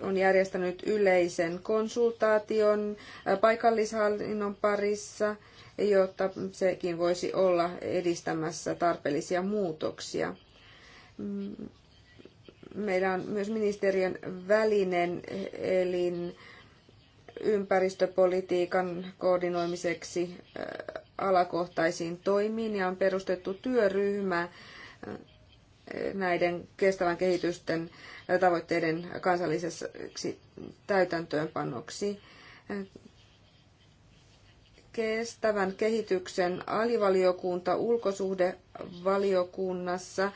on järjestänyt yleisen konsultaation paikallishallinnon parissa, jotta sekin voisi olla edistämässä tarpeellisia muutoksia. Mm, meillä on myös ministeriön välinen elin ympäristöpolitiikan koordinoimiseksi alakohtaisiin toimiin ja on perustettu työryhmä näiden kestävän kehitysten tavoitteiden kansalliseksi täytäntöönpannoksi. Kestävän kehityksen alivaliokunta ulkosuhdevaliokunnassa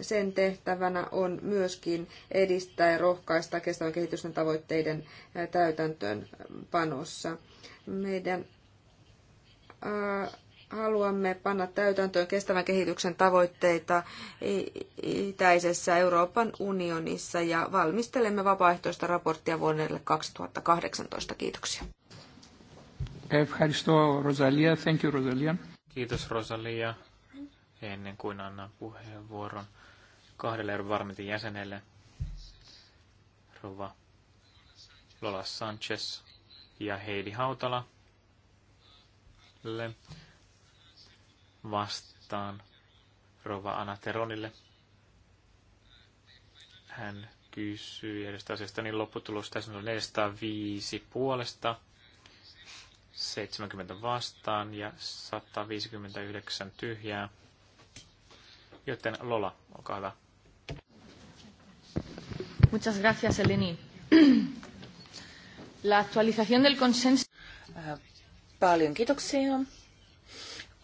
sen tehtävänä on myöskin edistää ja rohkaista kestävän kehityksen tavoitteiden täytäntöönpanossa. Meidän haluamme panna täytäntöön kestävän kehityksen tavoitteita itäisessä Euroopan unionissa ja valmistelemme vapaaehtoista raporttia vuodelle 2018. Kiitoksia. Rosalia. Thank you, Rosalia. Kiitos Rosalia. Ennen kuin annan puheenvuoron kahdelle Euroopan varmitin jäsenelle, Rova Lola Sanchez ja Heidi Hautala vastaan Rova Anateronille. Hän kysyy edestä asiasta, niin lopputulos tässä on 405 puolesta, 70 vastaan ja 159 tyhjää. Joten Lola, olkaa hyvä. Muchas gracias, Eleni. La actualización del consenso. Äh, paljon kiitoksia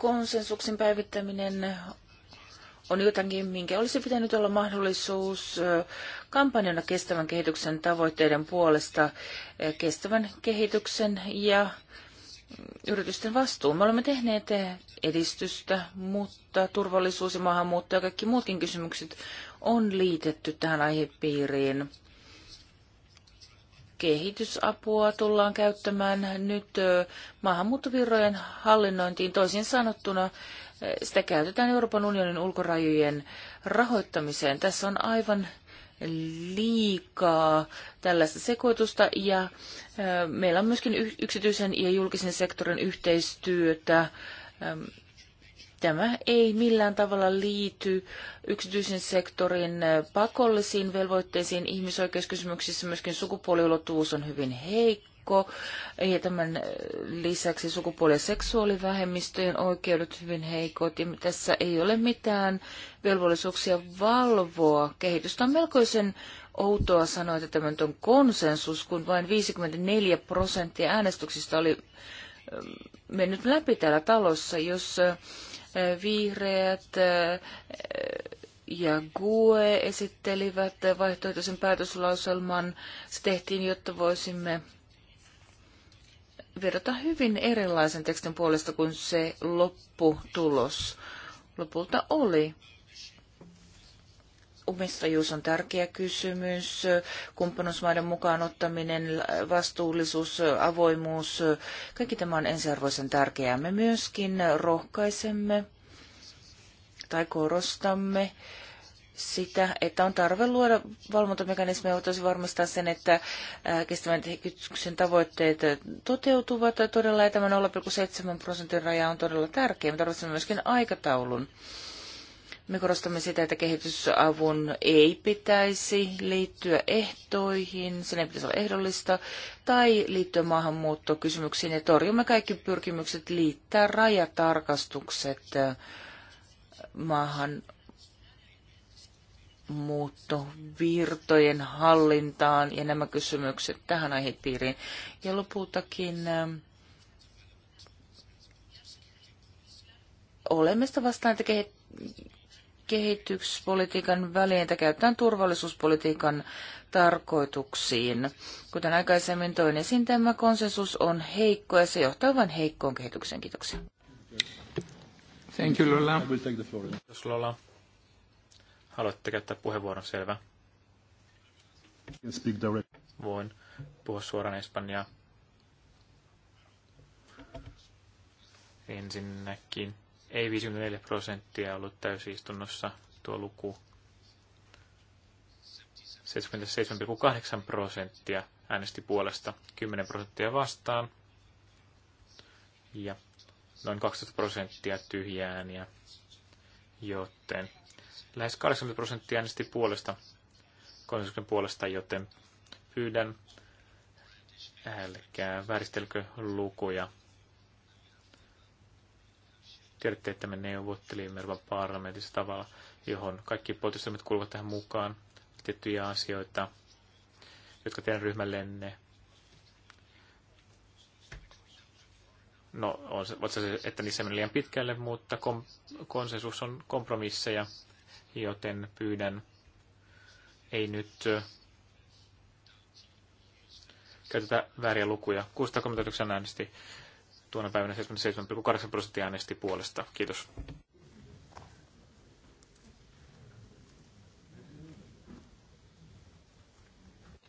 konsensuksen päivittäminen on jotakin, minkä olisi pitänyt olla mahdollisuus kampanjana kestävän kehityksen tavoitteiden puolesta, kestävän kehityksen ja mm, yritysten vastuun. Me olemme tehneet edistystä, mutta turvallisuus ja maahanmuutto ja kaikki muutkin kysymykset on liitetty tähän aihepiiriin kehitysapua tullaan käyttämään nyt maahanmuuttovirrojen hallinnointiin. Toisin sanottuna sitä käytetään Euroopan unionin ulkorajojen rahoittamiseen. Tässä on aivan liikaa tällaista sekoitusta ja meillä on myöskin yksityisen ja julkisen sektorin yhteistyötä Tämä ei millään tavalla liity yksityisen sektorin eh, pakollisiin velvoitteisiin ihmisoikeuskysymyksissä. Myöskin sukupuoliulottuvuus on hyvin heikko. Ja tämän eh, lisäksi sukupuoli- ja seksuaalivähemmistöjen oikeudet hyvin heikot. Ja tässä ei ole mitään velvollisuuksia valvoa kehitystä. On melkoisen outoa sanoa, että tämä on konsensus, kun vain 54 prosenttia äänestyksistä oli eh, mennyt läpi täällä talossa, jos Vihreät ja GUE esittelivät vaihtoehtoisen päätöslauselman. Se tehtiin, jotta voisimme vedota hyvin erilaisen tekstin puolesta kuin se lopputulos lopulta oli. Omistajuus on tärkeä kysymys, kumppanuusmaiden mukaan ottaminen, vastuullisuus, avoimuus, kaikki tämä on ensiarvoisen tärkeää. Me myöskin rohkaisemme tai korostamme sitä, että on tarve luoda valvontamekanismeja, voitaisiin varmistaa sen, että kestävän kehityksen tavoitteet toteutuvat todella, ja tämä 0,7 prosentin raja on todella tärkeä. Me tarvitsemme myöskin aikataulun. Me korostamme sitä, että kehitysavun ei pitäisi liittyä ehtoihin, sen ei pitäisi olla ehdollista, tai liittyä maahanmuuttokysymyksiin, ja torjumme kaikki pyrkimykset liittää rajatarkastukset äh, maahanmuuttovirtojen hallintaan ja nämä kysymykset tähän aihepiiriin. Ja lopultakin äh, olemme sitä vastaan, että kehityspolitiikan välineitä käytetään turvallisuuspolitiikan tarkoituksiin. Kuten aikaisemmin toin esiin, tämä konsensus on heikko ja se johtaa vain heikkoon kehitykseen. Kiitoksia. Thank you, Lola. Jos Lola, haluatte käyttää puheenvuoron, selvä. Voin puhua suoraan espanjaa. Ensinnäkin ei 54 prosenttia ollut täysistunnossa tuo luku. 77,8 prosenttia äänesti puolesta, 10 prosenttia vastaan ja noin 12 prosenttia tyhjääniä, joten lähes 80 prosenttia äänesti puolesta, konsensuksen puolesta, joten pyydän älkää vääristelkö lukuja Tiedätte, että me neuvottelimme Euroopan parlamentissa tavalla, johon kaikki poliittiset kuuluvat tähän mukaan. Tiettyjä asioita, jotka teidän ryhmällenne no, on se, se, että niissä menee liian pitkälle, mutta kom, konsensus on kompromisseja, joten pyydän ei nyt käytetä vääriä lukuja. 639 äänesti tuona päivänä 77,8 prosenttia äänesti puolesta. Kiitos.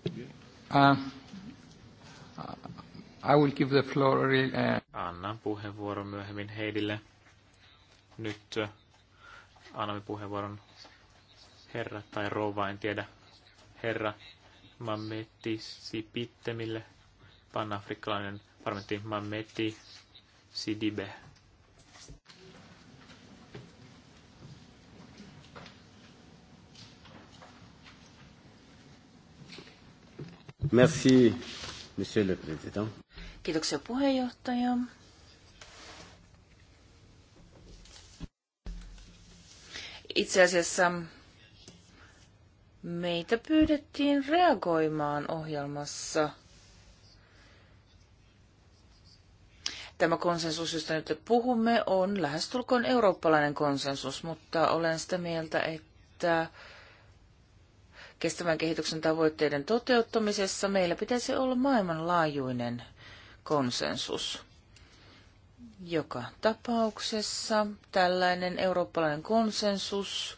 Uh, uh, I will give the floor, uh... Annan puheenvuoron myöhemmin Heidille. Nyt uh, annamme puheenvuoron herra tai rouva, en tiedä, herra Mametti Sipittemille, panafrikkalainen Parlamentti Mametti Sidibe. Merci, monsieur le président. Kiitoksia puheenjohtaja. Itse asiassa meitä pyydettiin reagoimaan ohjelmassa – Tämä konsensus, josta nyt puhumme, on lähestulkoon eurooppalainen konsensus, mutta olen sitä mieltä, että kestävän kehityksen tavoitteiden toteuttamisessa meillä pitäisi olla maailmanlaajuinen konsensus. Joka tapauksessa tällainen eurooppalainen konsensus,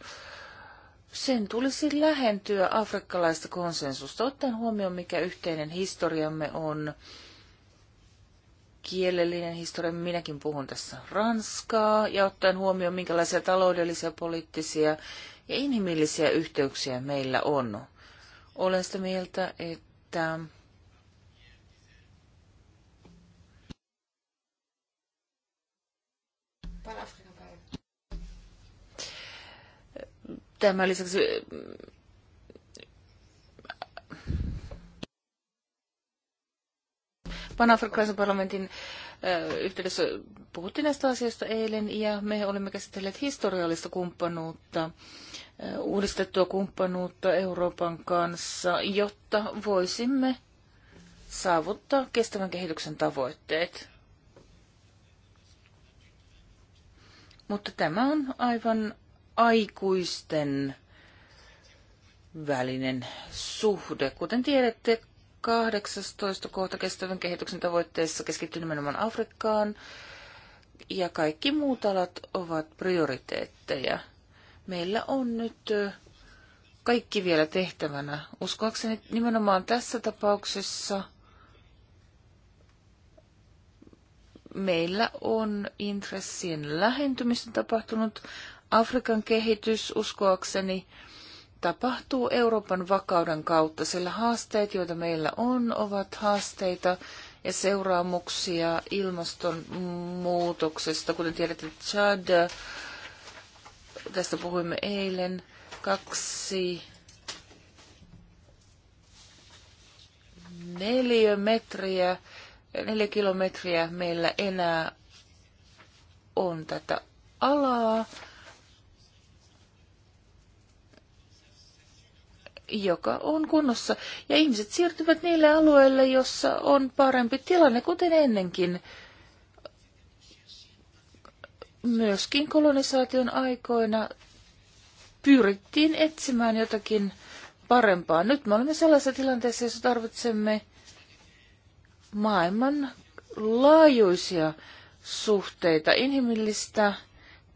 sen tulisi lähentyä afrikkalaista konsensusta, ottaen huomioon, mikä yhteinen historiamme on, kielellinen historia. Minäkin puhun tässä ranskaa ja ottaen huomioon, minkälaisia taloudellisia, poliittisia ja inhimillisiä yhteyksiä meillä on. Olen sitä mieltä, että Tämän lisäksi panafrikkalaisen parlamentin yhteydessä puhuttiin näistä asioista eilen ja me olemme käsitelleet historiallista kumppanuutta, uudistettua kumppanuutta Euroopan kanssa, jotta voisimme saavuttaa kestävän kehityksen tavoitteet. Mutta tämä on aivan aikuisten välinen suhde. Kuten tiedätte, 18 kohta kestävän kehityksen tavoitteessa keskittyy nimenomaan Afrikkaan ja kaikki muut alat ovat prioriteetteja. Meillä on nyt kaikki vielä tehtävänä. Uskoakseni nimenomaan tässä tapauksessa meillä on intressien lähentymistä tapahtunut. Afrikan kehitys uskoakseni tapahtuu Euroopan vakauden kautta, sillä haasteet, joita meillä on, ovat haasteita ja seuraamuksia ilmastonmuutoksesta. Kuten tiedätte, Chad, tästä puhuimme eilen, kaksi neliömetriä, neljä kilometriä meillä enää on tätä alaa. joka on kunnossa. Ja ihmiset siirtyvät niille alueille, jossa on parempi tilanne, kuten ennenkin. Myöskin kolonisaation aikoina pyrittiin etsimään jotakin parempaa. Nyt me olemme sellaisessa tilanteessa, jossa tarvitsemme maailman laajuisia suhteita, inhimillistä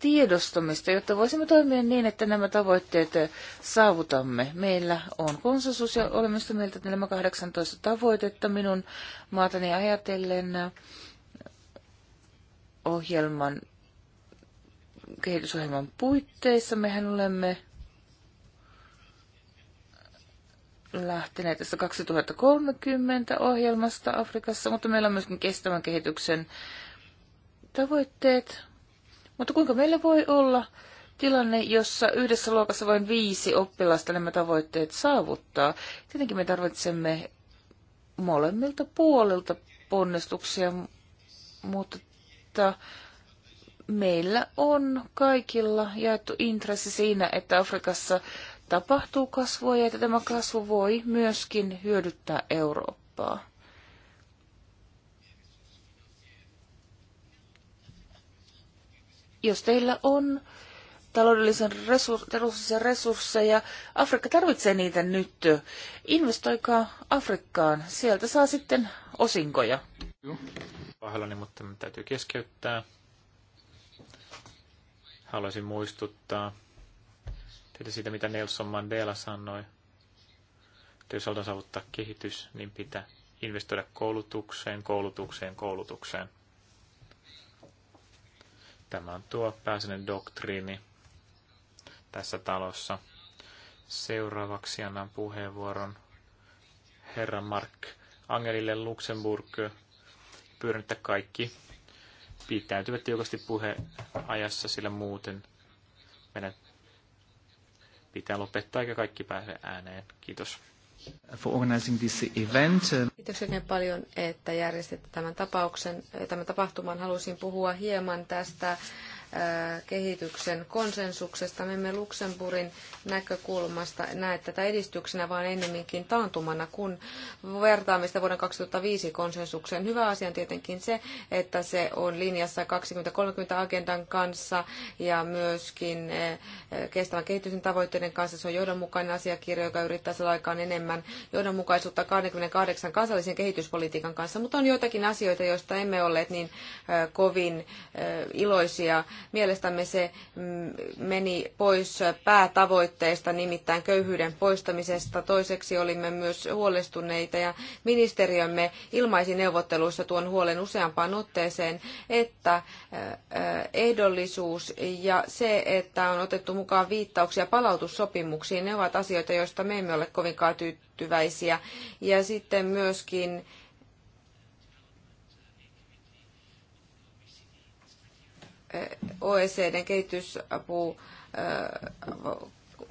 tiedostamista, jotta voisimme toimia niin, että nämä tavoitteet saavutamme. Meillä on konsensus ja olemme sitä mieltä, että nämä 18 tavoitetta minun maatani ajatellen ohjelman kehitysohjelman puitteissa. Mehän olemme lähteneet tästä 2030 ohjelmasta Afrikassa, mutta meillä on myöskin kestävän kehityksen tavoitteet, mutta kuinka meillä voi olla tilanne, jossa yhdessä luokassa vain viisi oppilasta nämä tavoitteet saavuttaa? Tietenkin me tarvitsemme molemmilta puolilta ponnistuksia, mutta meillä on kaikilla jaettu intressi siinä, että Afrikassa tapahtuu kasvua ja että tämä kasvu voi myöskin hyödyttää Eurooppaa. Jos teillä on taloudellisen resurs- resursseja, Afrikka tarvitsee niitä nyt. Investoikaa Afrikkaan, sieltä saa sitten osinkoja. Pahallani, mutta me täytyy keskeyttää. Haluaisin muistuttaa teitä siitä, mitä Nelson Mandela sanoi. Että jos halutaan saavuttaa kehitys, niin pitää investoida koulutukseen, koulutukseen, koulutukseen. Tämä on tuo pääsinen doktriini tässä talossa. Seuraavaksi annan puheenvuoron herra Mark Angelille Luxemburg. Pyydän, että kaikki pitäytyvät tiukasti puheajassa, sillä muuten meidän pitää lopettaa eikä kaikki pääse ääneen. Kiitos for organizing this event. Uh, Kiitos oikein paljon, että järjestitte tämän tapauksen, tämän tapahtuman. Halusin puhua hieman tästä kehityksen konsensuksesta. Me emme Luxemburgin näkökulmasta näe tätä edistyksenä, vaan ennemminkin taantumana, kun vertaamme sitä vuoden 2005 konsensukseen. Hyvä asia on tietenkin se, että se on linjassa 2030-agendan kanssa ja myöskin kestävän kehityksen tavoitteiden kanssa. Se on johdonmukainen asiakirja, joka yrittää saada aikaan enemmän johdonmukaisuutta 28 kansallisen kehityspolitiikan kanssa, mutta on joitakin asioita, joista emme olleet niin kovin iloisia Mielestämme se mm, meni pois päätavoitteesta, nimittäin köyhyyden poistamisesta. Toiseksi olimme myös huolestuneita ja ministeriömme ilmaisi neuvotteluissa tuon huolen useampaan otteeseen, että ehdollisuus ja se, että on otettu mukaan viittauksia palautussopimuksiin, ne ovat asioita, joista me emme ole kovinkaan tyytyväisiä. Ja sitten myöskin OECDn kehitysapuvaliokunnan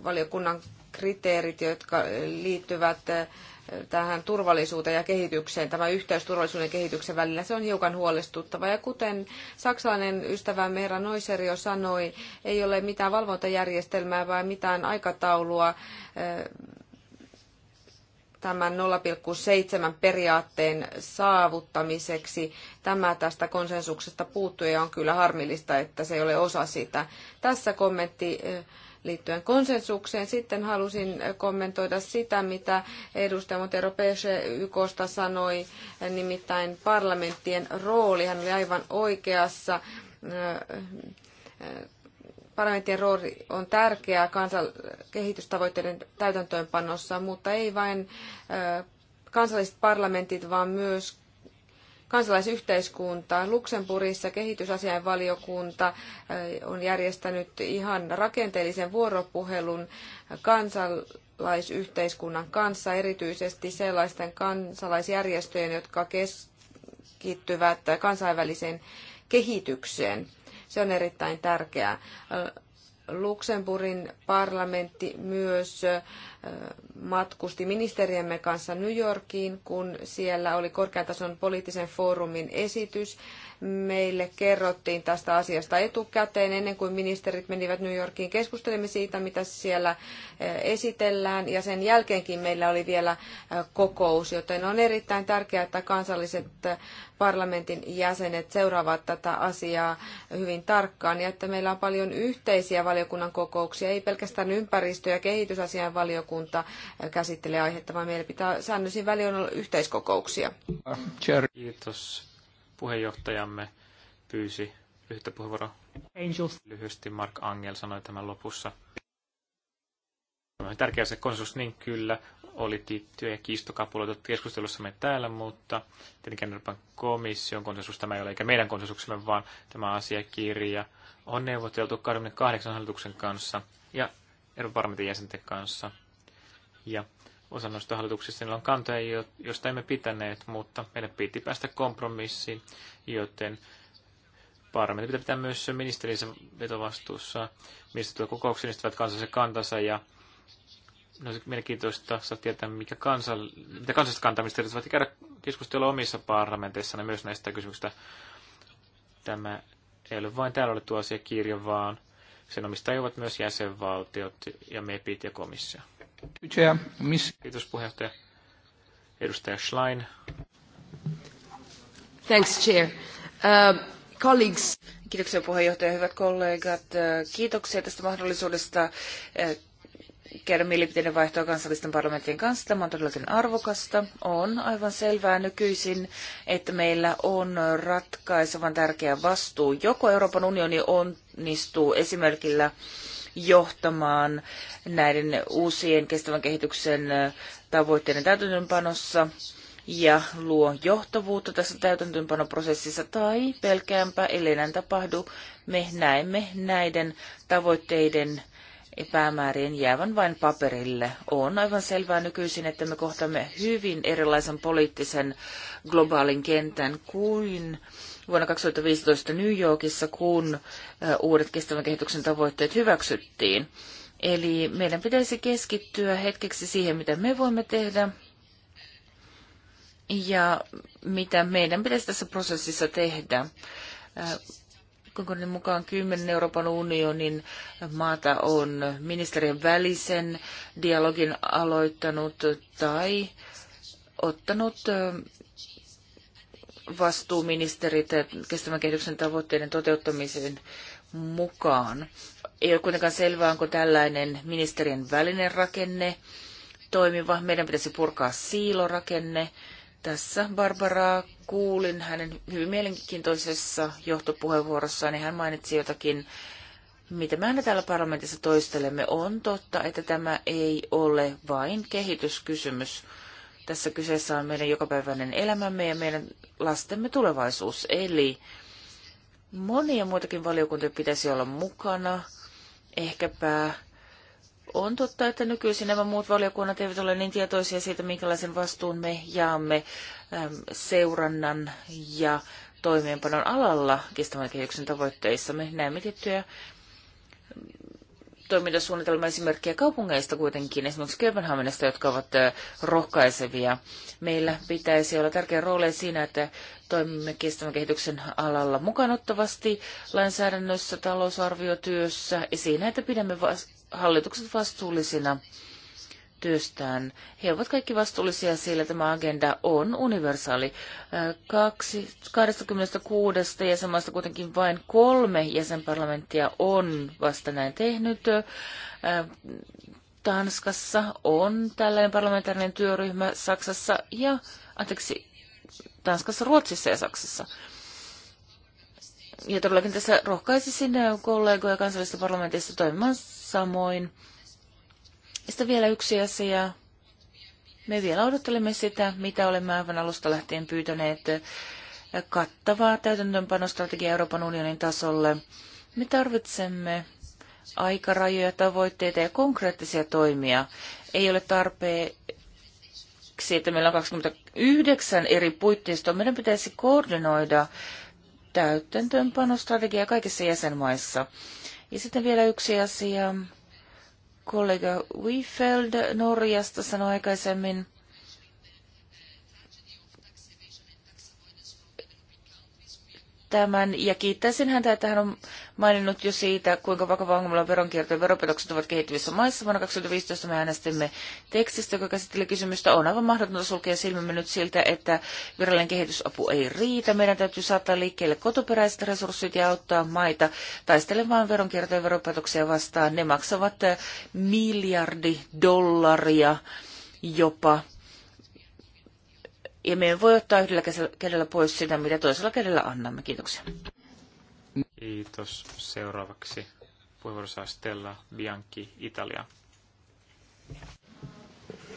valiokunnan kriteerit, jotka liittyvät tähän turvallisuuteen ja kehitykseen, tämä yhteys turvallisuuden ja kehityksen välillä, se on hiukan huolestuttava. Ja kuten saksalainen ystävämme herra Neusser jo sanoi, ei ole mitään valvontajärjestelmää vai mitään aikataulua tämän 0,7 periaatteen saavuttamiseksi. Tämä tästä konsensuksesta puuttuu ja on kyllä harmillista, että se ei ole osa sitä. Tässä kommentti eh, liittyen konsensukseen. Sitten halusin kommentoida sitä, mitä edustaja Montero Peche YKsta sanoi, nimittäin parlamenttien rooli. Hän oli aivan oikeassa eh, eh, Parlamentin rooli on tärkeä kansan kehitystavoitteiden täytäntöönpanossa, mutta ei vain kansalliset parlamentit, vaan myös kansalaisyhteiskunta. Luxemburgissa kehitysasiainvaliokunta on järjestänyt ihan rakenteellisen vuoropuhelun kansalaisyhteiskunnan kanssa, erityisesti sellaisten kansalaisjärjestöjen, jotka keskittyvät kansainväliseen kehitykseen. Se on erittäin tärkeää. Luxemburgin parlamentti myös matkusti ministeriemme kanssa New Yorkiin, kun siellä oli korkeatason poliittisen foorumin esitys. Meille kerrottiin tästä asiasta etukäteen ennen kuin ministerit menivät New Yorkiin. Keskustelimme siitä, mitä siellä eh, esitellään ja sen jälkeenkin meillä oli vielä eh, kokous, joten on erittäin tärkeää, että kansalliset eh, parlamentin jäsenet seuraavat tätä asiaa hyvin tarkkaan ja että meillä on paljon yhteisiä valiokunnan kokouksia, ei pelkästään ympäristö- ja kehitysasian valiokunnan valiokunta käsittelee aihetta, vaan meillä pitää säännöllisin väliin olla yhteiskokouksia. Kiitos. Puheenjohtajamme pyysi lyhyttä puheenvuoroa. Angels. Lyhyesti Mark Angel sanoi tämän lopussa. Tärkeä se konsensus, niin kyllä, oli tiettyjä kiistokapuloita keskustelussamme täällä, mutta tietenkin Euroopan komission konsensus tämä ei ole, eikä meidän konsensuksemme, vaan tämä asiakirja on neuvoteltu 28 hallituksen kanssa ja Euroopan parlamentin jäsenten kanssa ja osa noista hallituksista niillä on kantoja, joista emme pitäneet, mutta meidän piti päästä kompromissiin, joten parlamentti pitää pitää myös ministerinsä vetovastuussa. mistä tuo kokouksen istuvat kansallisen kantansa ja no, se mielenkiintoista saa tietää, mikä kansa, mitä kansalliset kantaministerit voivat käydä keskustella omissa parlamenteissa myös näistä kysymyksistä. Tämä ei ole vain täällä olettu asiakirja, vaan sen omistajat ovat myös jäsenvaltiot ja MEPit ja komissio. Kiitos puheenjohtaja. Edustaja Schlein. Thanks, Chair. Uh, colleagues. Kiitoksia puheenjohtaja, hyvät kollegat. Uh, kiitoksia tästä mahdollisuudesta uh, käydä mielipiteiden vaihtoa kansallisten parlamenttien kanssa. Tämä on todellakin arvokasta. On aivan selvää nykyisin, että meillä on ratkaisevan tärkeä vastuu. Joko Euroopan unioni onnistuu esimerkillä johtamaan näiden uusien kestävän kehityksen tavoitteiden täytäntöönpanossa ja luo johtavuutta tässä täytäntöönpanoprosessissa tai pelkäänpä, ellei näin tapahdu, me näemme näiden tavoitteiden epämäärien jäävän vain paperille. On aivan selvää nykyisin, että me kohtamme hyvin erilaisen poliittisen globaalin kentän kuin vuonna 2015 New Yorkissa, kun uudet kestävän kehityksen tavoitteet hyväksyttiin. Eli meidän pitäisi keskittyä hetkeksi siihen, mitä me voimme tehdä ja mitä meidän pitäisi tässä prosessissa tehdä. Konkornin mukaan kymmenen Euroopan unionin maata on ministerien välisen dialogin aloittanut tai ottanut vastuuministerit kestävän kehityksen tavoitteiden toteuttamiseen mukaan. Ei ole kuitenkaan selvää, onko tällainen ministerien välinen rakenne toimiva. Meidän pitäisi purkaa siilorakenne. Tässä Barbara kuulin hänen hyvin mielenkiintoisessa johtopuheenvuorossaan, niin hän mainitsi jotakin, mitä me aina täällä parlamentissa toistelemme. On totta, että tämä ei ole vain kehityskysymys. Tässä kyseessä on meidän jokapäiväinen elämämme ja meidän lastemme tulevaisuus. Eli monia muitakin valiokuntia pitäisi olla mukana. Ehkäpä on totta, että nykyisin nämä muut valiokunnat eivät ole niin tietoisia siitä, minkälaisen vastuun me jaamme seurannan ja toimeenpanon alalla kestävän kehityksen tavoitteissa. Me näemme tiettyjä toimintasuunnitelma esimerkkejä kaupungeista kuitenkin, esimerkiksi Kööpenhaminasta, jotka ovat rohkaisevia. Meillä pitäisi olla tärkeä rooli siinä, että toimimme kestävän kehityksen alalla mukanottavasti lainsäädännössä, talousarviotyössä ja siinä, että pidämme hallitukset vastuullisina työstään. He ovat kaikki vastuullisia, sillä tämä agenda on universaali. 26 äh, jäsenmaasta kuitenkin vain kolme jäsenparlamenttia on vasta näin tehnyt. Äh, Tanskassa on tällainen parlamentaarinen työryhmä, Saksassa ja, anteeksi, Tanskassa, Ruotsissa ja Saksassa. Ja todellakin tässä rohkaisisin kollegoja kansallisesta parlamentista toimimaan samoin sitten vielä yksi asia. Me vielä odottelemme sitä, mitä olemme aivan alusta lähtien pyytäneet kattavaa täytäntöönpanostrategiaa Euroopan unionin tasolle. Me tarvitsemme aikarajoja, tavoitteita ja konkreettisia toimia. Ei ole tarpeeksi, että meillä on 29 eri puitteista. Meidän pitäisi koordinoida täytäntöönpanostrategiaa kaikissa jäsenmaissa. Ja sitten vielä yksi asia kollega Wiefeld Norjasta sanoi aikaisemmin, tämän ja kiittäisin häntä, että hän on maininnut jo siitä, kuinka vakava ongelma veronkierto ja veropetokset ovat kehittyvissä maissa. Vuonna 2015 me äänestimme tekstistä, joka käsitteli kysymystä. On aivan mahdotonta sulkea silmämme nyt siltä, että virallinen kehitysapu ei riitä. Meidän täytyy saattaa liikkeelle kotoperäiset resurssit ja auttaa maita taistelemaan veronkierto ja veropetoksia vastaan. Ne maksavat eh, miljardi dollaria jopa ja me voi ottaa yhdellä kädellä pois sitä, mitä toisella kädellä annamme. Kiitoksia. Kiitos. Seuraavaksi puheenvuorossa Stella Bianchi, Italia.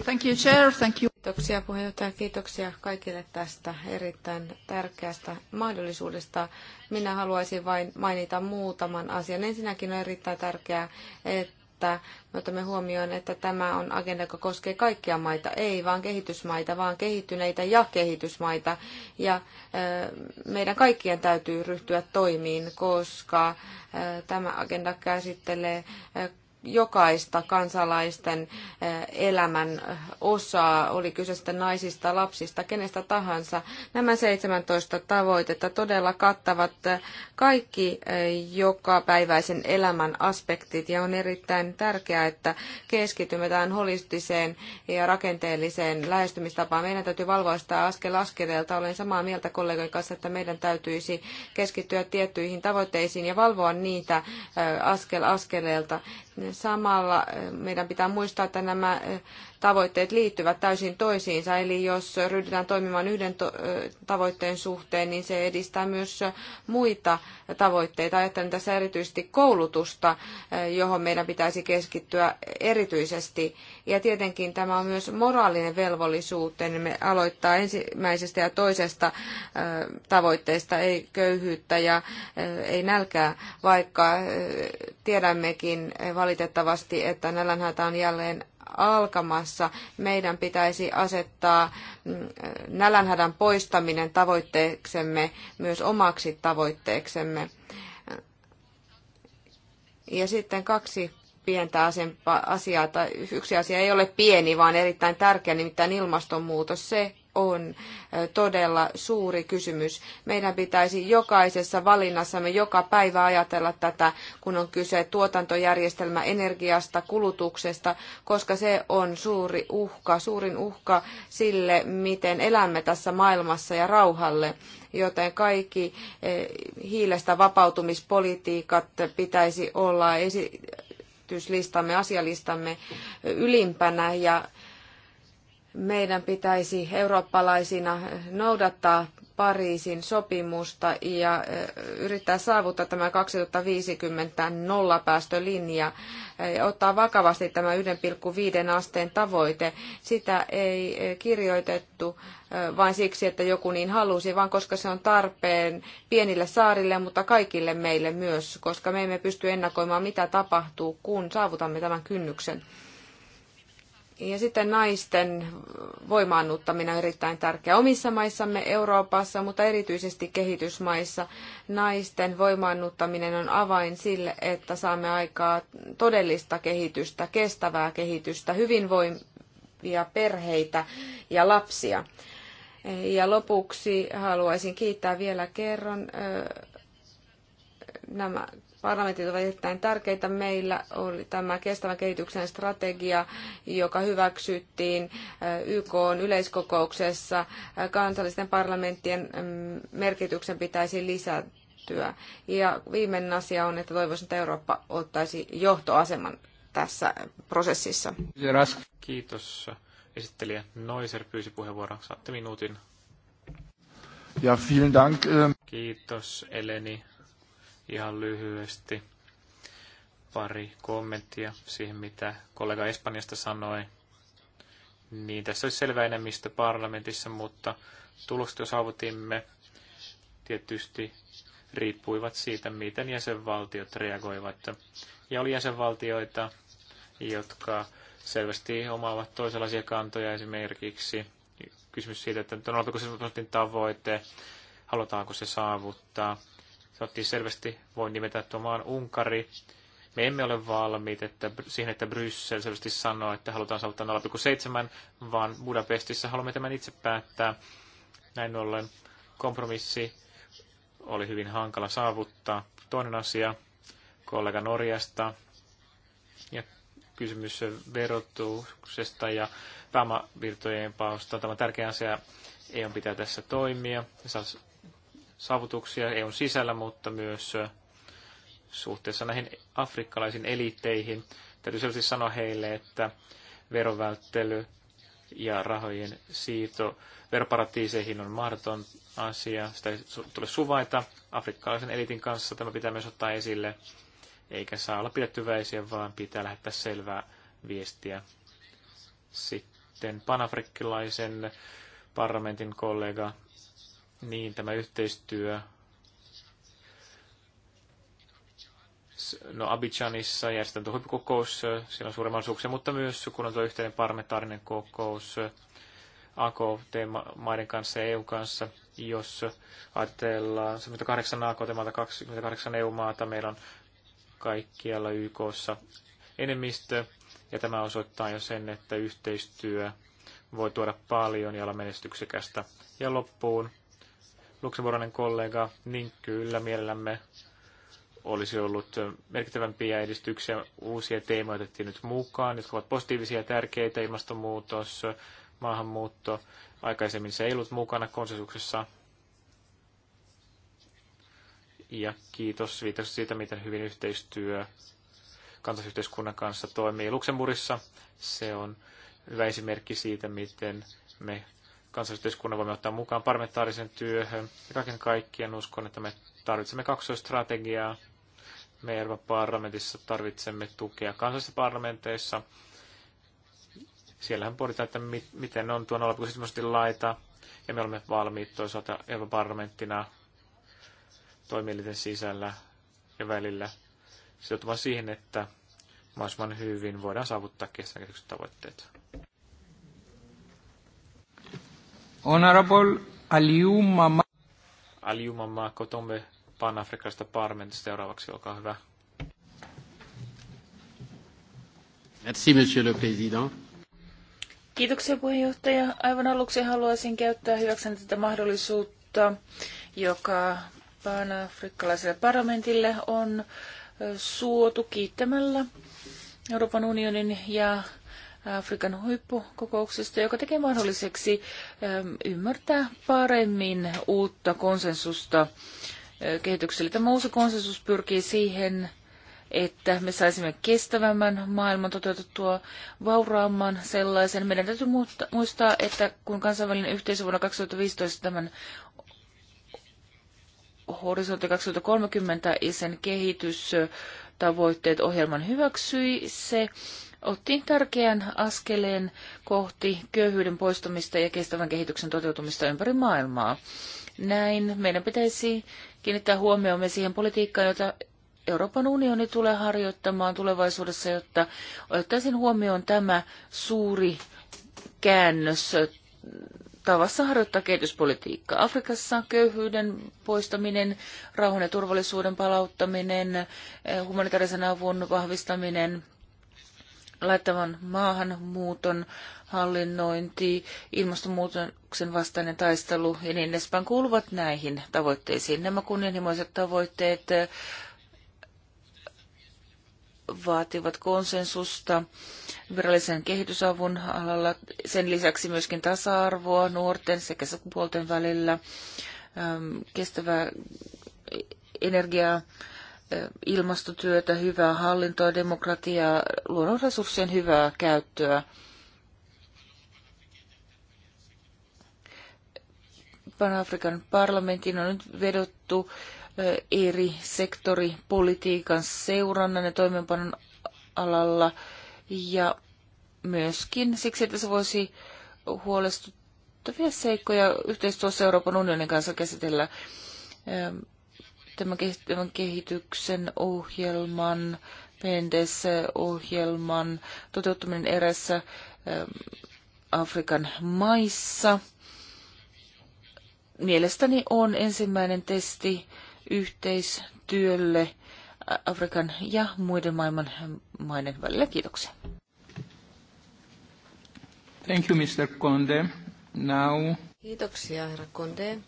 Thank you, Chair. Thank you. Kiitoksia puheenjohtaja, kiitoksia kaikille tästä erittäin tärkeästä mahdollisuudesta. Minä haluaisin vain mainita muutaman asian. Ensinnäkin on erittäin tärkeää, että että me otamme huomioon, että tämä on agenda, joka koskee kaikkia maita, ei vaan kehitysmaita, vaan kehittyneitä ja kehitysmaita. Ja meidän kaikkien täytyy ryhtyä toimiin, koska tämä agenda käsittelee jokaista kansalaisten eh, elämän osaa, oli kyse sitten naisista, lapsista, kenestä tahansa. Nämä 17 tavoitetta todella kattavat eh, kaikki eh, joka päiväisen elämän aspektit ja on erittäin tärkeää, että keskitytään holistiseen ja rakenteelliseen lähestymistapaan. Meidän täytyy valvoa sitä askel askeleelta. Olen samaa mieltä kollegojen kanssa, että meidän täytyisi keskittyä tiettyihin tavoitteisiin ja valvoa niitä askel askeleelta Samalla meidän pitää muistaa, että nämä tavoitteet liittyvät täysin toisiinsa. Eli jos ryhdytään toimimaan yhden tavoitteen suhteen, niin se edistää myös muita tavoitteita. Ajattelen tässä erityisesti koulutusta, johon meidän pitäisi keskittyä erityisesti. Ja tietenkin tämä on myös moraalinen velvollisuutemme aloittaa ensimmäisestä ja toisesta tavoitteesta, ei köyhyyttä ja ei nälkää, vaikka tiedämmekin valitettavasti, että nälänhätä on jälleen alkamassa. Meidän pitäisi asettaa mm, nälänhädän poistaminen tavoitteeksemme myös omaksi tavoitteeksemme. Ja sitten kaksi pientä asiaa, tai yksi asia ei ole pieni, vaan erittäin tärkeä, nimittäin ilmastonmuutos. Se on todella suuri kysymys. Meidän pitäisi jokaisessa valinnassamme joka päivä ajatella tätä, kun on kyse tuotantojärjestelmä energiasta, kulutuksesta, koska se on suuri uhka, suurin uhka sille, miten elämme tässä maailmassa ja rauhalle. Joten kaikki hiilestä vapautumispolitiikat pitäisi olla esityslistamme, asialistamme ylimpänä ja meidän pitäisi eurooppalaisina noudattaa Pariisin sopimusta ja yrittää saavuttaa tämä 2050 nollapäästölinja ja ottaa vakavasti tämä 1,5 asteen tavoite. Sitä ei kirjoitettu vain siksi, että joku niin halusi, vaan koska se on tarpeen pienille saarille, mutta kaikille meille myös, koska me emme pysty ennakoimaan, mitä tapahtuu, kun saavutamme tämän kynnyksen. Ja sitten naisten voimaannuttaminen on erittäin tärkeää omissa maissamme Euroopassa, mutta erityisesti kehitysmaissa. Naisten voimaannuttaminen on avain sille, että saamme aikaa todellista kehitystä, kestävää kehitystä, hyvinvoivia perheitä ja lapsia. Ja lopuksi haluaisin kiittää vielä kerran nämä Parlamentit ovat erittäin tärkeitä. Meillä oli tämä kestävän kehityksen strategia, joka hyväksyttiin eh, YK yleiskokouksessa. Kansallisten parlamenttien mm, merkityksen pitäisi lisääntyä. Ja viimeinen asia on, että toivoisin, että Eurooppa ottaisi johtoaseman tässä prosessissa. Kiitos. Esittelijä Noiser pyysi puheenvuoron. Saatte minuutin. Ja, vielen Dank. Ähm. Kiitos Eleni ihan lyhyesti pari kommenttia siihen, mitä kollega Espanjasta sanoi. Niin tässä olisi selvä enemmistö parlamentissa, mutta tulokset, jos saavutimme, tietysti riippuivat siitä, miten jäsenvaltiot reagoivat. Ja oli jäsenvaltioita, jotka selvästi omaavat toisenlaisia kantoja esimerkiksi. Kysymys siitä, että noudatako se tavoite, halutaanko se saavuttaa sanottiin selvästi, voi nimetä tuon maan Unkari. Me emme ole valmiit että, siihen, että Bryssel selvästi sanoo, että halutaan saavuttaa 0,7, vaan Budapestissa haluamme tämän itse päättää. Näin ollen kompromissi oli hyvin hankala saavuttaa. Toinen asia, kollega Norjasta ja kysymys verotuksesta ja pääomavirtojen paosta. Tämä on tärkeä asia. EU pitää tässä toimia saavutuksia EUn sisällä, mutta myös suhteessa näihin afrikkalaisiin eliitteihin. Täytyy selvästi sanoa heille, että verovälttely ja rahojen siirto veroparatiiseihin on mahdoton asia. Sitä ei tule suvaita afrikkalaisen eliitin kanssa. Tämä pitää myös ottaa esille, eikä saa olla pidättyväisiä, vaan pitää lähettää selvää viestiä. Sitten panafrikkilaisen parlamentin kollega niin tämä yhteistyö no Abidjanissa järjestetään tuo huippukokous, äh, siellä on suuremman suuksia, mutta myös kun on tuo yhteinen parlamentaarinen kokous äh, AKT-maiden kanssa ja EU kanssa, jos ajatellaan 78 AKT-maata, 28 EU-maata, meillä on kaikkialla YKssa enemmistö, ja tämä osoittaa jo sen, että yhteistyö voi tuoda paljon ja olla menestyksekästä. Ja loppuun luksemburgilainen kollega, niin kyllä mielellämme olisi ollut merkittävämpiä edistyksiä. Uusia teemoja otettiin nyt mukaan, jotka ovat positiivisia ja tärkeitä, ilmastonmuutos, maahanmuutto. Aikaisemmin se ei ollut mukana konsensuksessa. Ja kiitos viitos siitä, miten hyvin yhteistyö kansallisyhteiskunnan kanssa toimii Luxemburgissa. Se on hyvä esimerkki siitä, miten me kansallisyhteiskunnan voimme ottaa mukaan parlamentaarisen työhön. Ja kaiken kaikkiaan uskon, että me tarvitsemme kaksoistrategiaa. Me Euroopan parlamentissa tarvitsemme tukea kansallisissa parlamenteissa. Siellähän pohditaan, että mit, miten on tuon 0,7 laita, ja me olemme valmiit toisaalta Euroopan parlamenttina toimielinten sisällä ja välillä sitoutumaan siihen, että mahdollisimman hyvin voidaan saavuttaa kestävän tavoitteet. Honorable Aliu Mama. Aliu Mama Kotombe Pan-Afrikasta parlamentista seuraavaksi, olkaa hyvä. Merci, monsieur le président. Kiitoksia puheenjohtaja. Aivan aluksi haluaisin käyttää hyväkseni tätä mahdollisuutta, joka pan-afrikkalaiselle parlamentille on suotu kiittämällä Euroopan unionin ja Afrikan huippukokouksesta, joka tekee mahdolliseksi ähm, ymmärtää paremmin uutta konsensusta äh, kehitykselle. Tämä uusi konsensus pyrkii siihen, että me saisimme kestävämmän maailman toteutettua vauraamman sellaisen. Meidän täytyy muistaa, että kun kansainvälinen yhteisö vuonna 2015 tämän Horisontti 2030 ja sen kehitystavoitteet ohjelman hyväksyi, se otti tärkeän askeleen kohti köyhyyden poistumista ja kestävän kehityksen toteutumista ympäri maailmaa. Näin meidän pitäisi kiinnittää huomiomme siihen politiikkaan, jota Euroopan unioni tulee harjoittamaan tulevaisuudessa, jotta otettaisiin huomioon tämä suuri käännös tavassa harjoittaa kehityspolitiikkaa. Afrikassa köyhyyden poistaminen, rauhan ja turvallisuuden palauttaminen, eh, humanitaarisen avun vahvistaminen, laittavan maahanmuuton hallinnointi, ilmastonmuutoksen vastainen taistelu ja niin edespäin kuuluvat näihin tavoitteisiin. Nämä kunnianhimoiset tavoitteet eh, vaativat konsensusta virallisen kehitysavun alalla, sen lisäksi myöskin tasa-arvoa nuorten sekä sukupuolten välillä, kestävää e- energiaa, ilmastotyötä, hyvää hallintoa, demokratiaa, luonnonresurssien hyvää käyttöä. Pan-Afrikan parlamentin on nyt vedottu eri sektoripolitiikan seurannan ja toimeenpanon alalla ja myöskin siksi, että se voisi huolestuttavia seikkoja yhteistyössä Euroopan unionin kanssa käsitellä tämän kestävän kehityksen ohjelman, PNDS-ohjelman toteuttaminen erässä ähm, Afrikan maissa. Mielestäni on ensimmäinen testi yhteistyölle äh, Afrikan ja muiden maailman maiden välillä. Kiitoksia. Thank you, Mr. Conde. Now... Kiitoksia, herra Conde.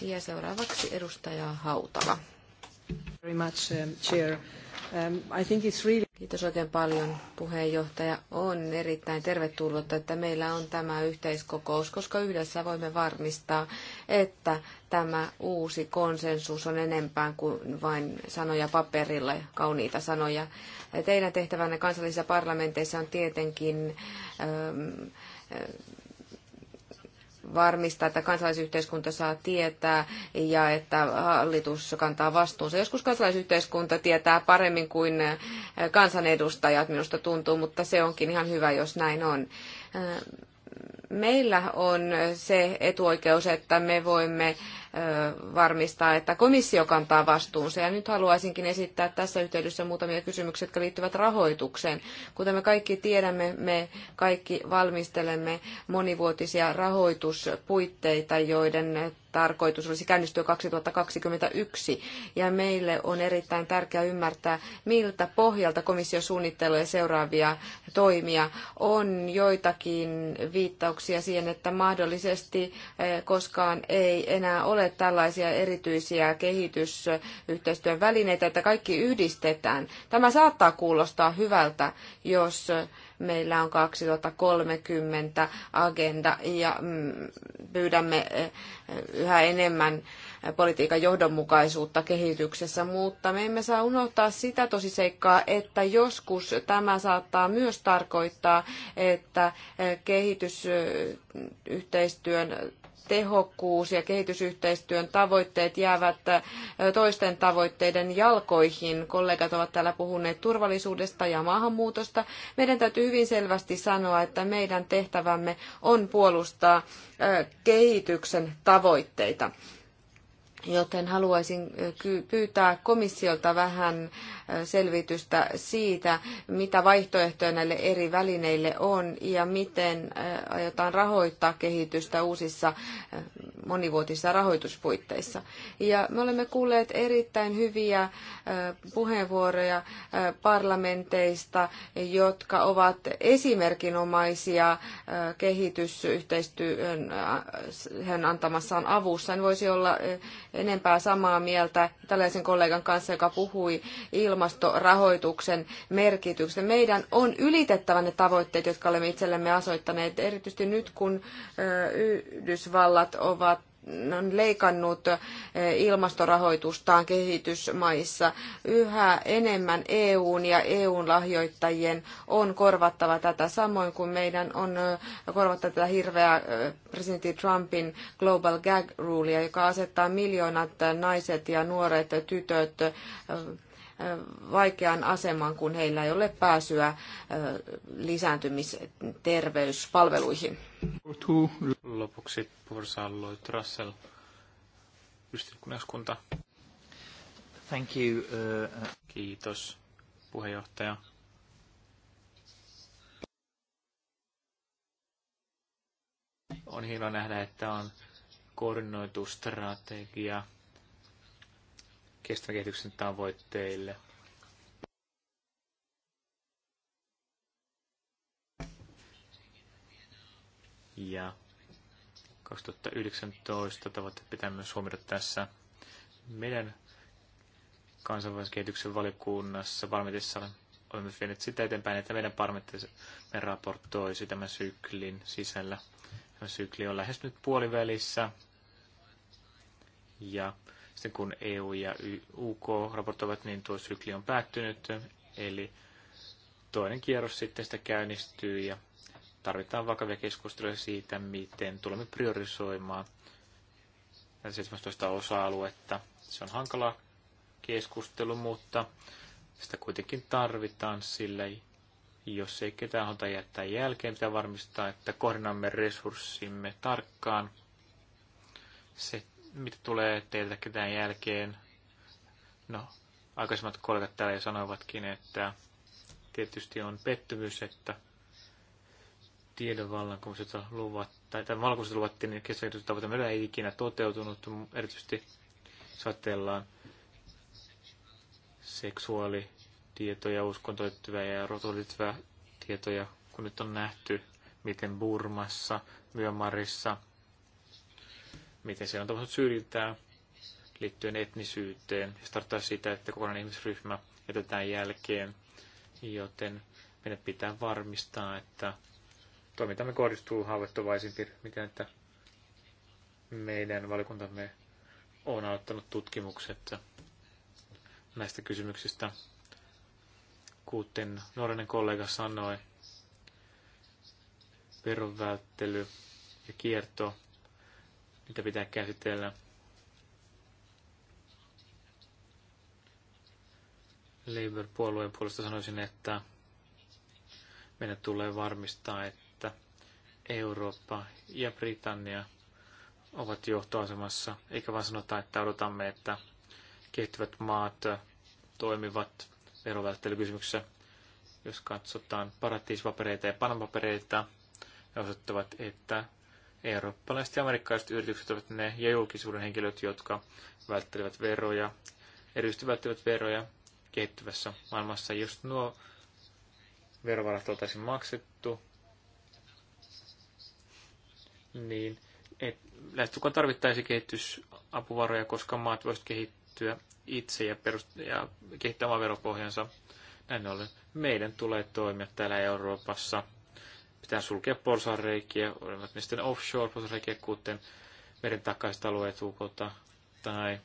Ja seuraavaksi edustaja Hautala. Very much, um, chair. Um, I think it's really... Kiitos oikein paljon puheenjohtaja. On erittäin tervetullutta, että meillä on tämä yhteiskokous, koska yhdessä voimme varmistaa, että tämä uusi konsensus on enempää kuin vain sanoja paperille, kauniita sanoja. Teidän tehtävänne kansallisissa parlamenteissa on tietenkin um, varmistaa, että kansalaisyhteiskunta saa tietää ja että hallitus kantaa vastuunsa. Joskus kansalaisyhteiskunta tietää paremmin kuin kansanedustajat, minusta tuntuu, mutta se onkin ihan hyvä, jos näin on meillä on se etuoikeus, että me voimme varmistaa, että komissio kantaa vastuunsa. Ja nyt haluaisinkin esittää tässä yhteydessä muutamia kysymyksiä, jotka liittyvät rahoitukseen. Kuten me kaikki tiedämme, me kaikki valmistelemme monivuotisia rahoituspuitteita, joiden tarkoitus olisi käynnistyä 2021. Ja meille on erittäin tärkeää ymmärtää, miltä pohjalta komissio suunnittelee seuraavia toimia. On joitakin viittauksia siihen, että mahdollisesti eh, koskaan ei enää ole tällaisia erityisiä kehitysyhteistyön välineitä, että kaikki yhdistetään. Tämä saattaa kuulostaa hyvältä, jos Meillä on 2030 agenda ja mm, pyydämme eh, eh, yhä enemmän eh, politiikan johdonmukaisuutta kehityksessä, mutta me emme saa unohtaa sitä tosiseikkaa, että joskus tämä saattaa myös tarkoittaa, että kehitysyhteistyön tehokkuus ja kehitysyhteistyön tavoitteet jäävät toisten tavoitteiden jalkoihin. Kollegat ovat täällä puhuneet turvallisuudesta ja maahanmuutosta. Meidän täytyy hyvin selvästi sanoa, että meidän tehtävämme on puolustaa kehityksen tavoitteita. Joten haluaisin pyytää komissiolta vähän selvitystä siitä, mitä vaihtoehtoja näille eri välineille on ja miten äh, aiotaan rahoittaa kehitystä uusissa äh, monivuotisissa rahoituspuitteissa. Ja me olemme kuulleet erittäin hyviä äh, puheenvuoroja parlamenteista, jotka ovat esimerkinomaisia kehitysyhteistyön antamassaan avussa. En voisi olla enempää samaa mieltä tällaisen kollegan kanssa, joka puhui ilo ilmastorahoituksen merkityksen. Meidän on ylitettävä ne tavoitteet, jotka olemme itsellemme asoittaneet, erityisesti nyt kun Yhdysvallat ovat on leikannut ilmastorahoitustaan kehitysmaissa. Yhä enemmän EUn ja EUn lahjoittajien on korvattava tätä, samoin kuin meidän on korvattava tätä hirveää presidentti Trumpin Global Gag Rulea, joka asettaa miljoonat naiset ja nuoret tytöt vaikeaan asemaan, kun heillä ei ole pääsyä lisääntymisterveyspalveluihin. Lopuksi Pursan Lloyd Russell, yhdistyskunnaskunta. Thank you. Uh, uh... Kiitos, puheenjohtaja. On hienoa nähdä, että on koordinoitu strategia kestävän kehityksen tavoitteille. Ja 2019 tavoitteet pitää myös huomioida tässä meidän kansainvälisen kehityksen valiokunnassa valmiitessa olemme vieneet sitä eteenpäin, että meidän parlamenttimme raportoisi tämän syklin sisällä. Tämä sykli on lähestynyt puolivälissä ja sitten kun EU ja UK raportoivat, niin tuo sykli on päättynyt, eli toinen kierros sitten sitä käynnistyy ja tarvitaan vakavia keskusteluja siitä, miten tulemme priorisoimaan 17 osa-aluetta. Se on hankala keskustelu, mutta sitä kuitenkin tarvitaan sille, jos ei ketään haluta jättää jälkeen, pitää varmistaa, että kohdennamme resurssimme tarkkaan. Se mitä tulee teiltä ketään jälkeen. No, aikaisemmat kollegat täällä jo sanoivatkin, että tietysti on pettymys, että tiedon vallankumoukset luvat, tai tämän vallankumoukset luvattiin, niin kestävyystavoite meillä ei ikinä toteutunut, erityisesti satellaan seksuaalitietoja, uskontoittuvia ja rotuun tietoja, kun nyt on nähty, miten Burmassa, Myanmarissa, miten siellä on tapahtunut syrjintää liittyen etnisyyteen. se tarkoittaa sitä, että kokonainen ihmisryhmä jätetään jälkeen, joten meidän pitää varmistaa, että toimintamme kohdistuu haavoittuvaisiin miten että meidän valikuntamme on aloittanut tutkimukset näistä kysymyksistä. Kuten nuorinen kollega sanoi, veronvälttely ja kierto niitä pitää käsitellä. Labour-puolueen puolesta sanoisin, että meidän tulee varmistaa, että Eurooppa ja Britannia ovat johtoasemassa, eikä vaan sanota, että odotamme, että kehittyvät maat toimivat verovälttelykysymyksessä. Jos katsotaan paratiisipapereita ja panamapapereita, ne osoittavat, että Eurooppalaiset ja amerikkalaiset yritykset ovat ne ja julkisuuden henkilöt, jotka välttelevät veroja, erityisesti välttelevät veroja kehittyvässä maailmassa. Jos nuo verovarat oltaisiin maksettu, niin et, lähestulkoon tarvittaisi kehitysapuvaroja, koska maat voisivat kehittyä itse ja, perust- ja kehittää oman veropohjansa. Näin ollen meidän tulee toimia täällä Euroopassa pitää sulkea porsareikiä, olivat ne sitten offshore-porsareikiä, kuten meren takaiset alueet UKta, tai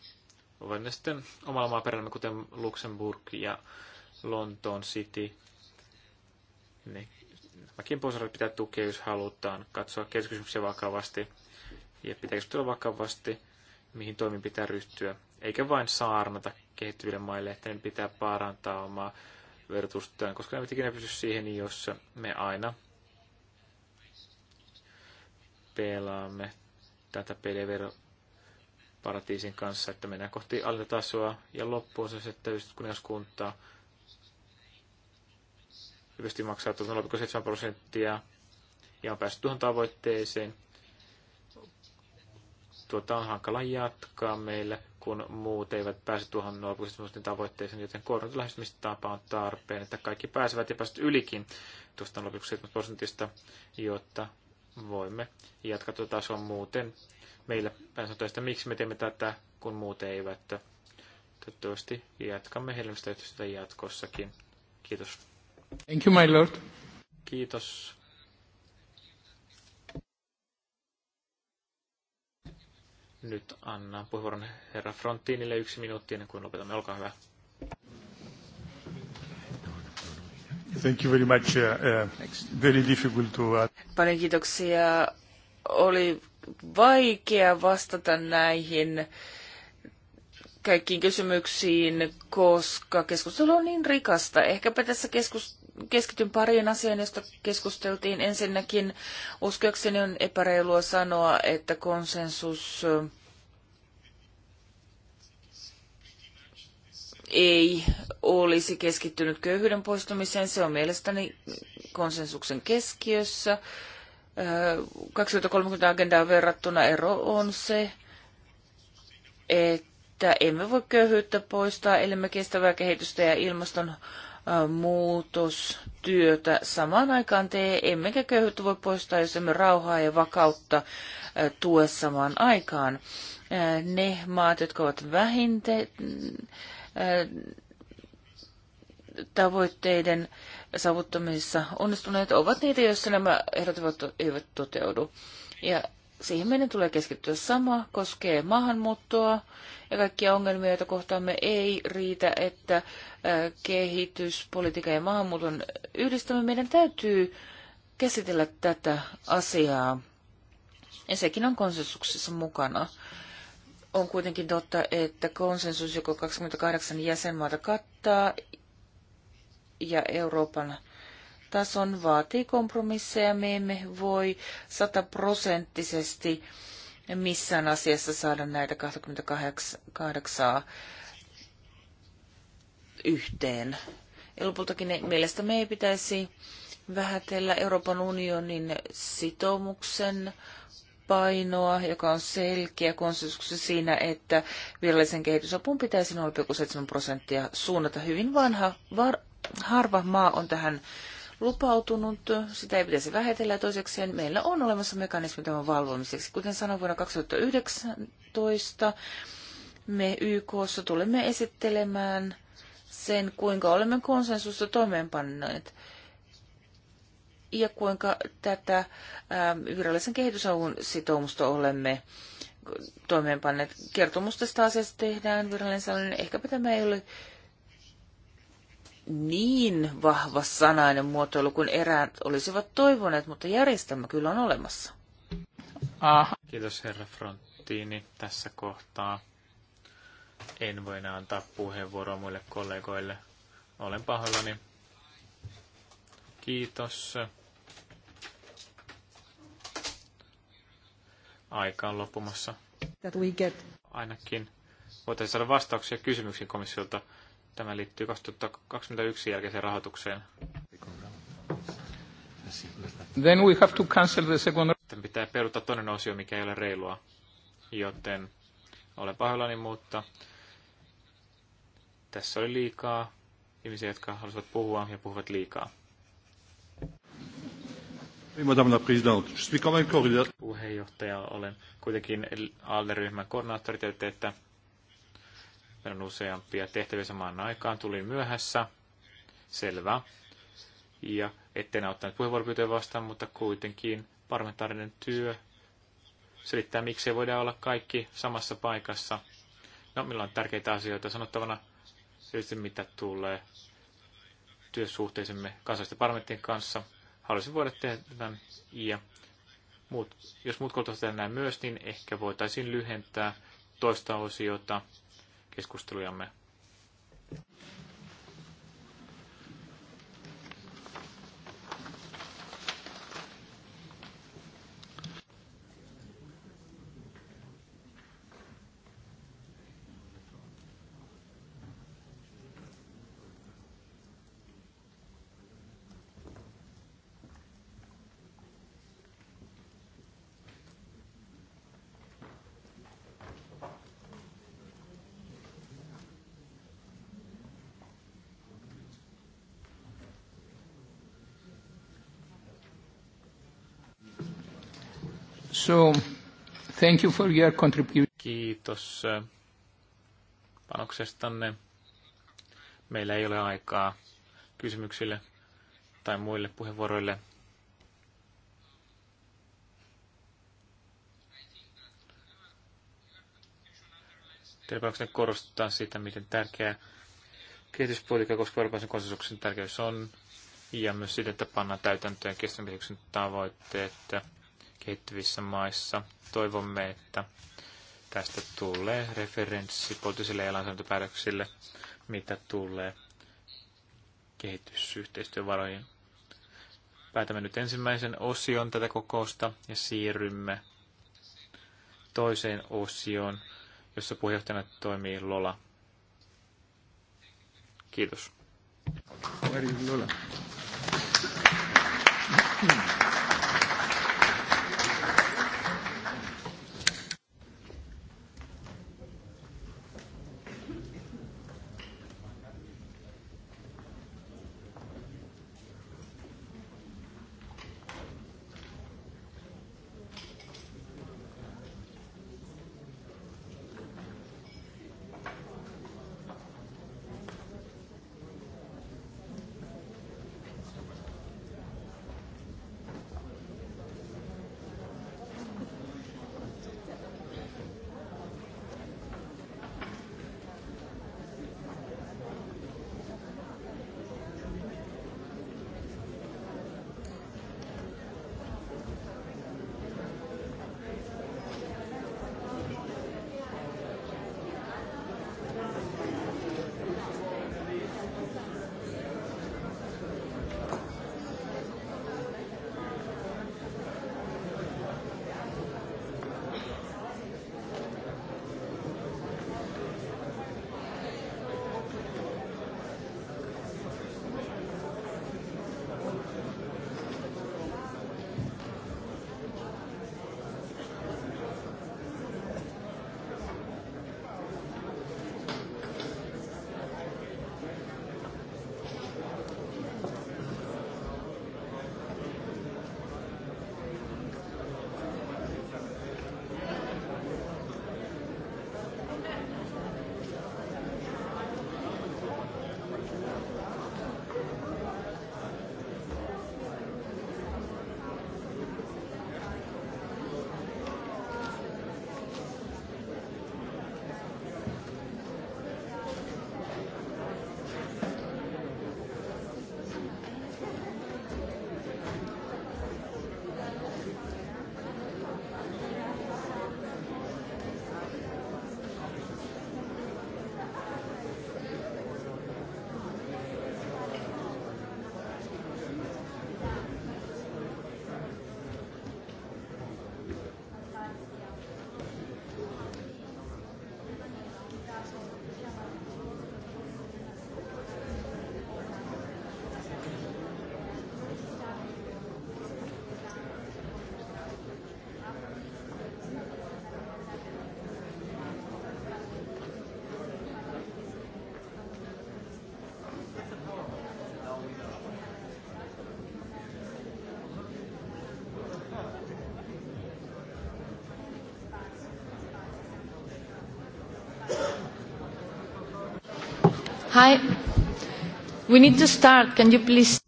ovat ne sitten omalla maaperällämme, kuten Luxemburg ja Lontoon City. Ne, nämäkin porsareet pitää tukea, jos halutaan katsoa kehityskysymyksiä vakavasti, ja pitää tulla vakavasti, mihin toimiin pitää ryhtyä, eikä vain saarnata kehittyville maille, että ne pitää parantaa omaa verotustaan, koska ne ikinä pysy siihen, jos me aina pelaamme tätä peliä paratiisin kanssa, että mennään kohti tasoa ja loppuosa se, jos kuntaa. Hyvästi maksaa 0,7 prosenttia ja on päässyt tuohon tavoitteeseen. Tuota on hankala jatkaa meille, kun muut eivät pääse tuohon 0,7 prosentin tavoitteeseen, joten koordinoitu lähestymistapa on tarpeen, että kaikki pääsevät ja pääsevät ylikin tuosta 0,7 prosentista, jotta voimme jatkaa tuota tasoa muuten. Meillä pääsee miksi me teemme tätä, kun muut eivät. Toivottavasti jatkamme helmistä yhteistyötä jatkossakin. Kiitos. Thank you, my lord. Kiitos. Nyt annan puheenvuoron herra Frontinille yksi minuutti ennen kuin lopetamme. Olkaa hyvä. Thank you very much. Uh, uh, very difficult to... Uh, Paljon kiitoksia. Oli vaikea vastata näihin kaikkiin kysymyksiin, koska keskustelu on niin rikasta. Ehkäpä tässä keskus, keskityn pariin asiaan, josta keskusteltiin. Ensinnäkin uskoakseni on epäreilua sanoa, että konsensus ei olisi keskittynyt köyhyyden poistumiseen. Se on mielestäni konsensuksen keskiössä. 2030-agendaan verrattuna ero on se, että emme voi köyhyyttä poistaa, ellemme kestävää kehitystä ja ilmaston muutostyötä samaan aikaan tee, emmekä köyhyyttä voi poistaa, jos emme rauhaa ja vakautta tue samaan aikaan. Ne maat, jotka ovat vähinte, tavoitteiden saavuttamisessa onnistuneet ovat niitä, joissa nämä ehdot eivät toteudu. Ja siihen meidän tulee keskittyä sama, koskee maahanmuuttoa ja kaikkia ongelmia, joita kohtaamme ei riitä, että kehityspolitiikan ja maahanmuuton yhdistämme. Meidän täytyy käsitellä tätä asiaa ja sekin on konsensuksessa mukana. On kuitenkin totta, että konsensus, joka 28 jäsenmaata kattaa ja Euroopan tason vaatii kompromisseja. Me emme voi sataprosenttisesti missään asiassa saada näitä 28 yhteen. Ja lopultakin mielestämme ei pitäisi vähätellä Euroopan unionin sitoumuksen painoa, joka on selkeä konsensus siinä, että virallisen kehitysapun pitäisi 0,7 prosenttia suunnata. Hyvin vanha, var, harva maa on tähän lupautunut, sitä ei pitäisi vähetellä Toisekseen meillä on olemassa mekanismi tämän valvomiseksi. Kuten sanoin vuonna 2019, me YKssa tulemme esittelemään sen, kuinka olemme konsensusta toimeenpanneet ja kuinka tätä ähm, virallisen kehitysavun sitoumusta olemme toimeenpanneet. Kertomus tästä asiasta tehdään virallinen sellainen. Ehkäpä tämä ei ole niin vahva sanainen muotoilu kuin eräät olisivat toivoneet, mutta järjestelmä kyllä on olemassa. Aha. Kiitos herra Fronttiini tässä kohtaa. En voi enää antaa puheenvuoroa muille kollegoille. Olen pahoillani. Kiitos. aika on loppumassa. That we get. Ainakin voitaisiin saada vastauksia kysymyksiin komissiolta. Tämä liittyy 2021 jälkeiseen rahoitukseen. Then we have to cancel the second... Sitten pitää peruuttaa toinen osio, mikä ei ole reilua. Joten olen pahoillani, mutta tässä oli liikaa ihmisiä, jotka halusivat puhua ja puhuvat liikaa. Madame la Présidente, je suis quand même coordinateur. Puheenjohtaja olen kuitenkin ALDE-ryhmän koordinaattori, te että meillä on useampia tehtäviä samaan aikaan, tulin myöhässä, selvä. Ja etten ottanut puheenvuoropyyntöjä vastaan, mutta kuitenkin parlamentaarinen työ selittää, miksei voida olla kaikki samassa paikassa. No, meillä on tärkeitä asioita sanottavana, tietysti mitä tulee työsuhteisemme kansallisten parlamenttien kanssa – haluaisin voida tehdä tämän ja muut, jos muut koulutukset tehdään näin myös, niin ehkä voitaisiin lyhentää toista osiota keskustelujamme. So, thank you for your contribution. Kiitos eh, panoksestanne. Meillä ei ole aikaa kysymyksille tai muille puheenvuoroille. Terveyksenne korostaa sitä, miten tärkeää kehityspolitiikka koska Euroopan konsensuksen tärkeys on, ja myös sitä, että pannaan täytäntöön kestävän tavoitteet kehittyvissä maissa. Toivomme, että tästä tulee referenssi poliittisille ja lainsäädäntöpäätöksille, mitä tulee kehitysyhteistyövaroihin. Päätämme nyt ensimmäisen osion tätä kokousta ja siirrymme toiseen osioon, jossa puheenjohtajana toimii Lola. Kiitos. Lola. Hi. We need to start. Can you please...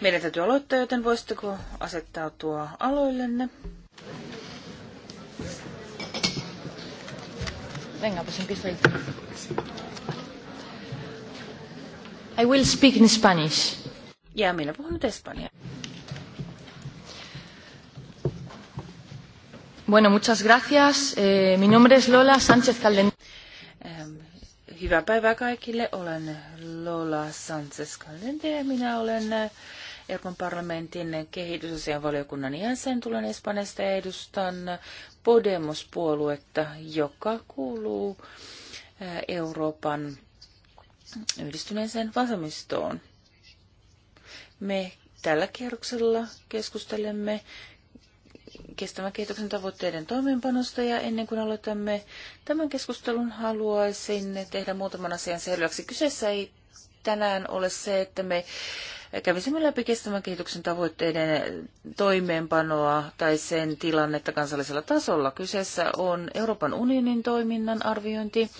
Meidän täytyy aloittaa, joten voisitteko asettautua aloillenne? Venga, pues pisteitä. I will speak in Spanish. Ja minä puhun nyt espanjaa. Bueno, muchas gracias. Eh, mi nombre es Lola Sánchez Calderón. Hyvää päivää kaikille. Olen Lola sanchez calente ja minä olen Euroopan parlamentin kehitysasian valiokunnan jäsen. Tulen Espanjasta ja edustan Podemos-puoluetta, joka kuuluu eh, Euroopan yhdistyneeseen vasemmistoon. Me tällä kierroksella keskustelemme kestävän kehityksen tavoitteiden toimeenpanosta ja ennen kuin aloitamme tämän keskustelun, haluaisin tehdä muutaman asian selväksi. Kyseessä ei tänään ole se, että me kävisimme läpi kestävän kehityksen tavoitteiden toimeenpanoa tai sen tilannetta kansallisella tasolla. Kyseessä on Euroopan unionin toiminnan arviointi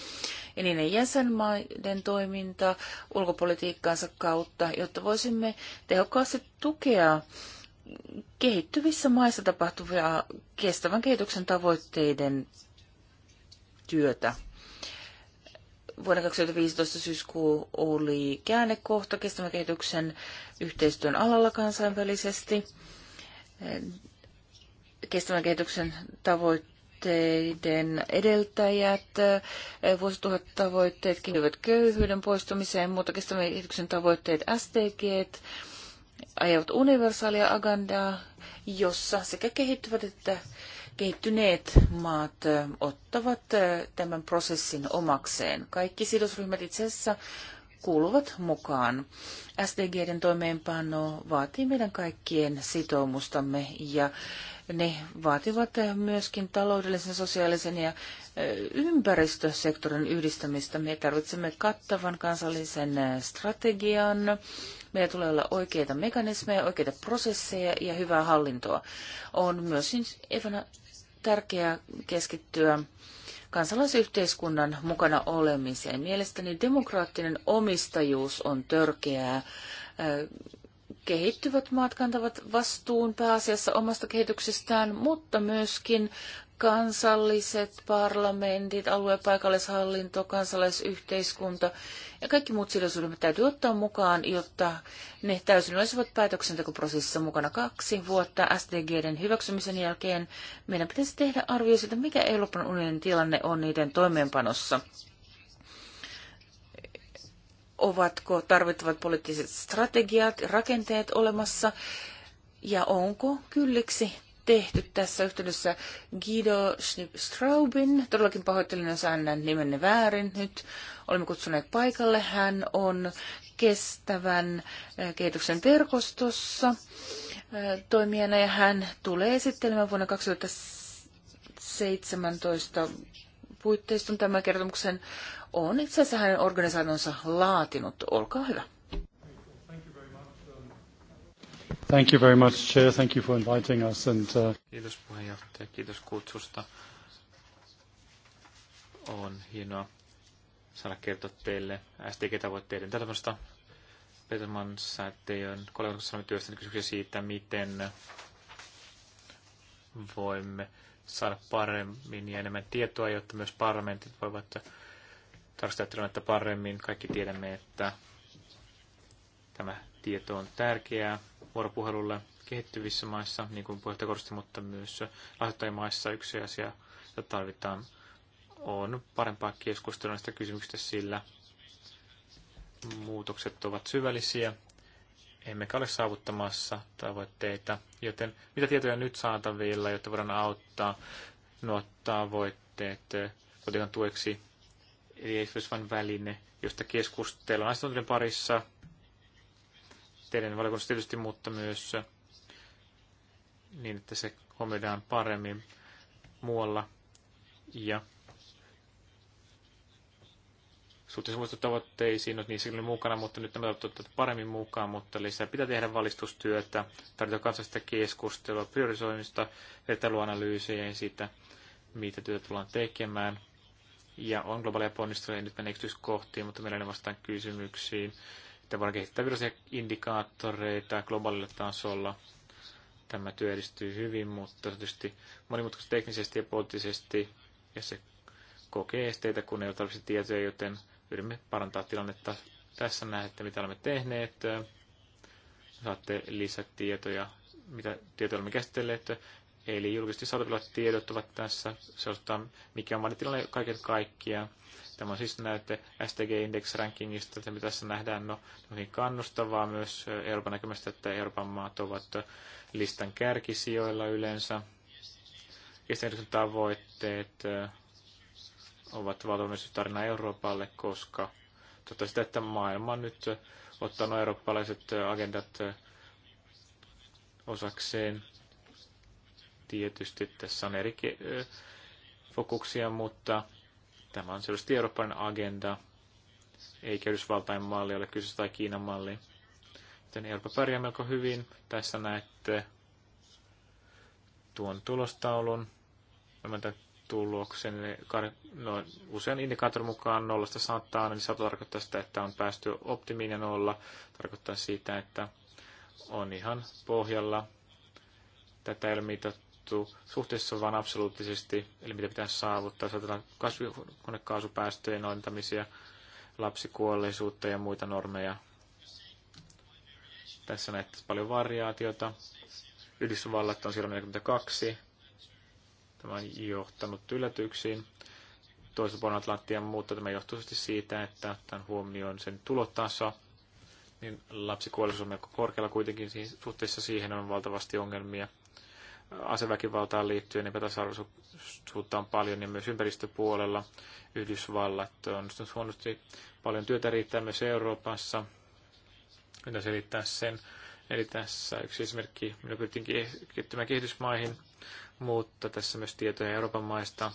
ja niiden jäsenmaiden toiminta ulkopolitiikkaansa kautta, jotta voisimme tehokkaasti tukea kehittyvissä maissa tapahtuvia kestävän kehityksen tavoitteiden työtä. vuoden 2015 syyskuu oli käännekohta kestävän kehityksen yhteistyön alalla kansainvälisesti. Kestävän kehityksen tavoitteiden edeltäjät, vuosituhat tavoitteet kehittyvät köyhyyden poistumiseen, mutta kestävän kehityksen tavoitteet, STG, ajavat universaalia agendaa, jossa sekä kehittyvät että kehittyneet maat ottavat tämän prosessin omakseen. Kaikki sidosryhmät itse asiassa kuuluvat mukaan. SDGden toimeenpano vaatii meidän kaikkien sitoumustamme ja ne vaativat myöskin taloudellisen, sosiaalisen ja ympäristösektorin yhdistämistä. Me tarvitsemme kattavan kansallisen strategian. Meillä tulee olla oikeita mekanismeja, oikeita prosesseja ja hyvää hallintoa. On myös tärkeää keskittyä kansalaisyhteiskunnan mukana olemiseen. Mielestäni demokraattinen omistajuus on törkeää. Kehittyvät maat kantavat vastuun pääasiassa omasta kehityksestään, mutta myöskin kansalliset parlamentit, aluepaikallishallinto, kansalaisyhteiskunta ja kaikki muut sidosryhmät täytyy ottaa mukaan, jotta ne täysin olisivat päätöksentekoprosessissa mukana kaksi vuotta SDGden hyväksymisen jälkeen. Meidän pitäisi tehdä arvio siitä, mikä Euroopan unionin tilanne on niiden toimeenpanossa. Ovatko tarvittavat poliittiset strategiat, rakenteet olemassa ja onko kylliksi tehty tässä yhteydessä Guido straubin Todellakin pahoittelen, jos annan nimenne väärin nyt. Olemme kutsuneet paikalle. Hän on kestävän äh, kehityksen verkostossa äh, toimijana ja hän tulee esittelemään vuonna 2017 puitteiston tämän kertomuksen. On itse asiassa hänen organisaationsa laatinut. Olkaa hyvä. Thank you very much, Chair. Thank you for inviting us. And, uh, Kiitos puheenjohtaja, kiitos kutsusta. On hienoa saada kertoa teille STG-tavoitteiden tällaista. Peterman Säätiön kollegan sanoin työstänyt kysymyksiä siitä, miten voimme saada paremmin ja enemmän tietoa, jotta myös parlamentit voivat tarkastella tilannetta paremmin. Kaikki tiedämme, että tämä tieto on tärkeää vuoropuhelulle kehittyvissä maissa, niin kuin puheenjohtaja korosti, mutta myös lahjoittajamaissa yksi asia, jota tarvitaan, on parempaa keskustelua näistä kysymyksistä, sillä muutokset ovat syvällisiä, emmekä ole saavuttamassa tavoitteita, joten mitä tietoja nyt saatavilla, jotta voidaan auttaa nuo tavoitteet kotikan eh, tueksi, eli ei vain väline, josta keskustellaan asiantuntijoiden parissa, teidän valikoista tietysti, mutta myös niin, että se huomioidaan paremmin muualla. Ja suhteessa muista tavoitteisiin, no niissä oli mukana, mutta nyt nämä tavoitteet paremmin mukaan, mutta lisää pitää tehdä valistustyötä, tarvitaan kansallista keskustelua, priorisoimista, vertailuanalyysejä ja siitä, mitä työtä tullaan tekemään. Ja on globaaleja ei nyt menen yksityiskohtiin, mutta meillä ei vastaan kysymyksiin että voidaan kehittää virallisia indikaattoreita globaalilla tasolla. Tämä työ edistyy hyvin, mutta tietysti monimutkaisesti teknisesti ja poliittisesti, ja se kokee esteitä, kun ei ole tarvitse tietoja, joten yritämme parantaa tilannetta. Tässä näette, mitä olemme tehneet. Saatte lisätietoja, mitä tietoja olemme käsitelleet. Eli julkisesti saatavilla tiedot ovat tässä. Se osoittaa, mikä on tilanne kaiken kaikkiaan. Tämä on siis näyte STG Index Rankingista, että mitä tässä nähdään, no niin kannustavaa myös Euroopan näkemästä, että Euroopan maat ovat listan kärkisijoilla yleensä. Kestävyyden tavoitteet äh, ovat tarina Euroopalle, koska totta sitä, että maailma on nyt ottanut eurooppalaiset äh, agendat äh, osakseen. Tietysti tässä on eri fokuksia, mutta Tämä on selvästi Euroopan agenda, eikä Yhdysvaltain malli ole kyseessä tai Kiinan malli. Joten Eurooppa pärjää melko hyvin. Tässä näette tuon tulostaulun. Mä tuloksen no, usean indikaattorin mukaan nollasta sataan, niin sata tarkoittaa sitä, että on päästy optimiin ja nolla tarkoittaa sitä, että on ihan pohjalla. Tätä ei ole mitattu muuttuu suhteessa vaan absoluuttisesti, eli mitä pitää saavuttaa, saatetaan kasvihuonekaasupäästöjen alentamisia, lapsikuolleisuutta ja muita normeja. Tässä näette paljon variaatiota. Yhdysvallat on siellä 42. Tämä on johtanut yllätyksiin. Toisella puolella Atlanttia, mutta tämä johtuu siis siitä, että tämän huomioon sen tulotaso, niin lapsikuolleisuus on melko korkealla kuitenkin siis suhteessa siihen on valtavasti ongelmia aseväkivaltaan liittyen epätasa-arvoisuutta on paljon niin myös ympäristöpuolella Yhdysvallat on huonosti paljon työtä riittää myös Euroopassa. Mitä selittää sen? Eli tässä yksi esimerkki, minä pyrittiin kehittymään kehitysmaihin, mutta tässä myös tietoja Euroopan maista.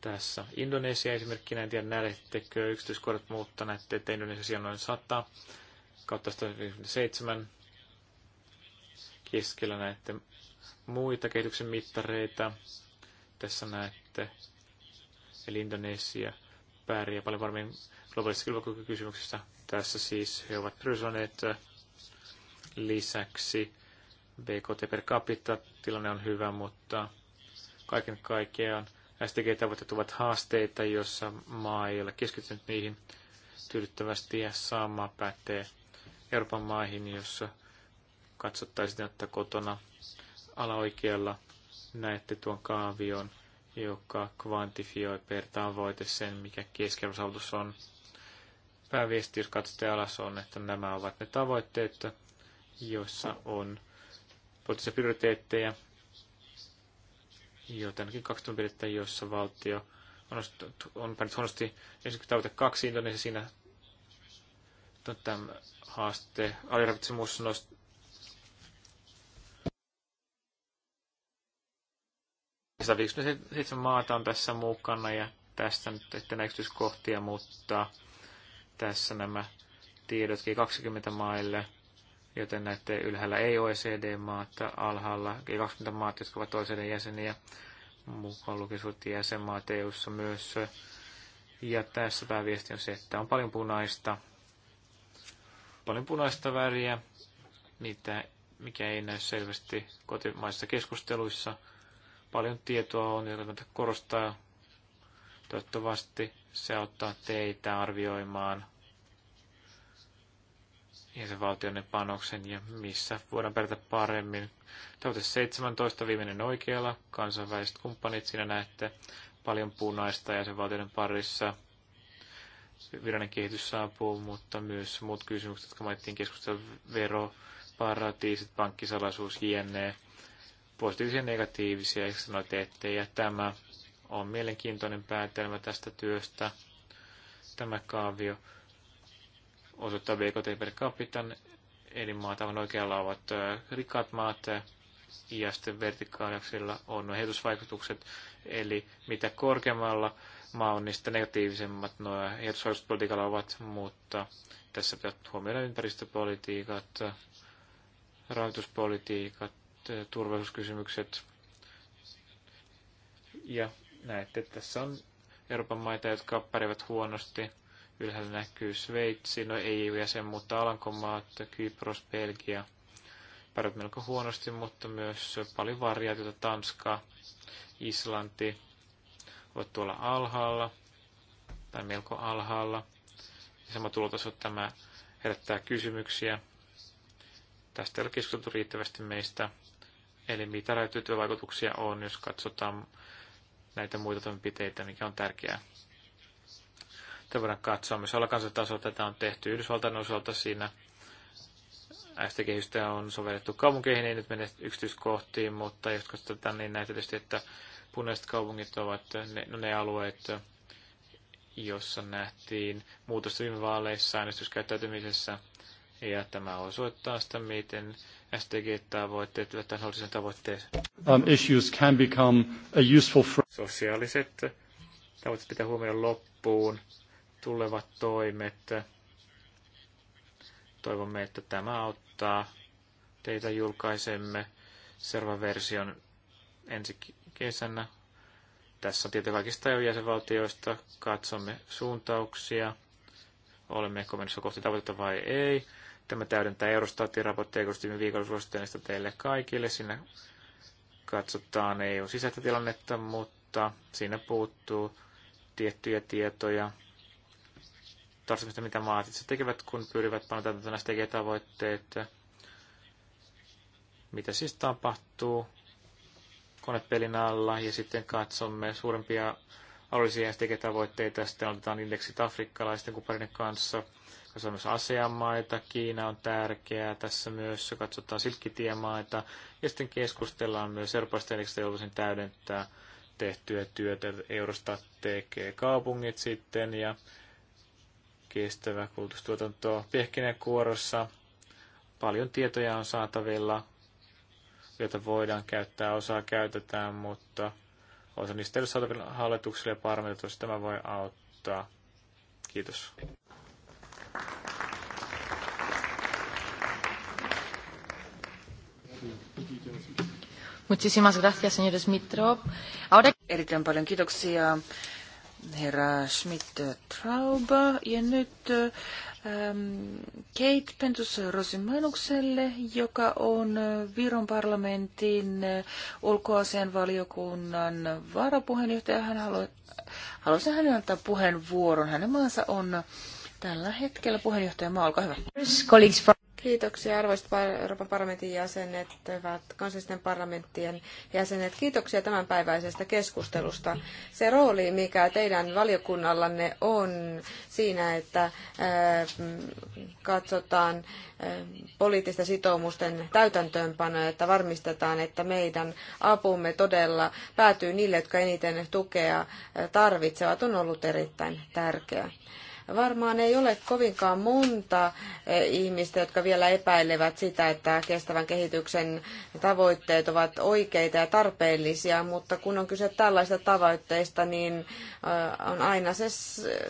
Tässä Indonesia esimerkkinä, en tiedä näettekö yksityiskohdat, muuttaa näette, että Indonesia on noin 100 kautta 157 keskellä näette muita kehityksen mittareita. Tässä näette, eli Indonesia pärjää paljon varmiin globaalissa kilpailukykykysymyksessä. Tässä siis he ovat priorisoineet äh, lisäksi BKT per capita tilanne on hyvä, mutta kaiken kaikkiaan stg tavoitteet ovat haasteita, joissa maa ei ole keskittynyt niihin tyydyttävästi ja sama pätee Euroopan maihin, jossa katsottaisiin, että kotona alaoikealla näette tuon kaavion, joka kvantifioi per tavoite sen, mikä keskiarvosaavutus on. Pääviesti, jos katsotte alas, on, että nämä ovat ne tavoitteet, joissa on poliittisia prioriteetteja, jotenkin kaksi toimenpidettä, joissa valtio on, on päänyt huonosti ensinnäkin tavoite kaksi Indonesia siinä tämän haaste aliravitsemus 157 maata on tässä mukana ja tästä nyt sitten yksityiskohtia, mutta tässä nämä tiedotkin 20 maille, joten näette ylhäällä ei OECD-maata, alhaalla 20 maat, jotka ovat toisen jäseniä mukaan lukisut jäsenmaat eu myös. Ja tässä pääviesti on se, että on paljon punaista, paljon punaista väriä, mitä, mikä ei näy selvästi kotimaisissa keskusteluissa – paljon tietoa on, jota korostaa. Toivottavasti se auttaa teitä arvioimaan jäsenvaltioiden panoksen ja missä voidaan pärjätä paremmin. Tavoite 17 viimeinen oikealla, kansainväliset kumppanit, siinä näette paljon punaista jäsenvaltioiden parissa. Virallinen kehitys saapuu, mutta myös muut kysymykset, jotka mainittiin keskustella, vero, paratiisit, pankkisalaisuus, jne positiivisia ja negatiivisia, ja sanoit, että ja tämä on mielenkiintoinen päätelmä tästä työstä. Tämä kaavio osoittaa BKT per capitan, eli maat aivan oikealla ovat rikkaat maat, ja sitten vertikaaliaksilla on nuo heitusvaikutukset, eli mitä korkeammalla maa on, niin sitä negatiivisemmat nuo heitusvaikutuspolitiikalla ovat, mutta tässä pitää huomioida ympäristöpolitiikat, rahoituspolitiikat, Eh, turvallisuuskysymykset. Ja näette, että tässä on Euroopan maita, jotka pärjäävät huonosti. Ylhäällä näkyy Sveitsi, no EU-jäsen, mutta Alankomaat, Kypros, Belgia pärjäävät melko huonosti, mutta myös paljon varjaa, Tanska, Islanti ovat tuolla alhaalla tai melko alhaalla. Ja sama tulotaso tämä herättää kysymyksiä. Tästä ei ole keskusteltu riittävästi meistä Eli mitä vaikutuksia on, jos katsotaan näitä muita toimenpiteitä, mikä on tärkeää. Tätä voidaan katsoa myös alakansatasolla. Tätä on tehty Yhdysvaltain osalta siinä. ST-kehystä on sovellettu kaupunkeihin, ei nyt mene yksityiskohtiin, mutta jos katsotaan niin näitä tietysti, että punaiset kaupungit ovat ne, no ne alueet, jossa nähtiin muutosta viime vaaleissa äänestyskäyttäytymisessä. Ja tämä osoittaa sitä, miten SDG-tavoitteet ja tasollisen tavoitteet. Um, issues can become a useful Sosiaaliset tavoitteet pitää huomioida loppuun, tulevat toimet. Toivomme, että tämä auttaa teitä julkaisemme seuraavan version ensi kesänä. Tässä on tietysti kaikista EU-jäsenvaltioista. Katsomme suuntauksia, Olemme menossa kohti tavoitetta vai ei Tämä täydentää Eurostatin raporttia, joka viime viikolla suosittelen teille kaikille. Siinä katsotaan EU sisäistä tilannetta, mutta siinä puuttuu tiettyjä tietoja tarvitsemista, mitä maat itse tekevät, kun pyrivät panemaan täytäntöön näistä tavoitteet. Mitä siis tapahtuu konepelin alla ja sitten katsomme suurempia alueellisia STG-tavoitteita. Sitten otetaan indeksit afrikkalaisten kumppaneiden kanssa – se on myös ASEAN-maita, Kiina on tärkeää, tässä myös katsotaan silkkitiemaita, ja sitten keskustellaan myös Euroopasta, eli joutuisin täydentää tehtyä työtä, Eurostat tekee kaupungit sitten, ja kestävä kulutustuotanto kuorossa Paljon tietoja on saatavilla, joita voidaan käyttää, osaa käytetään, mutta osa niistä ei ole saatavilla hallitukselle ja Tämä voi auttaa. Kiitos. Muchísimas gracias, señor Smith-Traub. Ahora... Erittäin paljon kiitoksia, herra Schmidt-Traub. Ja nyt ähm, Kate Pentus Rosimanukselle, joka on Viron parlamentin ulkoasian valiokunnan varapuheenjohtaja. Hän haluaa, haluaisi hänen antaa puheenvuoron. Hänen maansa on tällä hetkellä. Puheenjohtaja Maa, olkaa hyvä. Kiitoksia arvoisat Euroopan parlamentin jäsenet, hyvät kansallisten parlamenttien jäsenet. Kiitoksia tämänpäiväisestä keskustelusta. Se rooli, mikä teidän valiokunnallanne on siinä, että äh, katsotaan äh, poliittisten sitoumusten täytäntöönpanoja, että varmistetaan, että meidän apumme todella päätyy niille, jotka eniten tukea äh, tarvitsevat, on ollut erittäin tärkeä. Varmaan ei ole kovinkaan monta eh, ihmistä, jotka vielä epäilevät sitä, että kestävän kehityksen tavoitteet ovat oikeita ja tarpeellisia, mutta kun on kyse tällaista tavoitteista, niin eh, on aina se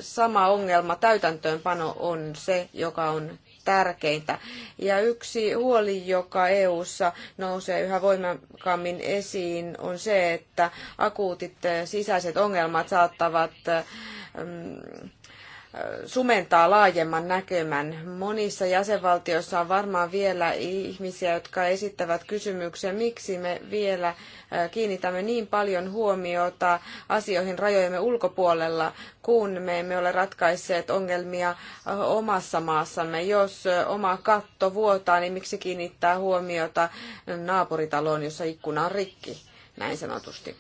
sama ongelma. Täytäntöönpano on se, joka on tärkeintä. Ja yksi huoli, joka EU:ssa nousee yhä voimakkaammin esiin, on se, että akuutit eh, sisäiset ongelmat saattavat mm, sumentaa laajemman näkymän. Monissa jäsenvaltioissa on varmaan vielä ihmisiä, jotka esittävät kysymyksiä, miksi me vielä kiinnitämme niin paljon huomiota asioihin rajojemme ulkopuolella, kun me emme ole ratkaisseet ongelmia omassa maassamme. Jos oma katto vuotaa, niin miksi kiinnittää huomiota naapuritaloon, jossa ikkuna on rikki, näin sanotusti.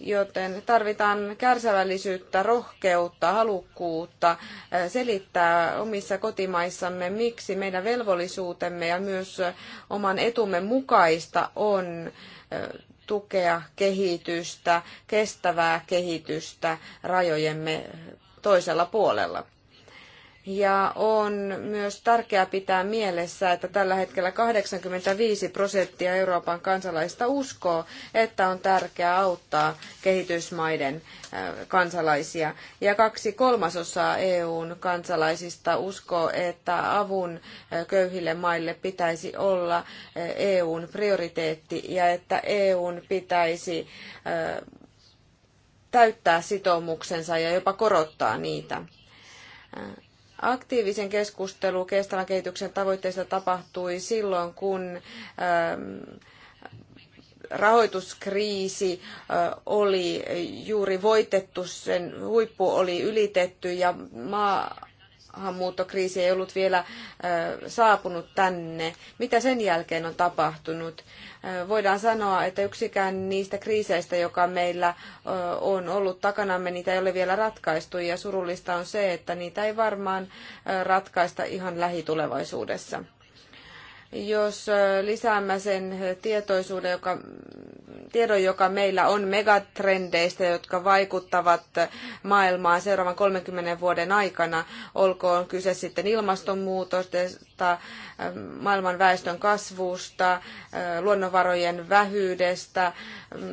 Joten tarvitaan kärsivällisyyttä, rohkeutta, halukkuutta eh, selittää omissa kotimaissamme, miksi meidän velvollisuutemme ja myös oman etumme mukaista on eh, tukea kehitystä, kestävää kehitystä rajojemme toisella puolella. Ja on myös tärkeää pitää mielessä, että tällä hetkellä 85 prosenttia Euroopan kansalaista uskoo, että on tärkeää auttaa kehitysmaiden kansalaisia. Ja kaksi kolmasosaa EUn kansalaisista uskoo, että avun köyhille maille pitäisi olla EUn prioriteetti ja että EUn pitäisi täyttää sitoumuksensa ja jopa korottaa niitä. Aktiivisen keskustelu kestävän kehityksen tavoitteista tapahtui silloin, kun ähm, rahoituskriisi äh, oli juuri voitettu, sen huippu oli ylitetty ja maahanmuuttokriisi ei ollut vielä äh, saapunut tänne. Mitä sen jälkeen on tapahtunut? voidaan sanoa, että yksikään niistä kriiseistä, joka meillä on ollut takanamme, niitä ei ole vielä ratkaistu. Ja surullista on se, että niitä ei varmaan ratkaista ihan lähitulevaisuudessa jos äh, lisäämme sen tietoisuuden, joka, tiedon, joka meillä on megatrendeistä, jotka vaikuttavat maailmaan seuraavan 30 vuoden aikana, olkoon kyse sitten ilmastonmuutosta, äh, maailman väestön kasvusta, äh, luonnonvarojen vähyydestä, mm,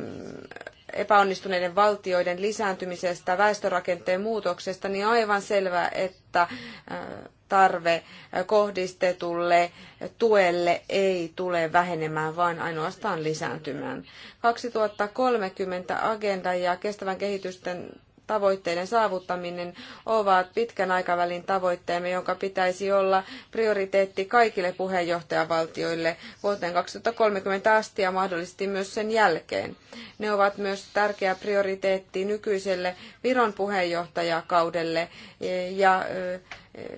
epäonnistuneiden valtioiden lisääntymisestä, väestörakenteen muutoksesta, niin on aivan selvää, että tarve kohdistetulle tuelle ei tule vähenemään, vaan ainoastaan lisääntymään. 2030 agenda ja kestävän kehitysten tavoitteiden saavuttaminen ovat pitkän aikavälin tavoitteemme, jonka pitäisi olla prioriteetti kaikille puheenjohtajavaltioille vuoteen 2030 asti ja mahdollisesti myös sen jälkeen. Ne ovat myös tärkeä prioriteetti nykyiselle Viron puheenjohtajakaudelle eh, ja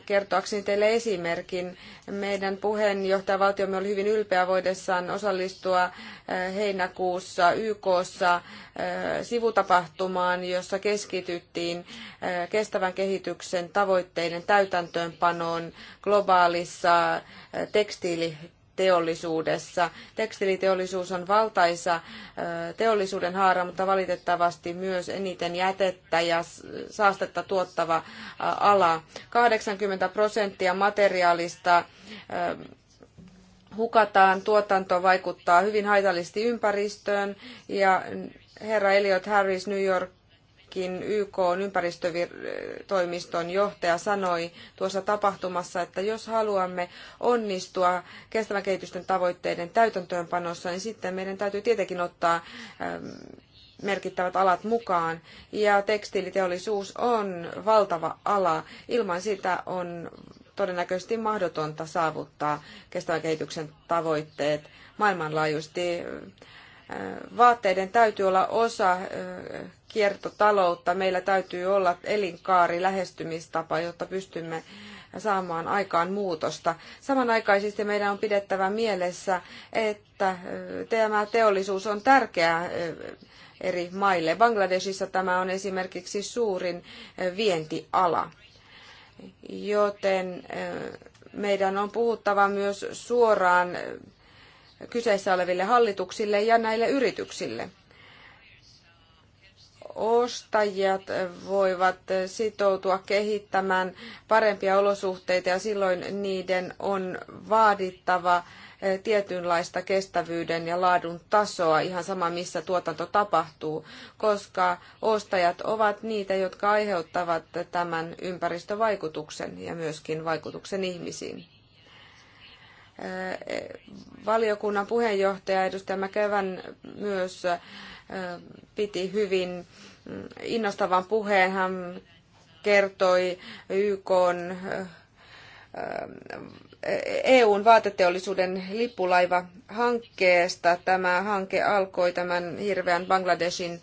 kertoakseni teille esimerkin. Meidän puheenjohtajavaltiomme oli hyvin ylpeä voidessaan osallistua eh, heinäkuussa YKssa eh, sivutapahtumaan, jossa keskityttiin eh, kestävän kehityksen tavoitteiden täytäntöönpanoon globaalissa tekstiili teollisuudessa. Tekstiiliteollisuus on valtaisa teollisuuden haara, mutta valitettavasti myös eniten jätettä ja saastetta tuottava ala. 80 prosenttia materiaalista hukataan, tuotanto vaikuttaa hyvin haitallisesti ympäristöön ja herra Elliot Harris New York Kuitenkin YK ympäristötoimiston johtaja sanoi tuossa tapahtumassa, että jos haluamme onnistua kestävän kehitysten tavoitteiden täytäntöönpanossa, niin sitten meidän täytyy tietenkin ottaa ähm, merkittävät alat mukaan. Ja tekstiiliteollisuus on valtava ala. Ilman sitä on todennäköisesti mahdotonta saavuttaa kestävän kehityksen tavoitteet maailmanlaajuisesti. Äh, vaatteiden täytyy olla osa äh, kiertotaloutta, meillä täytyy olla elinkaari lähestymistapa, jotta pystymme saamaan aikaan muutosta. Samanaikaisesti meidän on pidettävä mielessä, että tämä teollisuus on tärkeää eri maille. Bangladesissa tämä on esimerkiksi suurin vientiala, joten meidän on puhuttava myös suoraan kyseessä oleville hallituksille ja näille yrityksille ostajat voivat sitoutua kehittämään parempia olosuhteita ja silloin niiden on vaadittava eh, tietynlaista kestävyyden ja laadun tasoa, ihan sama missä tuotanto tapahtuu, koska ostajat ovat niitä, jotka aiheuttavat tämän ympäristövaikutuksen ja myöskin vaikutuksen ihmisiin. Eh, eh, valiokunnan puheenjohtaja edustaja Mäkevän myös piti hyvin innostavan puheen. Hän kertoi YK EUn e vaateteollisuuden lippulaiva-hankkeesta. Tämä hanke alkoi tämän hirveän Bangladeshin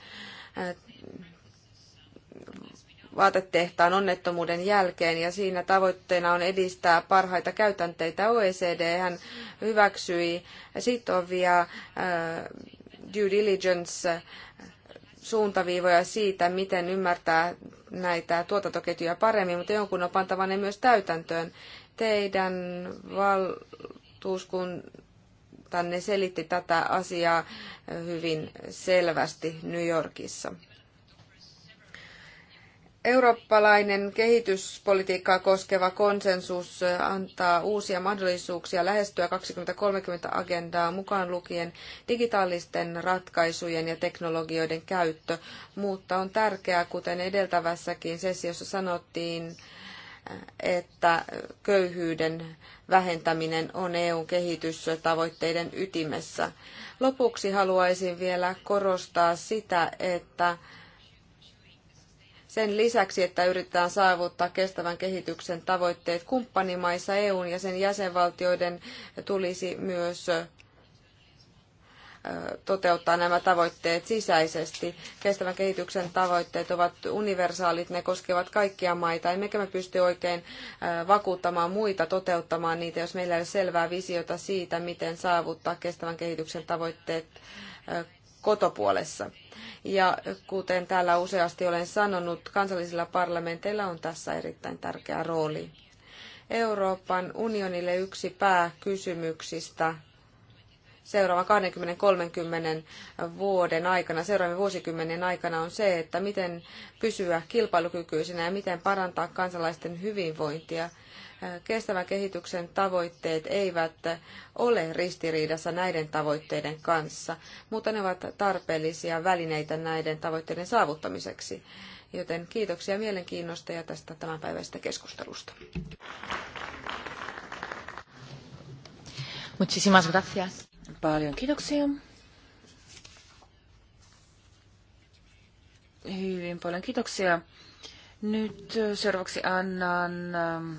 vaatetehtaan onnettomuuden jälkeen ja siinä tavoitteena on edistää parhaita käytänteitä. OECD hän hyväksyi sitovia due diligence suuntaviivoja siitä, miten ymmärtää näitä tuotantoketjuja paremmin, mutta jonkun on pantava ne myös täytäntöön. Teidän valtuuskuntanne selitti tätä asiaa hyvin selvästi New Yorkissa. Eurooppalainen kehityspolitiikkaa koskeva konsensus antaa uusia mahdollisuuksia lähestyä 2030-agendaa mukaan lukien digitaalisten ratkaisujen ja teknologioiden käyttö, mutta on tärkeää, kuten edeltävässäkin sessiossa sanottiin, että köyhyyden vähentäminen on EUn kehitystavoitteiden ytimessä. Lopuksi haluaisin vielä korostaa sitä, että sen lisäksi, että yritetään saavuttaa kestävän kehityksen tavoitteet kumppanimaissa, EUn ja sen jäsenvaltioiden tulisi myös toteuttaa nämä tavoitteet sisäisesti. Kestävän kehityksen tavoitteet ovat universaalit, ne koskevat kaikkia maita, emmekä me pysty oikein vakuuttamaan muita toteuttamaan niitä, jos meillä ei ole selvää visiota siitä, miten saavuttaa kestävän kehityksen tavoitteet kotopuolessa. Ja kuten täällä useasti olen sanonut, kansallisilla parlamenteilla on tässä erittäin tärkeä rooli. Euroopan unionille yksi pääkysymyksistä seuraavan 20-30 vuoden aikana, seuraavien vuosikymmenen aikana on se, että miten pysyä kilpailukykyisenä ja miten parantaa kansalaisten hyvinvointia – kestävän kehityksen tavoitteet eivät ole ristiriidassa näiden tavoitteiden kanssa, mutta ne ovat tarpeellisia välineitä näiden tavoitteiden saavuttamiseksi. Joten kiitoksia mielenkiinnosta ja tästä tämänpäiväisestä keskustelusta. Muchísimas gracias. Paljon kiitoksia. Hyvin paljon kiitoksia. Nyt seuraavaksi annan ähm,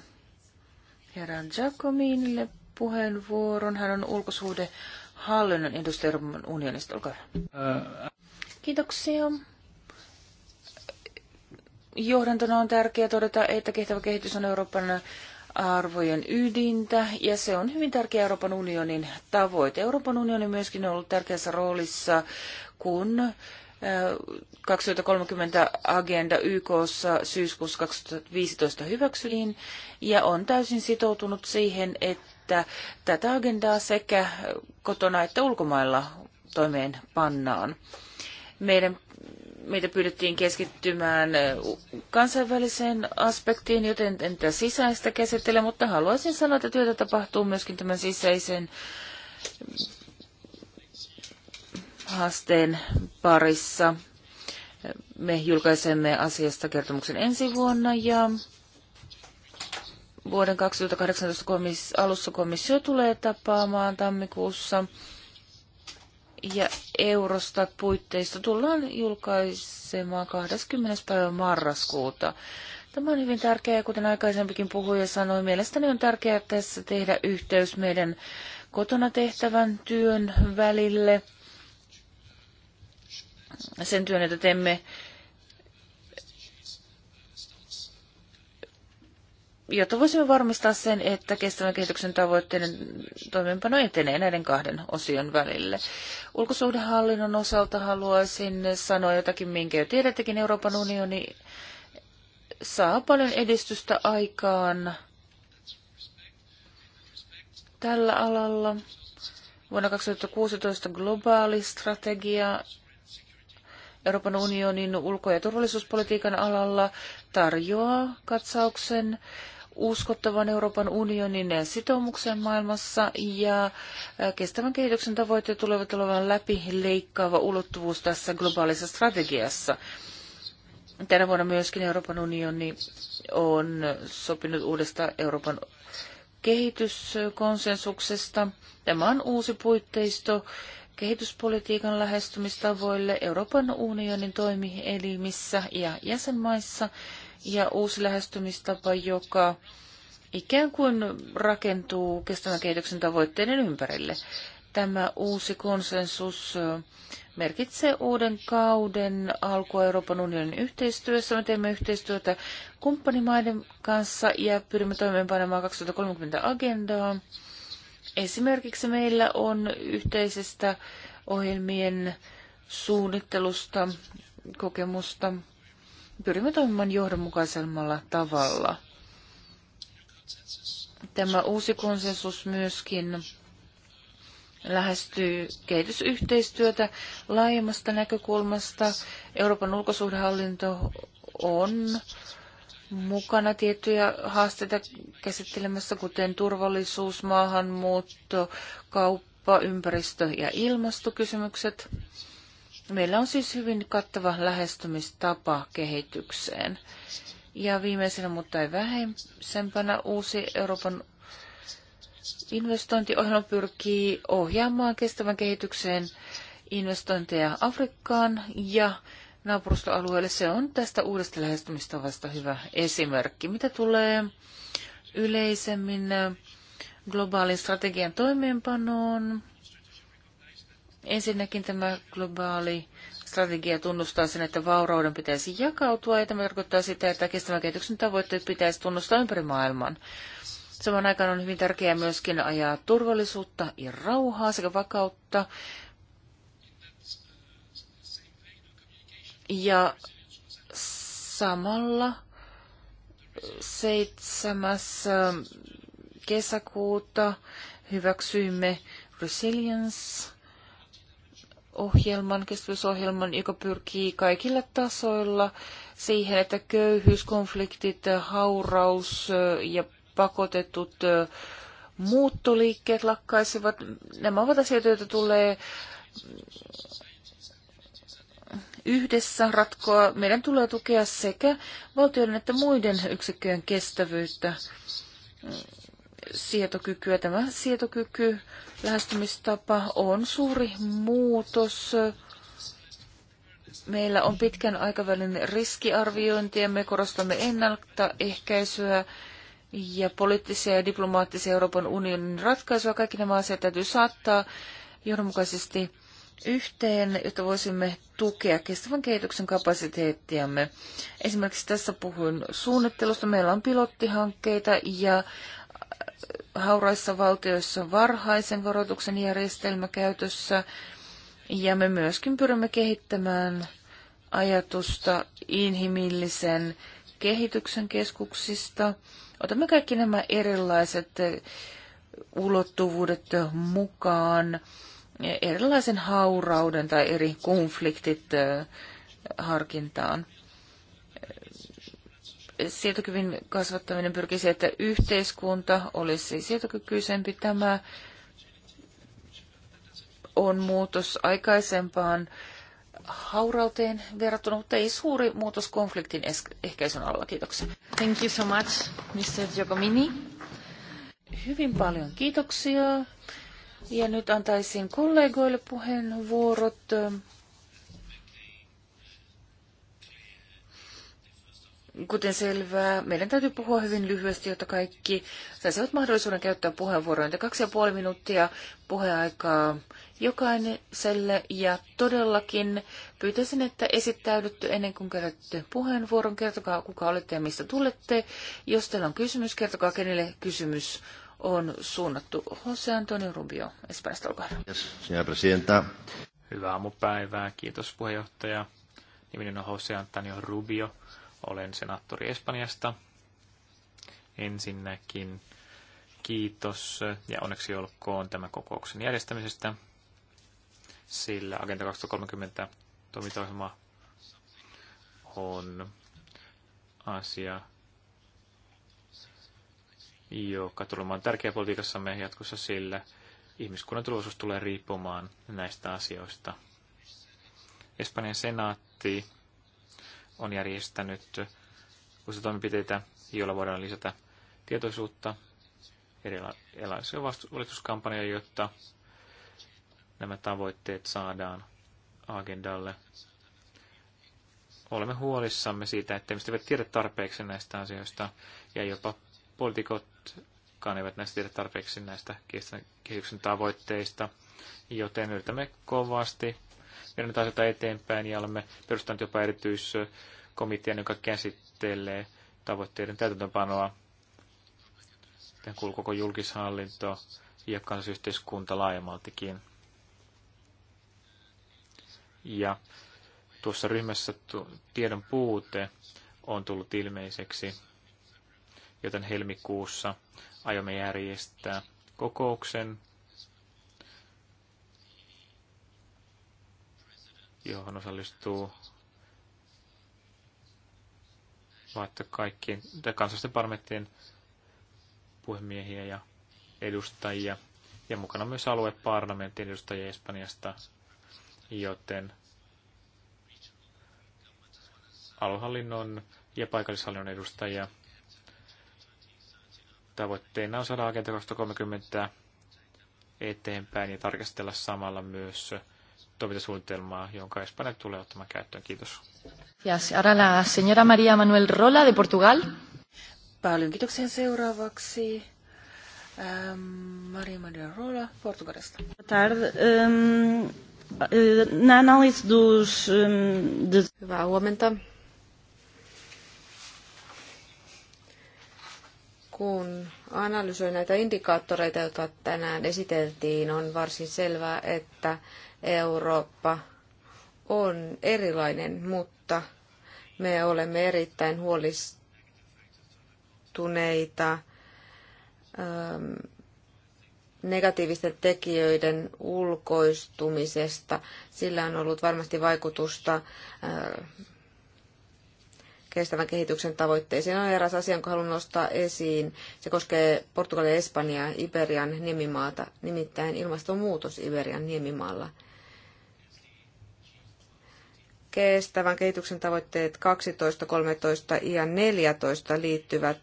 herra Giacominille puheenvuoron. Hän on ulkosuhde hallinnon edustajan unionista. Olkaa hyvä. Kiitoksia. Johdantona on tärkeää todeta, että kestävä kehitys on Euroopan arvojen ydintä ja se on hyvin tärkeä Euroopan unionin tavoite. Euroopan unioni myöskin on ollut tärkeässä roolissa, kun äh, 2030 agenda YKssa syyskuussa 2015 hyväksyin ja on täysin sitoutunut siihen, että tätä agendaa sekä kotona että ulkomailla toimeen pannaan. Meidän, meitä pyydettiin keskittymään kansainväliseen aspektiin, joten en tätä sisäistä käsittele, mutta haluaisin sanoa, että työtä tapahtuu myöskin tämän sisäisen haasteen parissa. Me julkaisemme asiasta kertomuksen ensi vuonna ja vuoden 2018 komis- alussa komissio tulee tapaamaan tammikuussa ja Eurostat-puitteista tullaan julkaisemaan 20. päivä marraskuuta. Tämä on hyvin tärkeää, kuten aikaisempikin puhuja sanoi, mielestäni on tärkeää tässä tehdä yhteys meidän kotona tehtävän työn välille – sen työn, että teemme jotta voisimme varmistaa sen, että kestävän kehityksen tavoitteiden toimeenpano etenee näiden kahden osion välille. Ulkosuhdehallinnon osalta haluaisin sanoa jotakin, minkä jo tiedättekin, Euroopan unioni saa paljon edistystä aikaan tällä alalla. Vuonna 2016 globaali strategia Euroopan unionin ulko- ja turvallisuuspolitiikan alalla tarjoaa katsauksen uskottavan Euroopan unionin sitoumuksen maailmassa ja kestävän kehityksen tavoitteet tulevat olevan läpileikkaava ulottuvuus tässä globaalissa strategiassa. Tänä vuonna myöskin Euroopan unioni on sopinut uudesta Euroopan kehityskonsensuksesta. Tämä on uusi puitteisto kehityspolitiikan lähestymistavoille Euroopan unionin toimielimissä ja jäsenmaissa ja uusi lähestymistapa, joka ikään kuin rakentuu kestävän kehityksen tavoitteiden ympärille. Tämä uusi konsensus merkitsee uuden kauden alkua Euroopan unionin yhteistyössä. Me teemme yhteistyötä kumppanimaiden kanssa ja pyrimme toimeenpanemaan 2030 agendaa Esimerkiksi meillä on yhteisestä ohjelmien suunnittelusta kokemusta. Pyrimme toimimaan johdonmukaisemmalla tavalla. Tämä uusi konsensus myöskin lähestyy kehitysyhteistyötä laajemmasta näkökulmasta. Euroopan ulkosuhdehallinto on mukana tiettyjä haasteita käsittelemässä, kuten turvallisuus, maahanmuutto, kauppa, ympäristö- ja ilmastokysymykset. Meillä on siis hyvin kattava lähestymistapa kehitykseen. Ja viimeisenä, mutta ei vähäisempänä, uusi Euroopan investointiohjelma pyrkii ohjaamaan kestävän kehitykseen investointeja Afrikkaan ja naapurustoalueelle. Se on tästä uudesta lähestymistavasta hyvä esimerkki. Mitä tulee yleisemmin äh, globaalin strategian toimeenpanoon? Ensinnäkin tämä globaali strategia tunnustaa sen, että vaurauden pitäisi jakautua, ja tämä tarkoittaa sitä, että kestävän kehityksen tavoitteet pitäisi tunnustaa ympäri maailman. Samaan aikaan on hyvin tärkeää myöskin ajaa turvallisuutta ja rauhaa sekä vakautta Ja samalla 7. Ähm, kesäkuuta hyväksyimme Resilience-ohjelman, kestävyysohjelman, joka pyrkii kaikilla tasoilla siihen, että köyhyys, konfliktit, hauraus äh, ja pakotetut äh, muuttoliikkeet lakkaisivat. Nämä ovat asioita, joita tulee yhdessä ratkoa. Meidän tulee tukea sekä valtioiden että muiden yksikköjen kestävyyttä, sietokykyä. Tämä sietokyky, lähestymistapa on suuri muutos. Meillä on pitkän aikavälin riskiarviointi ja me korostamme ennaltaehkäisyä ja poliittisia ja diplomaattisia Euroopan unionin ratkaisuja. Kaikki nämä asiat täytyy saattaa johdonmukaisesti yhteen, jotta voisimme tukea kestävän kehityksen kapasiteettiamme. Esimerkiksi tässä puhuin suunnittelusta. Meillä on pilottihankkeita ja äh, hauraissa valtioissa varhaisen varoituksen järjestelmä käytössä. Ja me myöskin pyrimme kehittämään ajatusta inhimillisen kehityksen keskuksista. Otamme kaikki nämä erilaiset äh, ulottuvuudet mukaan erilaisen haurauden tai eri konfliktit harkintaan. Sietokyvyn kasvattaminen pyrkii siihen, että yhteiskunta olisi sietokykyisempi. Tämä on muutos aikaisempaan haurauteen verrattuna, mutta ei suuri muutos konfliktin ehkäisyn alla. Kiitoksia. Thank you so much, Mr. Giacomini. Hyvin paljon kiitoksia. Ja nyt antaisin kollegoille puheenvuorot. Kuten selvää, meidän täytyy puhua hyvin lyhyesti, jotta kaikki saisivat mahdollisuuden käyttää puheenvuoroja. Kaksi ja puoli minuuttia puheaikaa jokaiselle ja todellakin pyytäisin, että esittäydytte ennen kuin käytätte puheenvuoron. Kertokaa, kuka olette ja mistä tulette. Jos teillä on kysymys, kertokaa, kenelle kysymys on suunnattu Jose Antonio Rubio. Espanjasta olkaa hyvä. Hyvää aamupäivää. Kiitos puheenjohtaja. Niminen on Jose Antonio Rubio. Olen senaattori Espanjasta. Ensinnäkin kiitos ja onneksi olkoon tämän kokouksen järjestämisestä, sillä Agenda 2030 toimintaohjelma on asia, joka tulee olemaan tärkeä politiikassamme jatkossa sillä ihmiskunnan turvallisuus tulee riippumaan näistä asioista. Espanjan senaatti on järjestänyt uusia toimenpiteitä, joilla voidaan lisätä tietoisuutta, erilaisia valituskampanjoja, jotta nämä tavoitteet saadaan agendalle. Olemme huolissamme siitä, että ihmiset eivät tiedä tarpeeksi näistä asioista ja jopa poliitikot eivät näistä tiedä tarpeeksi näistä kehityksen tavoitteista, joten yritämme kovasti viedä näitä asioita eteenpäin ja olemme perustaneet jopa erityiskomitean, joka käsittelee tavoitteiden täytäntöpanoa. Tämä kuuluu koko julkishallinto ja kansallisyhteiskunta laajemmaltikin. Ja tuossa ryhmässä tiedon puute on tullut ilmeiseksi joten helmikuussa aiomme järjestää kokouksen, johon osallistuu vaikka kaikkien kansallisten parlamenttien puhemiehiä ja edustajia ja mukana myös alueparlamentin edustajia Espanjasta, joten aluehallinnon ja paikallishallinnon edustajia Tavoitteena on saada Agenda 2030 eteenpäin ja tarkastella samalla myös toimintasuunnitelmaa, jonka Espanja tulee ottamaan käyttöön. Kiitos. Yes, ahora la señora María Manuel Rola de Portugal. Paljon kiitoksia seuraavaksi. Ähm, Maria Manuel Rola Portugalista. Tarde. uh, na análise dos... Um, de... Hyvää huomenta. kun analysoi näitä indikaattoreita, joita tänään esiteltiin, on varsin selvää, että Eurooppa on erilainen, mutta me olemme erittäin huolestuneita ähm, negatiivisten tekijöiden ulkoistumisesta. Sillä on ollut varmasti vaikutusta äh, kestävän kehityksen tavoitteisiin. On eräs asia, jonka haluan nostaa esiin. Se koskee Portugalia ja Espanjaa, Iberian niemimaata, nimittäin ilmastonmuutos Iberian niemimaalla. Kestävän kehityksen tavoitteet 12, 13 ja 14 liittyvät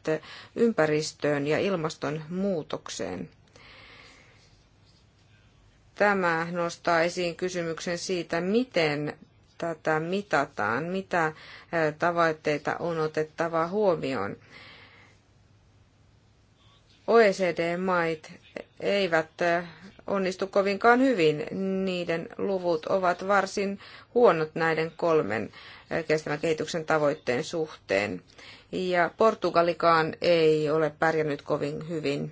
ympäristöön ja ilmastonmuutokseen tämä nostaa esiin kysymyksen siitä, miten tätä mitataan, mitä tavoitteita on otettava huomioon. OECD-mait eivät onnistu kovinkaan hyvin. Niiden luvut ovat varsin huonot näiden kolmen kestävän kehityksen tavoitteen suhteen. Ja Portugalikaan ei ole pärjännyt kovin hyvin.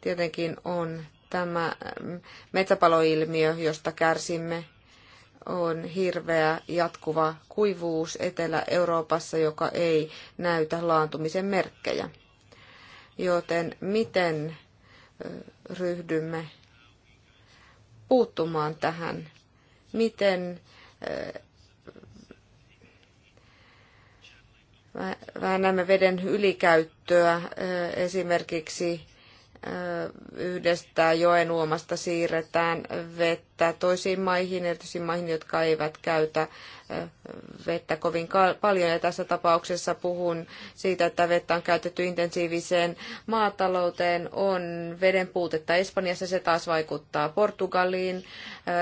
Tietenkin on tämä metsäpaloilmiö, josta kärsimme, on hirveä jatkuva kuivuus Etelä-Euroopassa, joka ei näytä laantumisen merkkejä. Joten miten ryhdymme puuttumaan tähän? Miten vähennämme veden ylikäyttöä esimerkiksi yhdestä joen uomasta siirretään vettä toisiin maihin, erityisesti maihin, jotka eivät käytä vettä kovin paljon. Ja tässä tapauksessa puhun siitä, että vettä on käytetty intensiiviseen maatalouteen. On veden puutetta Espanjassa, se taas vaikuttaa Portugaliin.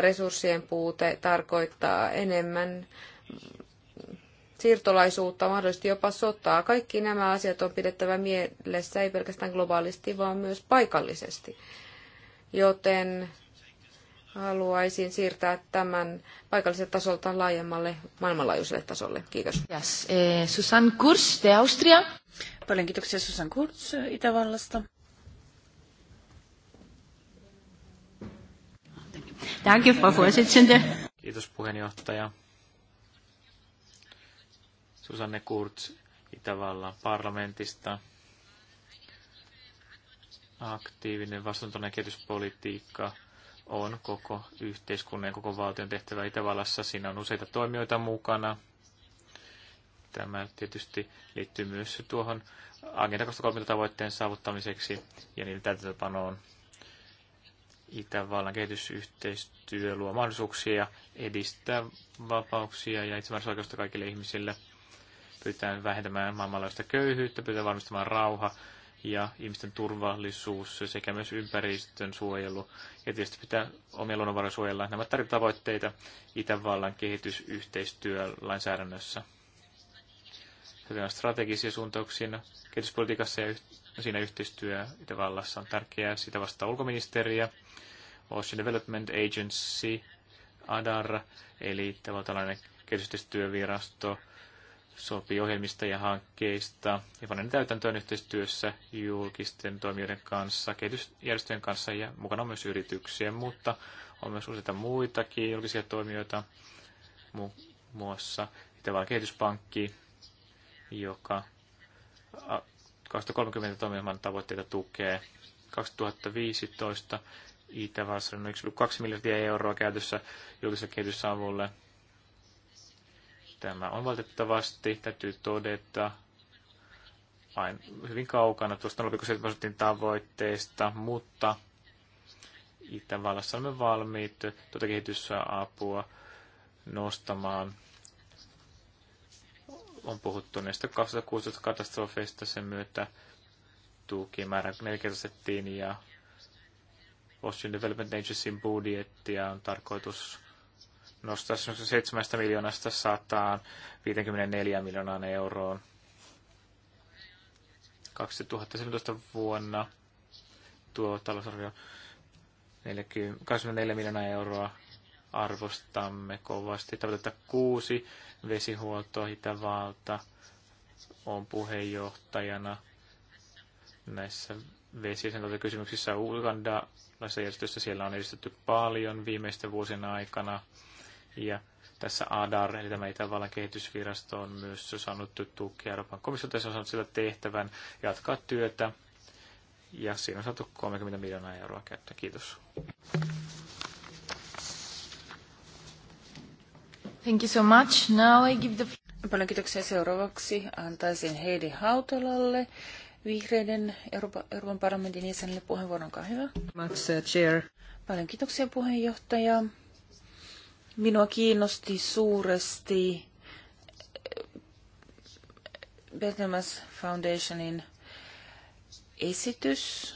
Resurssien puute tarkoittaa enemmän siirtolaisuutta, mahdollisesti jopa sotaa. Kaikki nämä asiat on pidettävä mielessä, ei pelkästään globaalisti, vaan myös paikallisesti. Joten haluaisin siirtää tämän paikalliselta tasolta laajemmalle maailmanlaajuiselle tasolle. Kiitos. Yes. Eh, Susan Kurs de Austria. Paljon kiitoksia Susan Kurs Itävallasta. Danke, Frau Vorsitzende. Kiitos puheenjohtaja. Susanne Kurz Itävallan parlamentista. Aktiivinen vastuuntainen kehityspolitiikka on koko yhteiskunnan ja koko valtion tehtävä Itävallassa. Siinä on useita toimijoita mukana. Tämä tietysti liittyy myös tuohon Agenda 2030 tavoitteen saavuttamiseksi ja niiden täytäntöpanoon. Itävallan kehitysyhteistyö luo mahdollisuuksia edistää vapauksia ja itsemääräämisoikeusta kaikille ihmisille – pyritään vähentämään maailmanlaajuista köyhyyttä, pyritään varmistamaan rauha ja ihmisten turvallisuus sekä myös ympäristön suojelu. Ja tietysti pitää omia luonnonvaroja suojella. Nämä tarvitaan tavoitteita Itävallan kehitysyhteistyölainsäädännössä. Sitten strategisia suuntauksia kehityspolitiikassa ja siinä yhteistyö Itävallassa on tärkeää. Sitä vastaa ulkoministeriä, Ocean Development Agency, ADAR, eli tällainen kehitysyhteistyövirasto, sopii ohjelmista ja hankkeista ja panen täytäntöön yhteistyössä julkisten toimijoiden kanssa, kehitysjärjestöjen kanssa ja mukana on myös yrityksiä, mutta on myös useita muitakin julkisia toimijoita, muun muassa Itävallan kehityspankki, joka 2030 toimivan tavoitteita tukee. 2015 Itävallassa on 1,2 miljardia euroa käytössä julkiselle kehitysavulle Tämä on valitettavasti, täytyy todeta, vain hyvin kaukana tuosta 0,7 prosentin tavoitteesta, mutta Itävallassa olemme valmiit tuota kehitysapua nostamaan. On puhuttu näistä 2016 katastrofeista sen myötä tukimäärä neljäkertaistettiin ja Ocean Development Agencyn budjettia on tarkoitus nostaa 7 miljoonasta 154 miljoonaan euroon 2017 vuonna. Tuo talousarvio 24 miljoonaa euroa arvostamme kovasti. Tavoitetta kuusi, vesihuoltoa Itävalta on puheenjohtajana näissä vesien kysymyksissä Ugandalaisessa järjestössä. Siellä on edistetty paljon viimeisten vuosien aikana ja tässä ADAR, eli tämä Itävallan kehitysvirasto, on myös saanut tukea Euroopan komissiota, se on saanut sillä tehtävän jatkaa työtä. Ja siinä on saatu 30 miljoonaa euroa käyttöön. Kiitos. Thank you so much. Now I give the... Paljon kiitoksia seuraavaksi. Antaisin Heidi Hautalalle, vihreiden Euroopan, Euroopan parlamentin jäsenelle puheenvuoron. Olkaa hyvä. Much, uh, chair. Paljon kiitoksia puheenjohtaja. Minua kiinnosti suuresti Bethelmas Foundationin esitys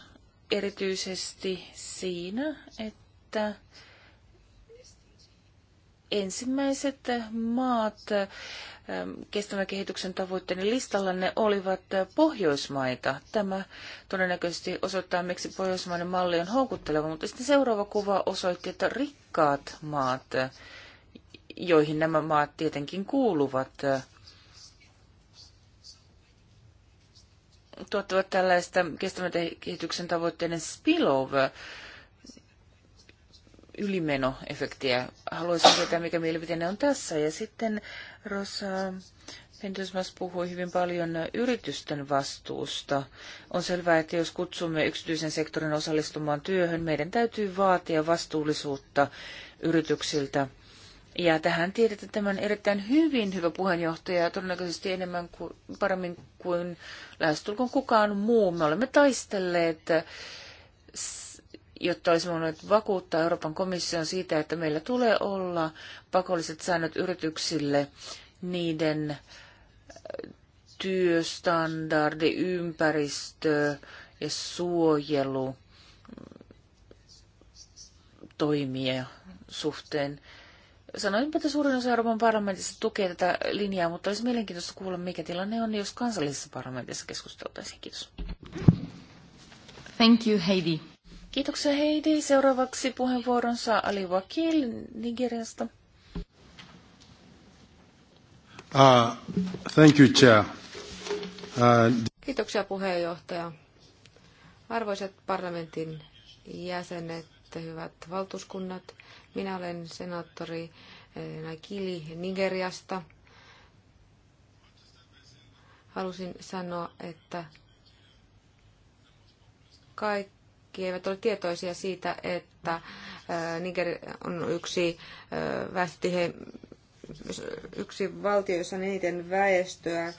erityisesti siinä, että ensimmäiset maat ähm, kestävän kehityksen tavoitteiden ne olivat äh, Pohjoismaita. Tämä todennäköisesti osoittaa, miksi pohjoismainen malli on houkutteleva, mutta sitten seuraava kuva osoitti, että rikkaat maat, joihin nämä maat tietenkin kuuluvat, äh, tuottavat tällaista kestävän kehityksen tavoitteiden spillover ylimenoefektiä. Haluaisin tietää, mikä mielipiteenne on tässä. Ja sitten Rosa Pentusmas puhui hyvin paljon yritysten vastuusta. On selvää, että jos kutsumme yksityisen sektorin osallistumaan työhön, meidän täytyy vaatia vastuullisuutta yrityksiltä. Ja tähän tiedätte tämän erittäin hyvin, hyvä puheenjohtaja, todennäköisesti enemmän kuin, paremmin kuin lähestulkoon kukaan muu. Me olemme taistelleet jotta olisi voinut vakuuttaa Euroopan komission siitä, että meillä tulee olla pakolliset säännöt yrityksille niiden äh, työstandardi, ympäristö ja suojelu mm, toimia suhteen. Sanoinpa, että suurin osa Euroopan parlamentissa tukee tätä linjaa, mutta olisi mielenkiintoista kuulla, mikä tilanne on, jos kansallisessa parlamentissa keskusteltaisiin. Kiitos. Thank you, Heidi. Kiitoksia Heidi. Seuraavaksi puheenvuoron saa Ali Wakil Nigeriasta. Uh, thank you, Chair. Uh... Kiitoksia puheenjohtaja. Arvoisat parlamentin jäsenet, hyvät valtuuskunnat, minä olen senaattori eh, Nakili Nigeriasta. Halusin sanoa, että kaikki kaikki eivät ole tietoisia siitä, että Niger on yksi väestö, yksi valtio, jossa on eniten väestöä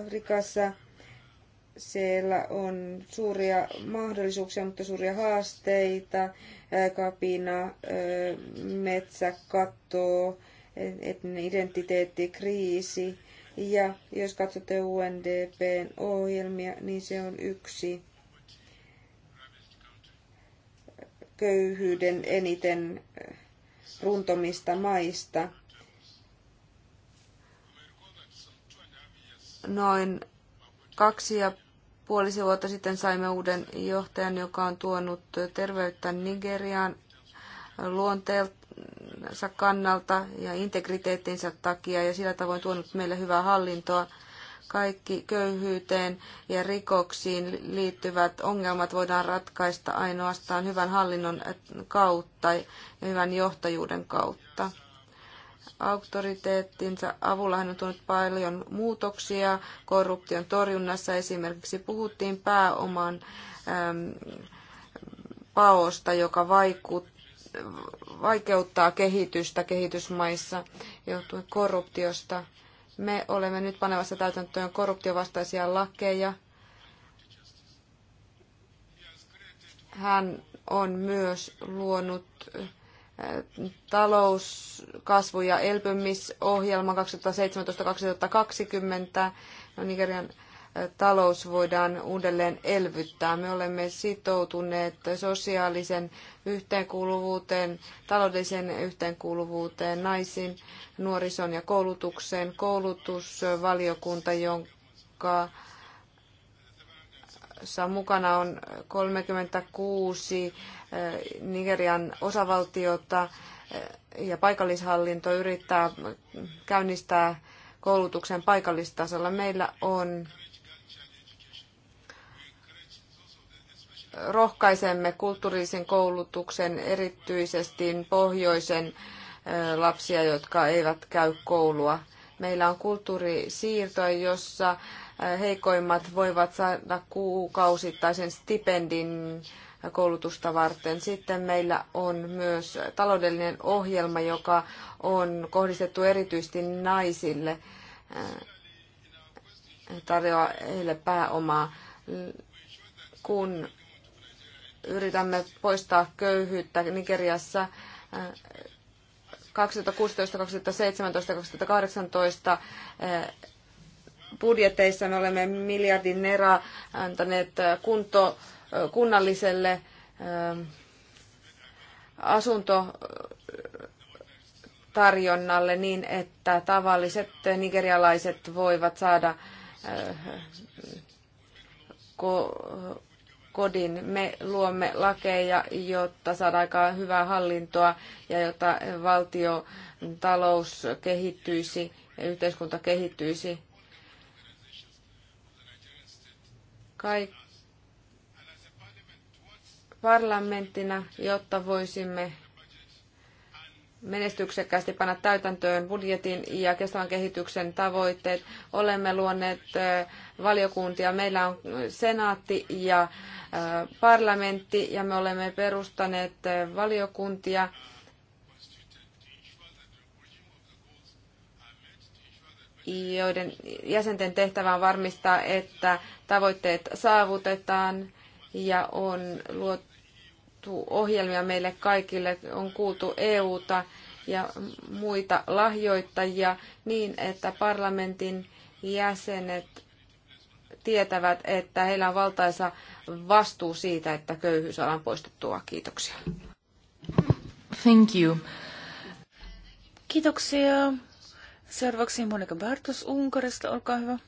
Afrikassa. Siellä on suuria mahdollisuuksia, mutta suuria haasteita, kapina, katto, etninen identiteetti, kriisi. Ja jos katsotte UNDPn ohjelmia, niin se on yksi köyhyyden eniten runtomista maista. Noin kaksi ja puolisen vuotta sitten saimme uuden johtajan, joka on tuonut terveyttä Nigeriaan luonteelta kannalta ja integriteettinsä takia ja sillä tavoin tuonut meille hyvää hallintoa. Kaikki köyhyyteen ja rikoksiin liittyvät ongelmat voidaan ratkaista ainoastaan hyvän hallinnon kautta ja hyvän johtajuuden kautta auktoriteettinsa avulla hän on tuonut paljon muutoksia korruption torjunnassa. Esimerkiksi puhuttiin pääoman äm, paosta, joka vaikut, vaikeuttaa kehitystä kehitysmaissa johtuen korruptiosta. Me olemme nyt panemassa täytäntöön korruptiovastaisia lakeja. Hän on myös luonut eh, talouskasvu- ja elpymisohjelman 2017-2020. No, Nigerian talous voidaan uudelleen elvyttää. Me olemme sitoutuneet sosiaalisen yhteenkuuluvuuteen, taloudellisen yhteenkuuluvuuteen, naisiin, nuorison ja koulutukseen, koulutusvaliokunta, jonka mukana on 36 eh, Nigerian osavaltiota eh, ja paikallishallinto yrittää käynnistää koulutuksen paikallistasolla. Meillä on rohkaisemme kulttuurisen koulutuksen erityisesti pohjoisen lapsia, jotka eivät käy koulua. Meillä on kulttuurisiirto, jossa heikoimmat voivat saada kuukausittaisen stipendin koulutusta varten. Sitten meillä on myös taloudellinen ohjelma, joka on kohdistettu erityisesti naisille, tarjoaa heille pääomaa. Kun yritämme poistaa köyhyyttä Nigeriassa äh, 2016, 2017, 2018 äh, budjeteissa me olemme miljardin nera antaneet äh, kunto, kunnalliselle asuntotarjonnalle niin, että tavalliset nigerialaiset voivat saada kodin. Me luomme lakeja, jotta saadaan aikaa hyvää hallintoa ja jotta valtio talous kehittyisi ja yhteiskunta kehittyisi. Kaik- parlamenttina, jotta voisimme menestyksekkäästi panna täytäntöön budjetin ja kestävän kehityksen tavoitteet. Olemme luoneet valiokuntia. Meillä on senaatti ja parlamentti ja me olemme perustaneet valiokuntia. joiden jäsenten tehtävä on varmistaa, että tavoitteet saavutetaan ja on luot annettu ohjelmia meille kaikille, on kuultu EUta ja muita lahjoittajia niin, että parlamentin jäsenet tietävät, että heillä on valtaisa vastuu siitä, että köyhyys on poistettua. Kiitoksia. Thank you. Kiitoksia. Seuraavaksi Monika Bartos Unkarista, olkaa hyvä.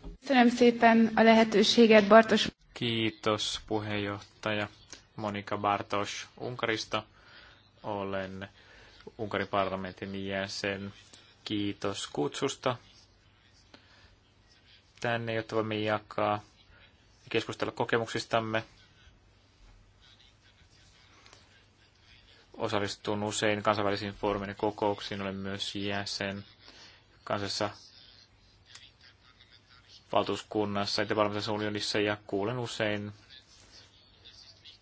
Kiitos puheenjohtaja. Monika Bartos Unkarista. Olen Unkarin parlamentin jäsen. Kiitos kutsusta tänne, jotta voimme jakaa ja keskustella kokemuksistamme. Osallistun usein kansainvälisiin foorumien kokouksiin. Olen myös jäsen kansassa valtuuskunnassa, Itävalmiisessa unionissa ja kuulen usein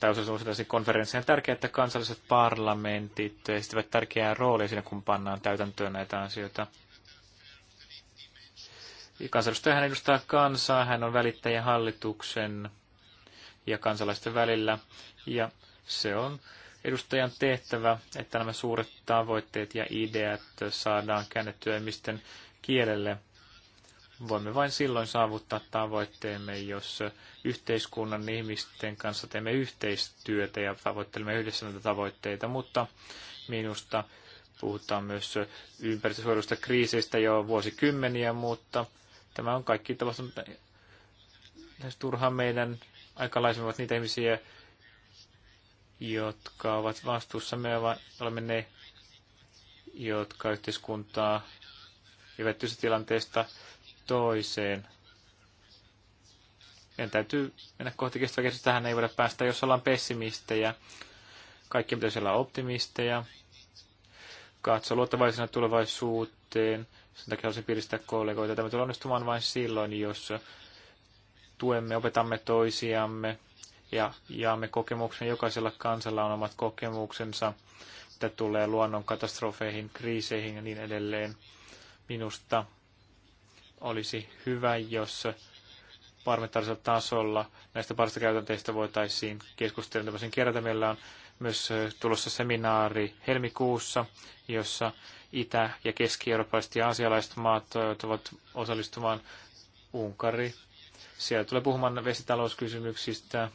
täysin konferenssien tärkeää, että kansalliset parlamentit esittävät tärkeää roolia siinä, kun pannaan täytäntöön näitä asioita. Kansanedustaja hän edustaa kansaa, hän on välittäjä hallituksen ja kansalaisten välillä. Ja se on edustajan tehtävä, että nämä suuret tavoitteet ja ideat saadaan käännettyä ihmisten kielelle – Voimme vain silloin saavuttaa tavoitteemme, jos yhteiskunnan ihmisten kanssa teemme yhteistyötä ja tavoittelemme yhdessä näitä tavoitteita, mutta minusta puhutaan myös ympäristösuojelusta kriiseistä jo vuosikymmeniä, mutta tämä on kaikki tapahtunut turhaan meidän aikalaisemmat niitä ihmisiä, jotka ovat vastuussa. Me olemme ne, jotka yhteiskuntaa ja tilanteesta toiseen. Meidän täytyy mennä kohti kestävää kestävä. Tähän ei voida päästä, jos ollaan pessimistejä. Kaikki pitäisi olla optimisteja. Katso luottavaisena tulevaisuuteen. Sen takia haluaisin piristää kollegoita. Tämä tulee onnistumaan vain silloin, jos tuemme, opetamme toisiamme ja jaamme kokemuksen. Jokaisella kansalla on omat kokemuksensa, mitä tulee luonnon katastrofeihin, kriiseihin ja niin edelleen. Minusta olisi hyvä, jos parlamentaarisella tasolla näistä parista käytänteistä voitaisiin keskustella. Tämmöisen kerätä meillä on myös tulossa seminaari helmikuussa, jossa Itä- ja keski-eurooppalaiset ja asialaiset maat ovat osallistumaan Unkari. Siellä tulee puhumaan vesitalouskysymyksistä.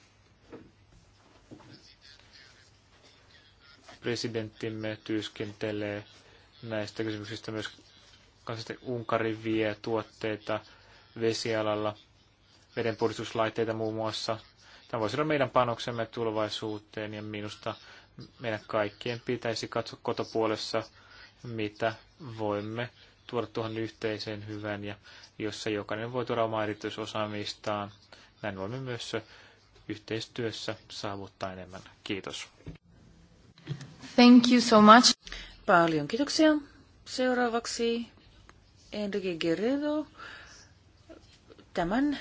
Presidenttimme työskentelee näistä kysymyksistä myös Kansallisesti Unkari vie tuotteita vesialalla, vedenpuhdistuslaitteita muun muassa. Tämä voisi olla meidän panoksemme tulevaisuuteen ja minusta meidän kaikkien pitäisi katsoa kotopuolessa, mitä voimme tuoda tuohon yhteiseen hyvän ja jossa jokainen voi tuoda omaa erityisosaamistaan. Näin voimme myös yhteistyössä saavuttaa enemmän. Kiitos. Thank you so much. Paljon kiitoksia. Seuraavaksi Enrique Guerrero, tämän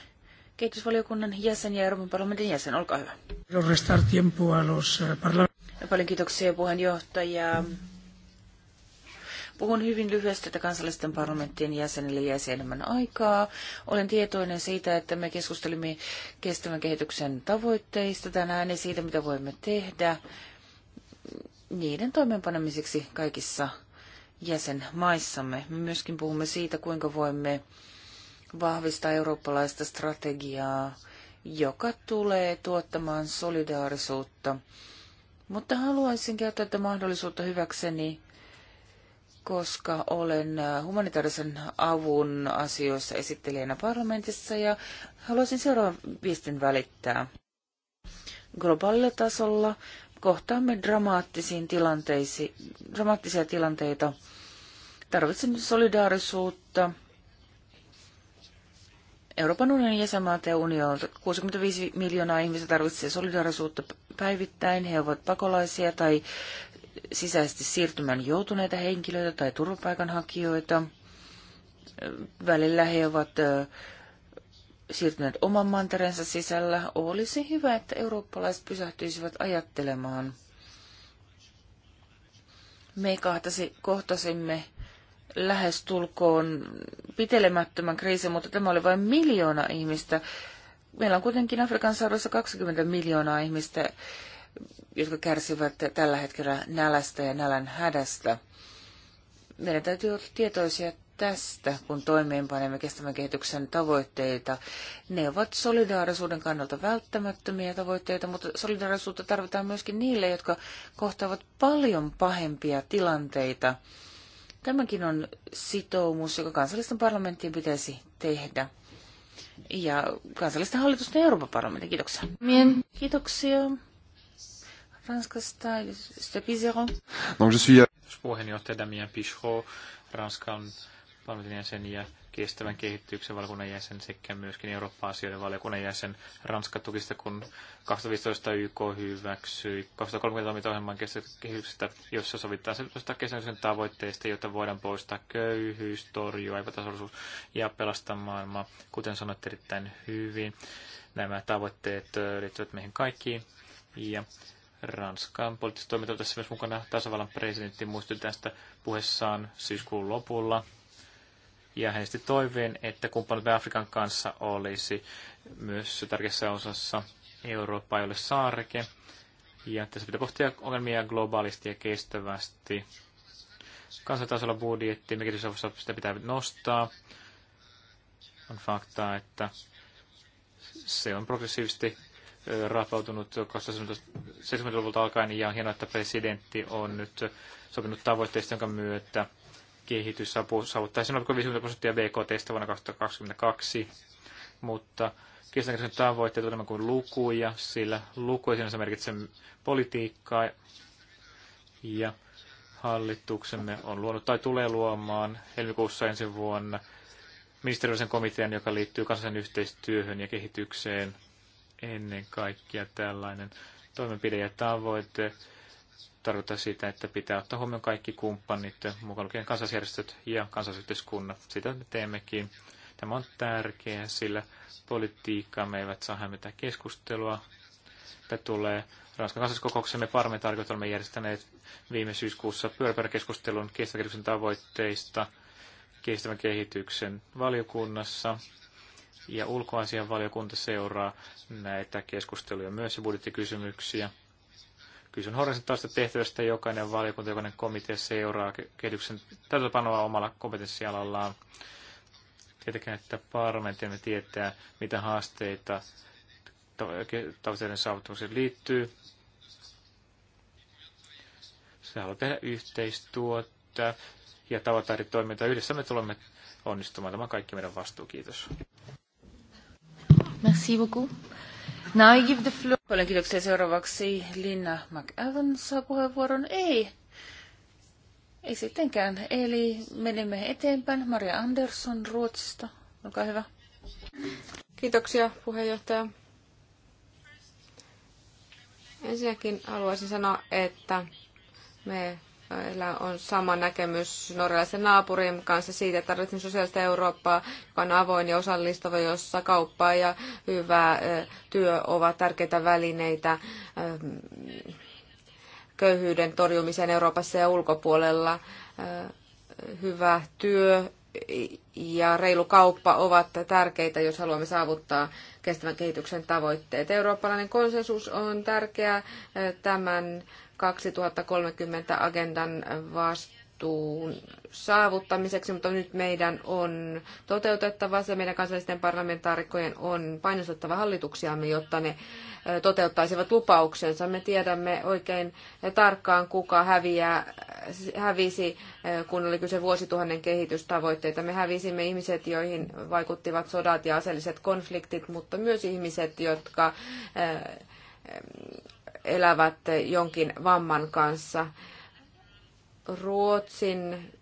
kehitysvaliokunnan jäsen ja Euroopan parlamentin jäsen. Olkaa hyvä. Eh, paljon kiitoksia puheenjohtaja. Puhun hyvin lyhyesti, että kansallisten parlamenttien jäsenille jäisi enemmän aikaa. Olen tietoinen siitä, että me keskustelimme kestävän kehityksen tavoitteista tänään ja siitä, mitä voimme tehdä niiden toimeenpanemiseksi kaikissa jäsenmaissamme. Me myöskin puhumme siitä, kuinka voimme vahvistaa eurooppalaista strategiaa, joka tulee tuottamaan solidaarisuutta. Mutta haluaisin käyttää tätä mahdollisuutta hyväkseni, koska olen äh, humanitaarisen avun asioissa esittelijänä parlamentissa ja haluaisin seuraavan viestin välittää. Globaalilla tasolla kohtaamme dramaattisiin tilanteisiin, dramaattisia tilanteita. Tarvitsemme solidaarisuutta Euroopan unionin jäsenmaat ja unionilta. 65 miljoonaa ihmistä tarvitsee solidaarisuutta päivittäin. He ovat pakolaisia tai sisäisesti siirtymään joutuneita henkilöitä tai turvapaikanhakijoita. Välillä he ovat siirtyneet oman mantereensa sisällä, olisi hyvä, että eurooppalaiset pysähtyisivät ajattelemaan. Me kahtasi, kohtasimme lähestulkoon pitelemättömän kriisin, mutta tämä oli vain miljoona ihmistä. Meillä on kuitenkin Afrikan saarossa 20 miljoonaa ihmistä, jotka kärsivät tällä hetkellä nälästä ja nälän hädästä. Meidän täytyy olla tietoisia tästä, kun toimeenpanemme kestävän kehityksen tavoitteita. Ne ovat solidaarisuuden kannalta välttämättömiä tavoitteita, mutta solidaarisuutta tarvitaan myöskin niille, jotka kohtaavat paljon pahempia tilanteita. Tämäkin on sitoumus, joka kansallisten parlamenttien pitäisi tehdä. Ja kansallisten hallitusten ja Euroopan parlamentin. Kiitoksia. Mien. Kiitoksia. Ranskasta, Stepizero. Donc no, je suis... Puheenjohtaja Damien Pichot, Ranskan valmiuden jäsen ja kestävän kehityksen valiokunnan jäsen sekä myöskin Eurooppa-asioiden valiokunnan jäsen Ranskan tukista, kun 2015 YK hyväksyi 2030 ohjelman kehityksestä, jossa sovitaan sellaisista kesäisen tavoitteista, joita voidaan poistaa köyhyys, torjua epätasollisuus ja pelastaa maailmaa, kuten sanoit erittäin hyvin. Nämä tavoitteet liittyvät meihin kaikkiin ja Ranskan poliittiset toiminta tässä myös mukana. Tasavallan presidentti muistui tästä puheessaan syyskuun lopulla ja hän esitti toiveen, että kumppanit Afrikan kanssa olisi myös tärkeässä osassa Eurooppa jolle saareke. Ja tässä pitää pohtia ongelmia globaalisti ja kestävästi. Kansantasolla budjetti mikä sitä pitää nostaa. On faktaa, että se on progressiivisesti rapautunut 70-luvulta alkaen ja on hienoa, että presidentti on nyt sopinut tavoitteista, jonka myötä kehitysapu saavuttaisi 0,50 prosenttia BKTstä vuonna 2022, mutta kestävän tavoitteet enemmän kuin lukuja, sillä lukuja sinänsä merkitsee politiikkaa ja hallituksemme on luonut tai tulee luomaan helmikuussa ensi vuonna ministeriöllisen komitean, joka liittyy kansallisen yhteistyöhön ja kehitykseen ennen kaikkea tällainen toimenpide ja tavoite tarkoittaa sitä, että pitää ottaa huomioon kaikki kumppanit, mukaan lukien kansallisjärjestöt ja kansallisyhteiskunnat. Sitä me teemmekin. Tämä on tärkeää, sillä politiikkaa me eivät saa hämmentää keskustelua. Tämä tulee Ranskan kansalliskokouksemme parlamentaarikot olemme järjestäneet viime syyskuussa pyöräpyöräkeskustelun kestävän tavoitteista kestävän kehityksen valiokunnassa. Ja ulkoasian valiokunta seuraa näitä keskusteluja myös ja budjettikysymyksiä Kyse on horisontaalista tehtävästä, jokainen valiokunta, jokainen komitea seuraa kehityksen täytäpanoa omalla kompetenssialallaan. Tietenkin, että parlamentimme tietää, mitä haasteita tavoitteiden saavuttamiseen liittyy. Se haluaa tehdä yhteistyötä ja tavata eri toimintaa. Yhdessä me tulemme onnistumaan. Tämä on kaikki meidän vastuu. Kiitos. Merci beaucoup. Now I give the floor. Paljon kiitoksia seuraavaksi. Linna McAvan saa puheenvuoron. Ei. Ei sittenkään. Eli menemme eteenpäin. Maria Andersson Ruotsista. Olkaa hyvä. Kiitoksia puheenjohtaja. Ensinnäkin haluaisin sanoa, että me Meillä on sama näkemys norjalaisen naapurin kanssa siitä, että tarvitsemme sosiaalista Eurooppaa, joka on avoin ja osallistava, jossa kauppa ja hyvä työ ovat tärkeitä välineitä köyhyyden torjumiseen Euroopassa ja ulkopuolella. Hyvä työ ja reilu kauppa ovat tärkeitä, jos haluamme saavuttaa kestävän kehityksen tavoitteet. Eurooppalainen konsensus on tärkeä tämän 2030 agendan vastuun saavuttamiseksi, mutta nyt meidän on toteutettava se, meidän kansallisten parlamentaarikkojen on painostettava hallituksiamme, jotta ne toteuttaisivat lupauksensa. Me tiedämme oikein tarkkaan, kuka häviää, hävisi, kun oli kyse vuosituhannen kehitystavoitteita. Me hävisimme ihmiset, joihin vaikuttivat sodat ja aseelliset konfliktit, mutta myös ihmiset, jotka elävät jonkin vamman kanssa. Ruotsin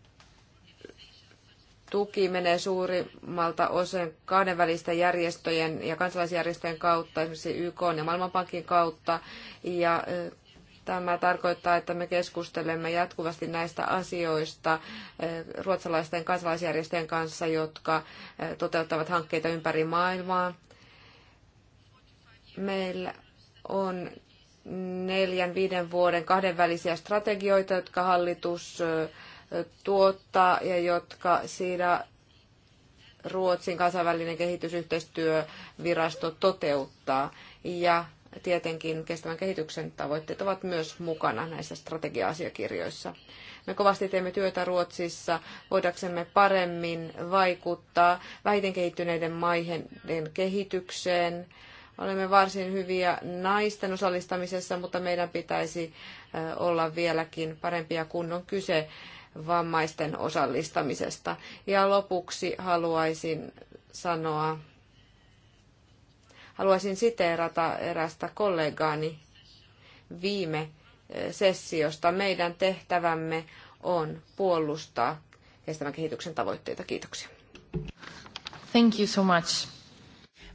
tuki menee suurimmalta osin kahdenvälisten järjestöjen ja kansalaisjärjestöjen kautta, esimerkiksi YK ja Maailmanpankin kautta. Ja tämä tarkoittaa, että me keskustelemme jatkuvasti näistä asioista ruotsalaisten kansalaisjärjestöjen kanssa, jotka toteuttavat hankkeita ympäri maailmaa. Meillä on neljän, viiden vuoden kahdenvälisiä strategioita, jotka hallitus tuottaa ja jotka siinä Ruotsin kansainvälinen kehitysyhteistyövirasto toteuttaa. Ja tietenkin kestävän kehityksen tavoitteet ovat myös mukana näissä strategia-asiakirjoissa. Me kovasti teemme työtä Ruotsissa, voidaksemme paremmin vaikuttaa vähiten kehittyneiden maiden kehitykseen, Olemme varsin hyviä naisten osallistamisessa, mutta meidän pitäisi olla vieläkin parempia, kun on kyse vammaisten osallistamisesta. Ja lopuksi haluaisin sanoa, haluaisin siteerata erästä kollegaani viime sessiosta. Meidän tehtävämme on puolustaa kestävän kehityksen tavoitteita. Kiitoksia. Thank you so much.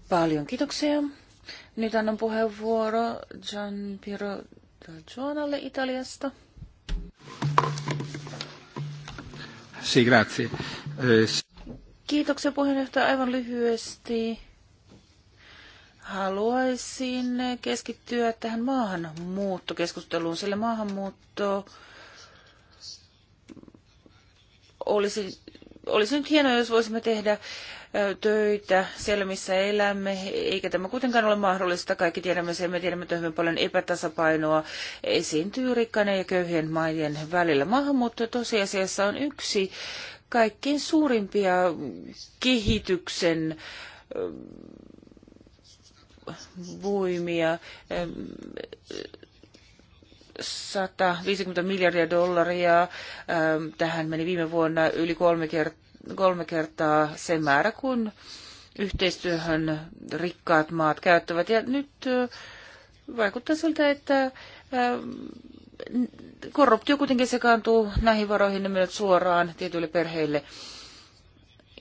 Paljon kiitoksia. Nyt annan puheenvuoro Gian Piero Gionalle Italiasta. Sì, grazie. Eh, Kiitoksia puheenjohtaja. Aivan lyhyesti haluaisin keskittyä tähän maahanmuuttokeskusteluun, sillä maahanmuutto olisi, olisi nyt hienoa, jos voisimme tehdä töitä siellä, missä elämme, eikä tämä kuitenkaan ole mahdollista. Kaikki tiedämme sen, me tiedämme, että hyvin paljon epätasapainoa esiintyy rikkaiden ja köyhien maiden välillä. Maahanmuutto tosiasiassa on yksi kaikkein suurimpia kehityksen voimia. 150 miljardia dollaria. Tähän meni viime vuonna yli kolme kertaa kolme kertaa se määrä, kun yhteistyöhön rikkaat maat käyttävät. Ja nyt vaikuttaa siltä, että korruptio kuitenkin sekaantuu näihin varoihin ne menevät suoraan tietyille perheille.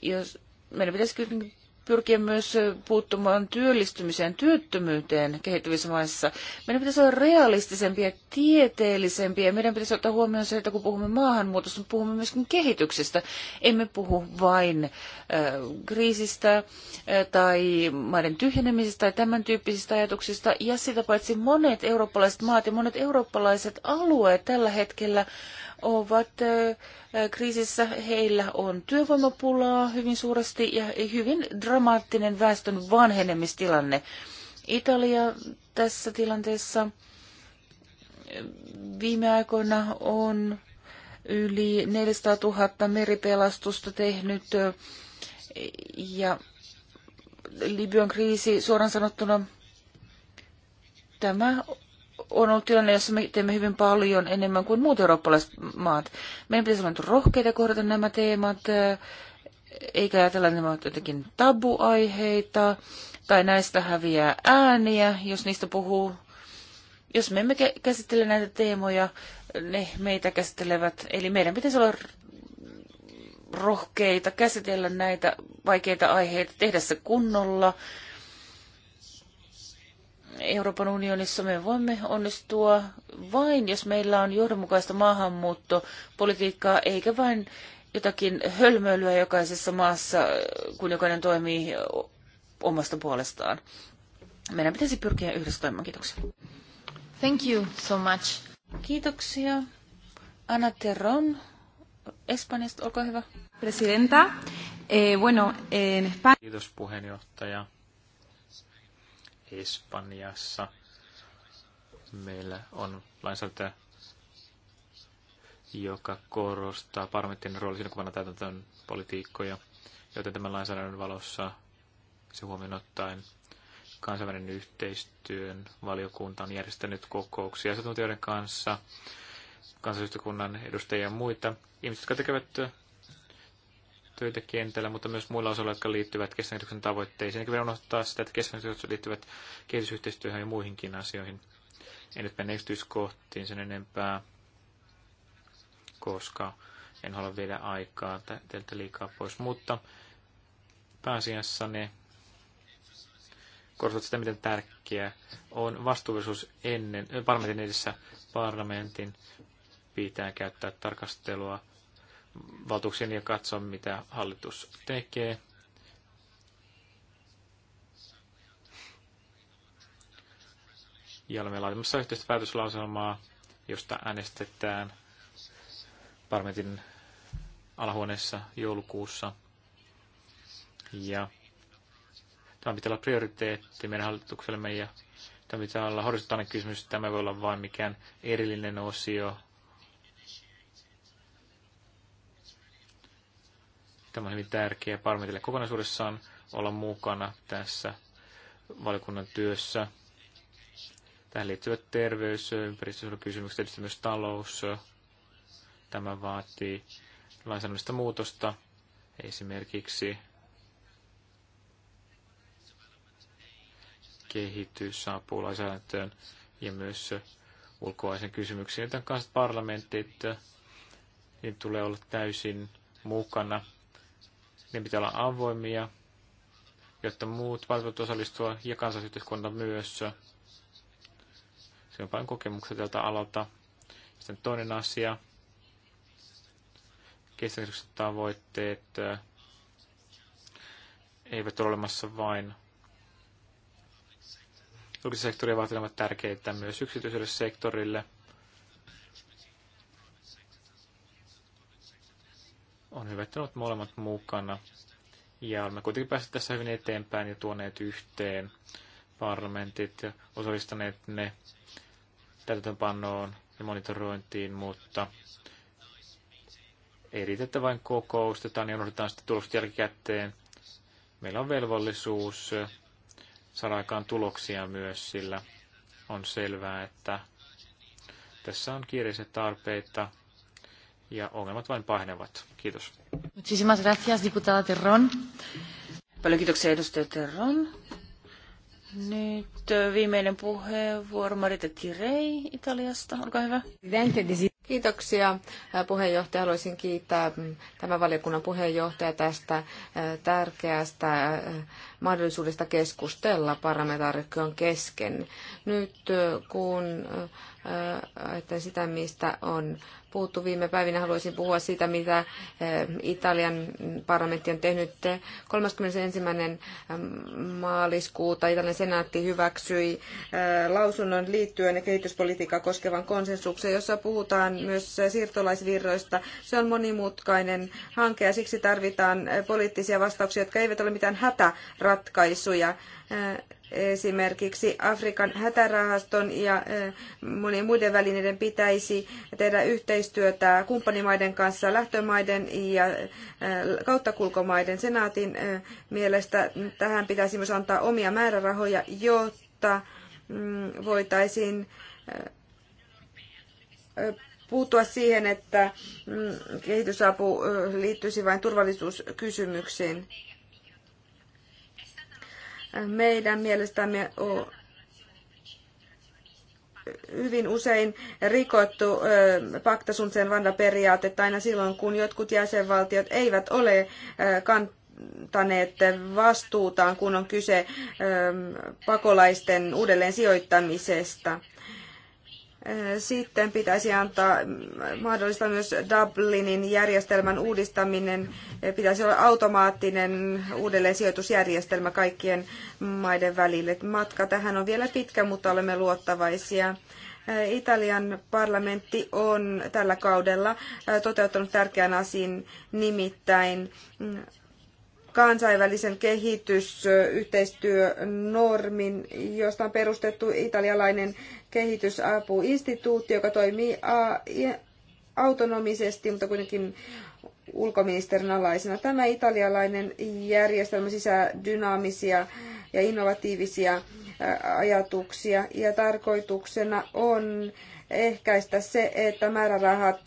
Jos meidän pitäisi kuitenkin pyrkiä myös puuttumaan työllistymiseen, työttömyyteen kehittyvissä maissa. Meidän pitäisi olla realistisempia, tieteellisempiä. Meidän pitäisi ottaa huomioon se, että kun puhumme maahanmuutosta, niin puhumme myöskin kehityksestä. Emme puhu vain äh, kriisistä äh, tai maiden tyhjenemisestä tai tämän tyyppisistä ajatuksista. Ja sitä paitsi monet eurooppalaiset maat ja monet eurooppalaiset alueet tällä hetkellä äh, ovat kriisissä. Heillä on työvoimapulaa hyvin suuresti ja hyvin dramaattinen väestön vanhenemistilanne. Italia tässä tilanteessa viime aikoina on yli 400 000 meripelastusta tehnyt ja Libyan kriisi suoraan sanottuna tämä on ollut tilanne, jossa me teemme hyvin paljon enemmän kuin muut eurooppalaiset maat. Meidän pitäisi olla rohkeita kohdata nämä teemat, eh, eikä ajatella, että nämä ovat jotenkin tabuaiheita, tai näistä häviää ääniä, jos niistä puhuu. Jos me emme käsittele näitä teemoja, ne meitä käsittelevät. Eli meidän pitäisi olla rohkeita käsitellä näitä vaikeita aiheita, tehdä se kunnolla, Euroopan unionissa me voimme onnistua vain, jos meillä on johdonmukaista maahanmuuttopolitiikkaa, eikä vain jotakin hölmöilyä jokaisessa maassa, kun jokainen toimii omasta puolestaan. Meidän pitäisi pyrkiä yhdessä toimimaan. Kiitoksia. Thank you so much. Kiitoksia. Ana Terron, Espanjasta, olkaa hyvä. Presidenta, eh, bueno, en España... Kiitos puheenjohtaja. Espanjassa meillä on lainsäädäntö, joka korostaa parlamentin roolia siinä, kun vanha täytäntöön politiikkoja, joten tämän lainsäädännön valossa se huomioon ottaen kansainvälinen yhteistyön valiokunta on järjestänyt kokouksia asiantuntijoiden kanssa, kansallisyhteiskunnan edustajia ja muita ihmisiä, jotka tekevät töitä kentällä, mutta myös muilla osalla, jotka liittyvät kestävän tavoitteisiin. Eikä unohtaa sitä, että kestävän liittyvät kehitysyhteistyöhön ja muihinkin asioihin. En nyt mene yksityiskohtiin sen enempää, koska en halua viedä aikaa teiltä liikaa pois, mutta pääasiassa ne korostavat sitä, miten tärkeää on vastuullisuus ennen, eh, parlamentin edessä parlamentin pitää käyttää tarkastelua valtuuksien ja katsoa, mitä hallitus tekee. Ja olemme laatimassa yhteistä päätöslauselmaa, josta äänestetään parlamentin alahuoneessa joulukuussa. Ja tämä pitää olla prioriteetti meidän hallituksellemme ja tämä pitää olla horisontaalinen kysymys. Tämä voi olla vain mikään erillinen osio Tämä on hyvin tärkeää parlamentille kokonaisuudessaan olla mukana tässä valiokunnan työssä. Tähän liittyvät terveys, ympäristösuojelukysymykset, tietysti myös talous. Tämä vaatii lainsäädännöllistä muutosta, esimerkiksi kehitys saapuu lainsäädäntöön ja myös ulkoaisen kysymyksiin, joten kanssa parlamentit niin tulee olla täysin mukana ne niin pitää olla avoimia, jotta muut voivat osallistua ja kansallisyhteiskunta myös. Se on paljon kokemuksia tältä alalta. Sitten toinen asia, kestävän tavoitteet eh, eivät ole olemassa vain julkisen sektorin vaatimat tärkeitä myös yksityiselle sektorille – on hyvä, että olet molemmat mukana. Ja olemme kuitenkin päässeet tässä hyvin eteenpäin ja tuoneet yhteen parlamentit ja osallistaneet ne täytäntöpannoon ja monitorointiin, mutta ei riitä, että vain kokoustetaan ja unohdetaan sitten tulokset jälkikäteen. Meillä on velvollisuus saada aikaan tuloksia myös, sillä on selvää, että tässä on kiireisiä tarpeita ja ongelmat vain pahenevat. Kiitos. Muchísimas gracias, diputada Terron. Paljon kiitoksia, edustaja Terron. Nyt viimeinen puheenvuoro Marita Tirei Italiasta. Olkaa hyvä. Kiitoksia puheenjohtaja. Haluaisin kiittää mm, tämän valiokunnan puheenjohtaja tästä tärkeästä mahdollisuudesta keskustella parlamentaarikkojen kesken. Nyt kun että sitä, mistä on puhuttu viime päivinä, haluaisin puhua siitä, mitä Italian parlamentti on tehnyt. 31. maaliskuuta Italian senaatti hyväksyi lausunnon liittyen kehityspolitiikkaa koskevan konsensuksen, jossa puhutaan myös siirtolaisvirroista. Se on monimutkainen hanke ja siksi tarvitaan poliittisia vastauksia, jotka eivät ole mitään hätä ratkaisuja esimerkiksi Afrikan hätärahaston ja monien muiden välineiden pitäisi tehdä yhteistyötä kumppanimaiden kanssa, lähtömaiden ja kauttakulkomaiden. Senaatin mielestä tähän pitäisi myös antaa omia määrärahoja, jotta mm, voitaisiin puuttua siihen, että mm, kehitysapu liittyisi vain turvallisuuskysymyksiin meidän mielestämme on hyvin usein rikottu pakta sen vanda periaatetta aina silloin, kun jotkut jäsenvaltiot eivät ole kantaneet vastuutaan, kun on kyse pakolaisten uudelleen sijoittamisesta. Sitten pitäisi antaa mm, mahdollista myös Dublinin järjestelmän uudistaminen. Pitäisi olla automaattinen uudelleen sijoitusjärjestelmä kaikkien maiden välille. Matka tähän on vielä pitkä, mutta olemme luottavaisia. Italian parlamentti on tällä kaudella toteuttanut tärkeän asian nimittäin mm, kansainvälisen kehitysyhteistyönormin, josta on perustettu italialainen kehitysapuinstituutti, joka toimii autonomisesti, mutta kuitenkin ulkoministerin alaisena. Tämä italialainen järjestelmä sisää dynaamisia ja innovatiivisia ajatuksia ja tarkoituksena on ehkäistä se, että määrärahat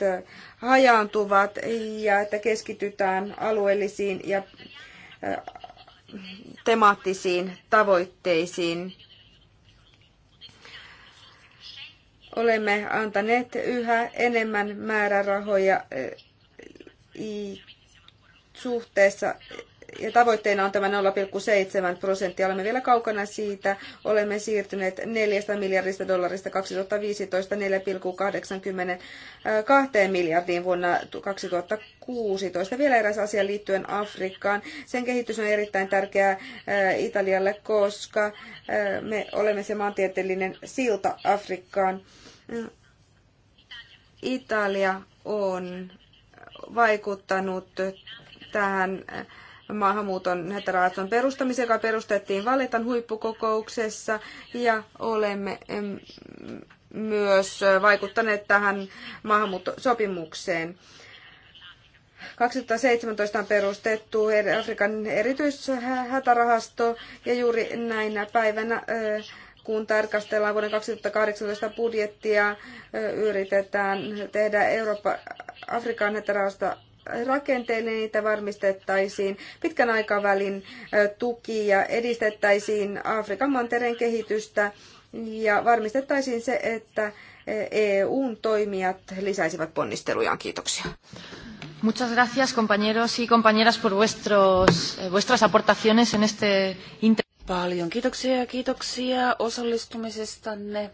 hajaantuvat ja että keskitytään alueellisiin ja temaattisiin tavoitteisiin. Olemme antaneet yhä enemmän määrärahoja suhteessa ja tavoitteena on tämä 0,7 prosenttia. Olemme vielä kaukana siitä. Olemme siirtyneet 4 miljardista dollarista 2015 4,82 miljardiin vuonna 2016. Vielä eräs asia liittyen Afrikkaan. Sen kehitys on erittäin tärkeää äh, Italialle, koska äh, me olemme se maantieteellinen silta Afrikkaan. Italia on vaikuttanut tähän äh, maahanmuuton hätärahaston perustamisen, joka perustettiin Valetan huippukokouksessa ja olemme myös vaikuttaneet tähän maahanmuuttosopimukseen. 2017 on perustettu Afrikan erityishätärahasto ja juuri näinä päivänä kun tarkastellaan vuoden 2018 budjettia, yritetään tehdä Eurooppa, Afrikan hätärahasta rakenteille niin niitä varmistettaisiin, pitkän aikavälin tuki ja edistettäisiin Afrikan mantereen kehitystä ja varmistettaisiin se, että EUn toimijat lisäisivät ponnistelujaan. Kiitoksia. Muchas gracias, compañeros y compañeras, por vuestros, eh, vuestras aportaciones en este inter... Paljon kiitoksia ja kiitoksia osallistumisestanne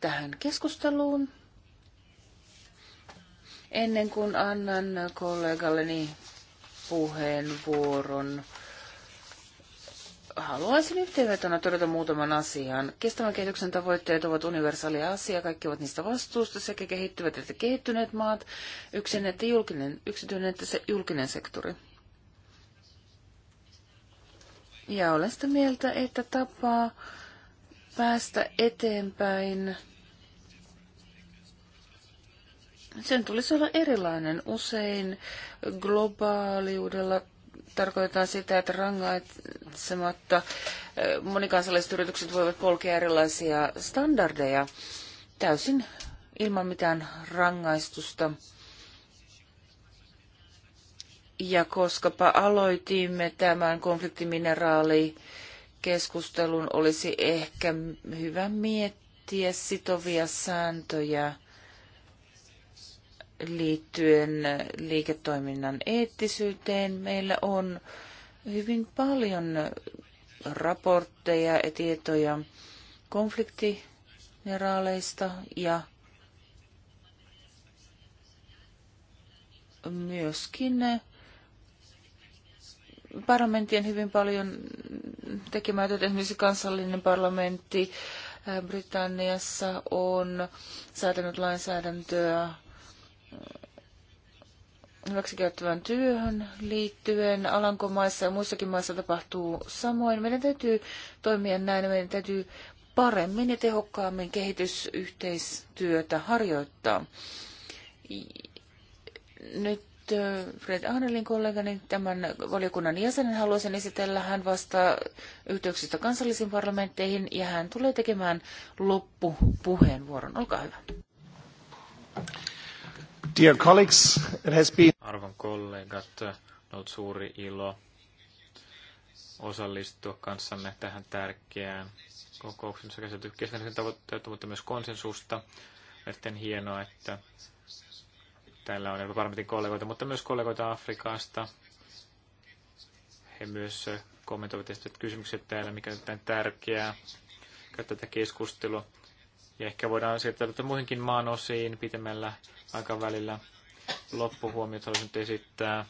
tähän keskusteluun. Ennen kuin annan kollegalleni puheenvuoron, haluaisin yhteenvetona todeta muutaman asian. Kestävän kehityksen tavoitteet ovat universaali asia, kaikki ovat niistä vastuusta, sekä kehittyvät että kehittyneet maat, yksin että julkinen, yksityinen että se julkinen sektori. Ja olen sitä mieltä, että tapaa päästä eteenpäin – sen tulisi olla erilainen. Usein globaaliudella tarkoitetaan sitä, että rangaitsematta monikansalliset yritykset voivat polkea erilaisia standardeja täysin ilman mitään rangaistusta. Ja koskapa aloitimme tämän konfliktimineraalikeskustelun, keskustelun olisi ehkä hyvä miettiä sitovia sääntöjä liittyen liiketoiminnan eettisyyteen. Meillä on hyvin paljon raportteja ja tietoja konfliktimineraaleista ja myöskin parlamenttien hyvin paljon tekemää työtä. Esimerkiksi kansallinen parlamentti äh, Britanniassa on säätänyt lainsäädäntöä hyväksikäyttävän työhön liittyen. Alankomaissa ja muissakin maissa tapahtuu samoin. Meidän täytyy toimia näin. Meidän täytyy paremmin ja tehokkaammin kehitysyhteistyötä harjoittaa. Nyt äh, Fred Ahnelin kollegani, tämän valiokunnan jäsenen haluaisin esitellä. Hän vastaa yhteyksistä kansallisiin parlamentteihin ja hän tulee tekemään loppupuheenvuoron. Olkaa hyvä. Dear colleagues, it has been... Arvon kollegat, on ollut suuri ilo osallistua kanssanne tähän tärkeään kokoukseen, sekä käsitelty keskeisen tavoitteita, mutta myös konsensusta. Erittäin hienoa, että täällä on Euroopan parlamentin kollegoita, mutta myös kollegoita Afrikasta. He myös kommentoivat esitetyt kysymykset täällä, mikä on tärkeää käyttää tätä keskustelua. Ja ehkä voidaan siirtää tätä muihinkin maan osiin pitemmällä aikavälillä. Loppuhuomiot haluaisin nyt esittää,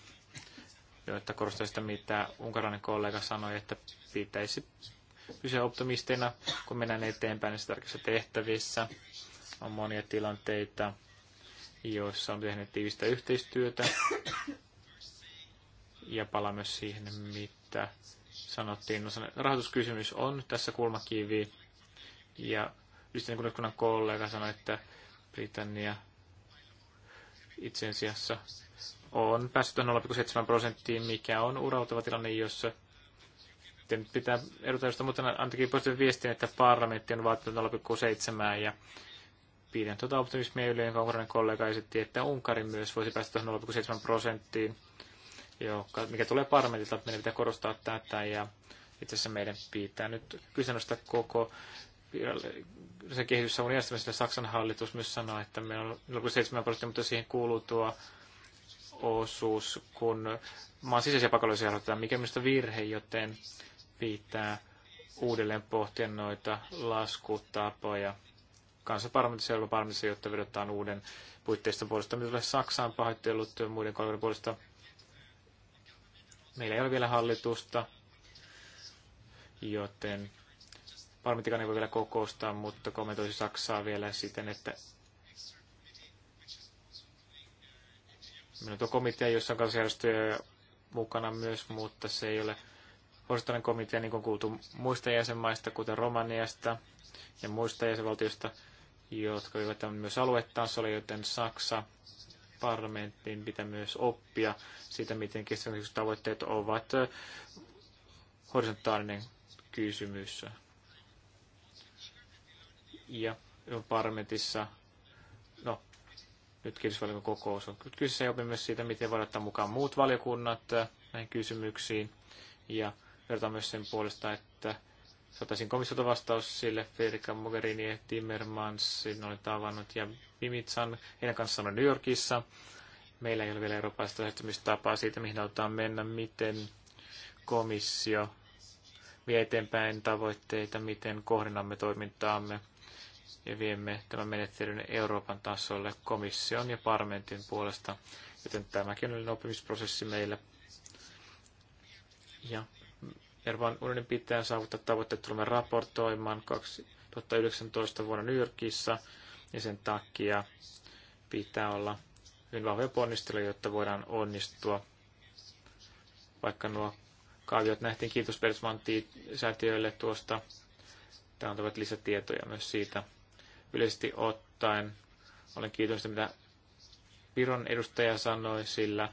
joita korostaa sitä, mitä unkarainen kollega sanoi, että pitäisi pysyä optimisteina, kun mennään eteenpäin näissä tärkeissä tehtävissä. On monia tilanteita, joissa on tehnyt tiivistä yhteistyötä. Ja palaa myös siihen, mitä sanottiin. No, rahoituskysymys on tässä kulmakivi ja Yhdistyneen kuningaskunnan kollega sanoi, että Britannia itse asiassa on päässyt 0,7 prosenttiin, mikä on urautava tilanne, jossa pitää pitää erotajasta, mutta antakin poistuvan viestin, että parlamentti on vaatinut 0,7 ja pidän tuota optimismia yli, jonka kollega esitti, että Unkari myös voisi päästä 0,7 prosenttiin, joka, mikä tulee parlamentilta, meidän pitää korostaa tätä ja itse asiassa meidän pitää nyt kyseenalaistaa koko se kehitys on järjestämisessä, Saksan hallitus myös sanoi, että meillä on 7 prosenttia, mutta siihen kuuluu tuo osuus, kun maan sisäisiä pakolaisia aloitetaan, mikä minusta virhe, joten pitää uudelleen pohtia noita laskutapoja. Kansanparlamentissa ja parlamentissa, jotta vedotaan uuden puitteista puolesta. Mitä tulee Saksaan pahoittelut muiden kolmen puolesta, meillä ei ole vielä hallitusta, joten Parlamentikaan ei voi vielä kokoustaa, mutta kommentoisi Saksaa vielä siten, että minun on tuo komitea, jossa on kansanjärjestöjä mukana myös, mutta se ei ole pohjois komitea, niin kuin kuultu muista jäsenmaista, kuten Romaniasta ja muista jäsenvaltioista, jotka olivat myös aluetasolla, joten Saksa parlamentin pitää myös oppia siitä, miten kestävyystavoitteet ovat horisontaalinen kysymys ja parlamentissa, no, nyt kirjastusvaliokunnan kokous on kyseessä ja opimme myös siitä, miten voidaan ottaa mukaan muut valiokunnat näihin kysymyksiin ja vertaan myös sen puolesta, että saataisiin komissiota vastaus sille Federica Mogherini ja Timmermansin oli tavannut ja vimitsan heidän kanssaan on New Yorkissa. Meillä ei ole vielä eurooppalaista lähestymistapaa siitä, mihin halutaan mennä, miten komissio vie eteenpäin tavoitteita, miten kohdennamme toimintaamme ja viemme tämän menettelyn Euroopan tasolle komission ja parlamentin puolesta, joten tämäkin on oppimisprosessi meillä. Ja Euroopan unionin pitää saavuttaa tavoitteet tulemme raportoimaan 2019 vuonna New Yorkissa, ja sen takia pitää olla hyvin vahvoja ponnisteluja, jotta voidaan onnistua. Vaikka nuo kaaviot nähtiin, kiitos Bertman säätiöille tuosta. Tämä antavat lisätietoja myös siitä, yleisesti ottaen olen kiitollinen, mitä Viron edustaja sanoi, sillä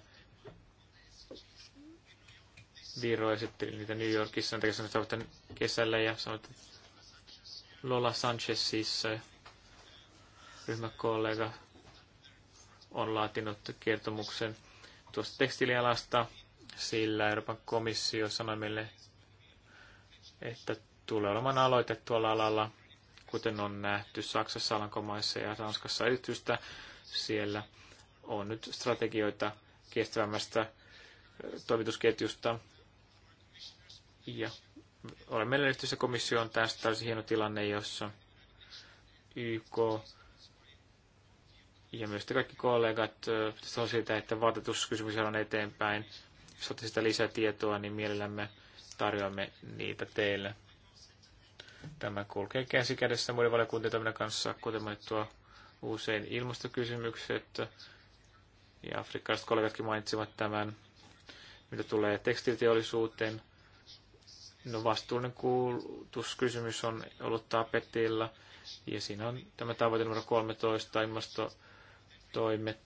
Viro esitteli niitä New Yorkissa, näitä kesällä, kesällä ja sanoi, että Lola Sanchezissa ryhmäkollega on laatinut kertomuksen tuosta tekstilialasta, sillä Euroopan komissio sanoi meille, että tulee olemaan aloite tuolla alalla kuten on nähty Saksassa, Alankomaissa ja Ranskassa erityistä. Siellä on nyt strategioita kestävämmästä toimitusketjusta. Ja olemme meillä yhteydessä komissioon tästä olisi hieno tilanne, jossa YK ja myös te kaikki kollegat se on siitä, että vaatetuskysymys on eteenpäin. Jos olette sitä lisätietoa, niin mielellämme tarjoamme niitä teille. Tämä kulkee käsi kädessä muiden valiokuntien kanssa, kuten mainittua usein ilmastokysymykset. Ja afrikkalaiset kollegatkin mainitsivat tämän, mitä tulee tekstiiliteollisuuteen. No vastuullinen kulutuskysymys on ollut tapetilla. Ja siinä on tämä tavoite numero 13, ilmastotoimet.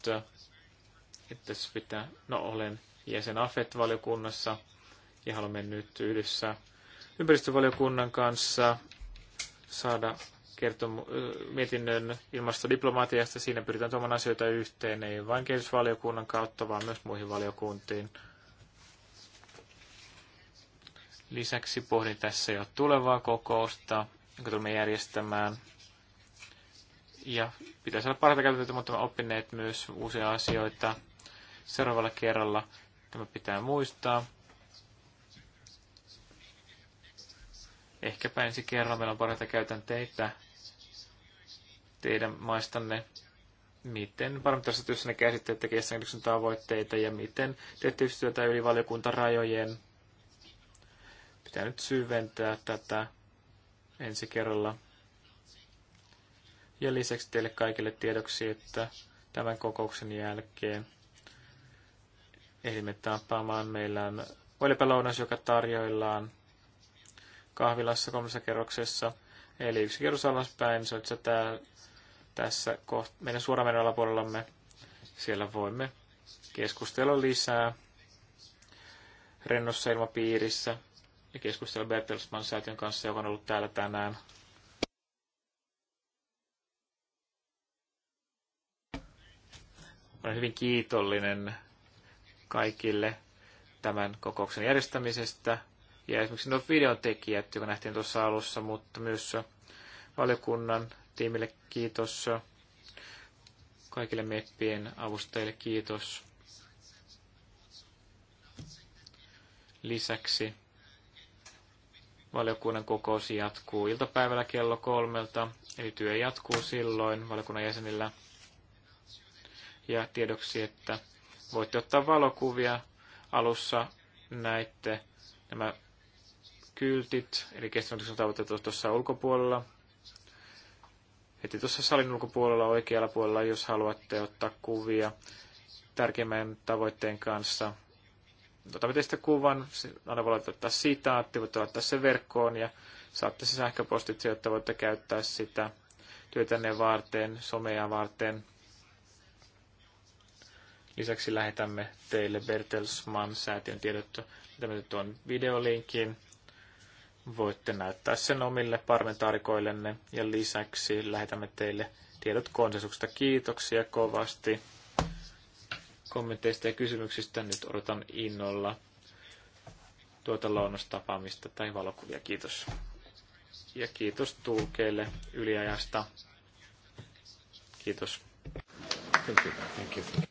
Että tässä pitää, no olen jäsen AFET-valiokunnassa ja haluamme nyt yhdessä ympäristövaliokunnan kanssa saada kertomu- mietinnön ilmastodiplomatiasta. Siinä pyritään tuomaan asioita yhteen, ei vain kehitysvaliokunnan kautta, vaan myös muihin valiokuntiin. Lisäksi pohdin tässä jo tulevaa kokousta, jonka tulemme järjestämään. Ja pitäisi olla parhaita käytäntöjä, mutta olemme oppineet myös uusia asioita seuraavalla kerralla. Tämä pitää muistaa. Ehkäpä ensi kerran meillä on parhaita teitä, teidän maistanne, miten varmasti työssä ne käsitteette kestävyyden tavoitteita ja miten teette yhteistyötä yli valiokuntarajojen. Pitää nyt syventää tätä ensi kerralla. Ja lisäksi teille kaikille tiedoksi, että tämän kokouksen jälkeen ehdimme tapaamaan. Meillä on voilepälounas, joka tarjoillaan kahvilassa kolmessa kerroksessa. Eli yksi kerros alaspäin, se on tää, tässä koht, meidän suorameren alapuolellamme. Siellä voimme keskustella lisää rennossa ilmapiirissä ja keskustella Bertelsmann säätiön kanssa, joka on ollut täällä tänään. Olen hyvin kiitollinen kaikille tämän kokouksen järjestämisestä ja esimerkiksi nuo videotekijät, joka nähtiin tuossa alussa, mutta myös valiokunnan tiimille kiitos, kaikille meppien avustajille kiitos. Lisäksi valiokunnan kokous jatkuu iltapäivällä kello kolmelta, eli työ jatkuu silloin valiokunnan jäsenillä. Ja tiedoksi, että voitte ottaa valokuvia alussa näitte nämä kyltit, eli kestävän tavoitteet ovat tuossa ulkopuolella. Heti tuossa salin ulkopuolella oikealla puolella, jos haluatte ottaa kuvia tärkeimmän tavoitteen kanssa. Otamme teistä kuvan, aina voi laittaa sitaatti, voitte laittaa sen verkkoon ja saatte se sähköpostitse, jotta voitte käyttää sitä työtänne varten, somea varten. Lisäksi lähetämme teille Bertelsmann-säätiön tiedot, lähetämme tuon videolinkin voitte näyttää sen omille parlamentaarikoillenne ja lisäksi lähetämme teille tiedot konsensuksesta. Kiitoksia kovasti kommenteista ja kysymyksistä. Nyt odotan innolla tuota lounastapaamista tai valokuvia. Kiitos. Ja kiitos tulkeille yliajasta. Kiitos. Thank you. Thank you.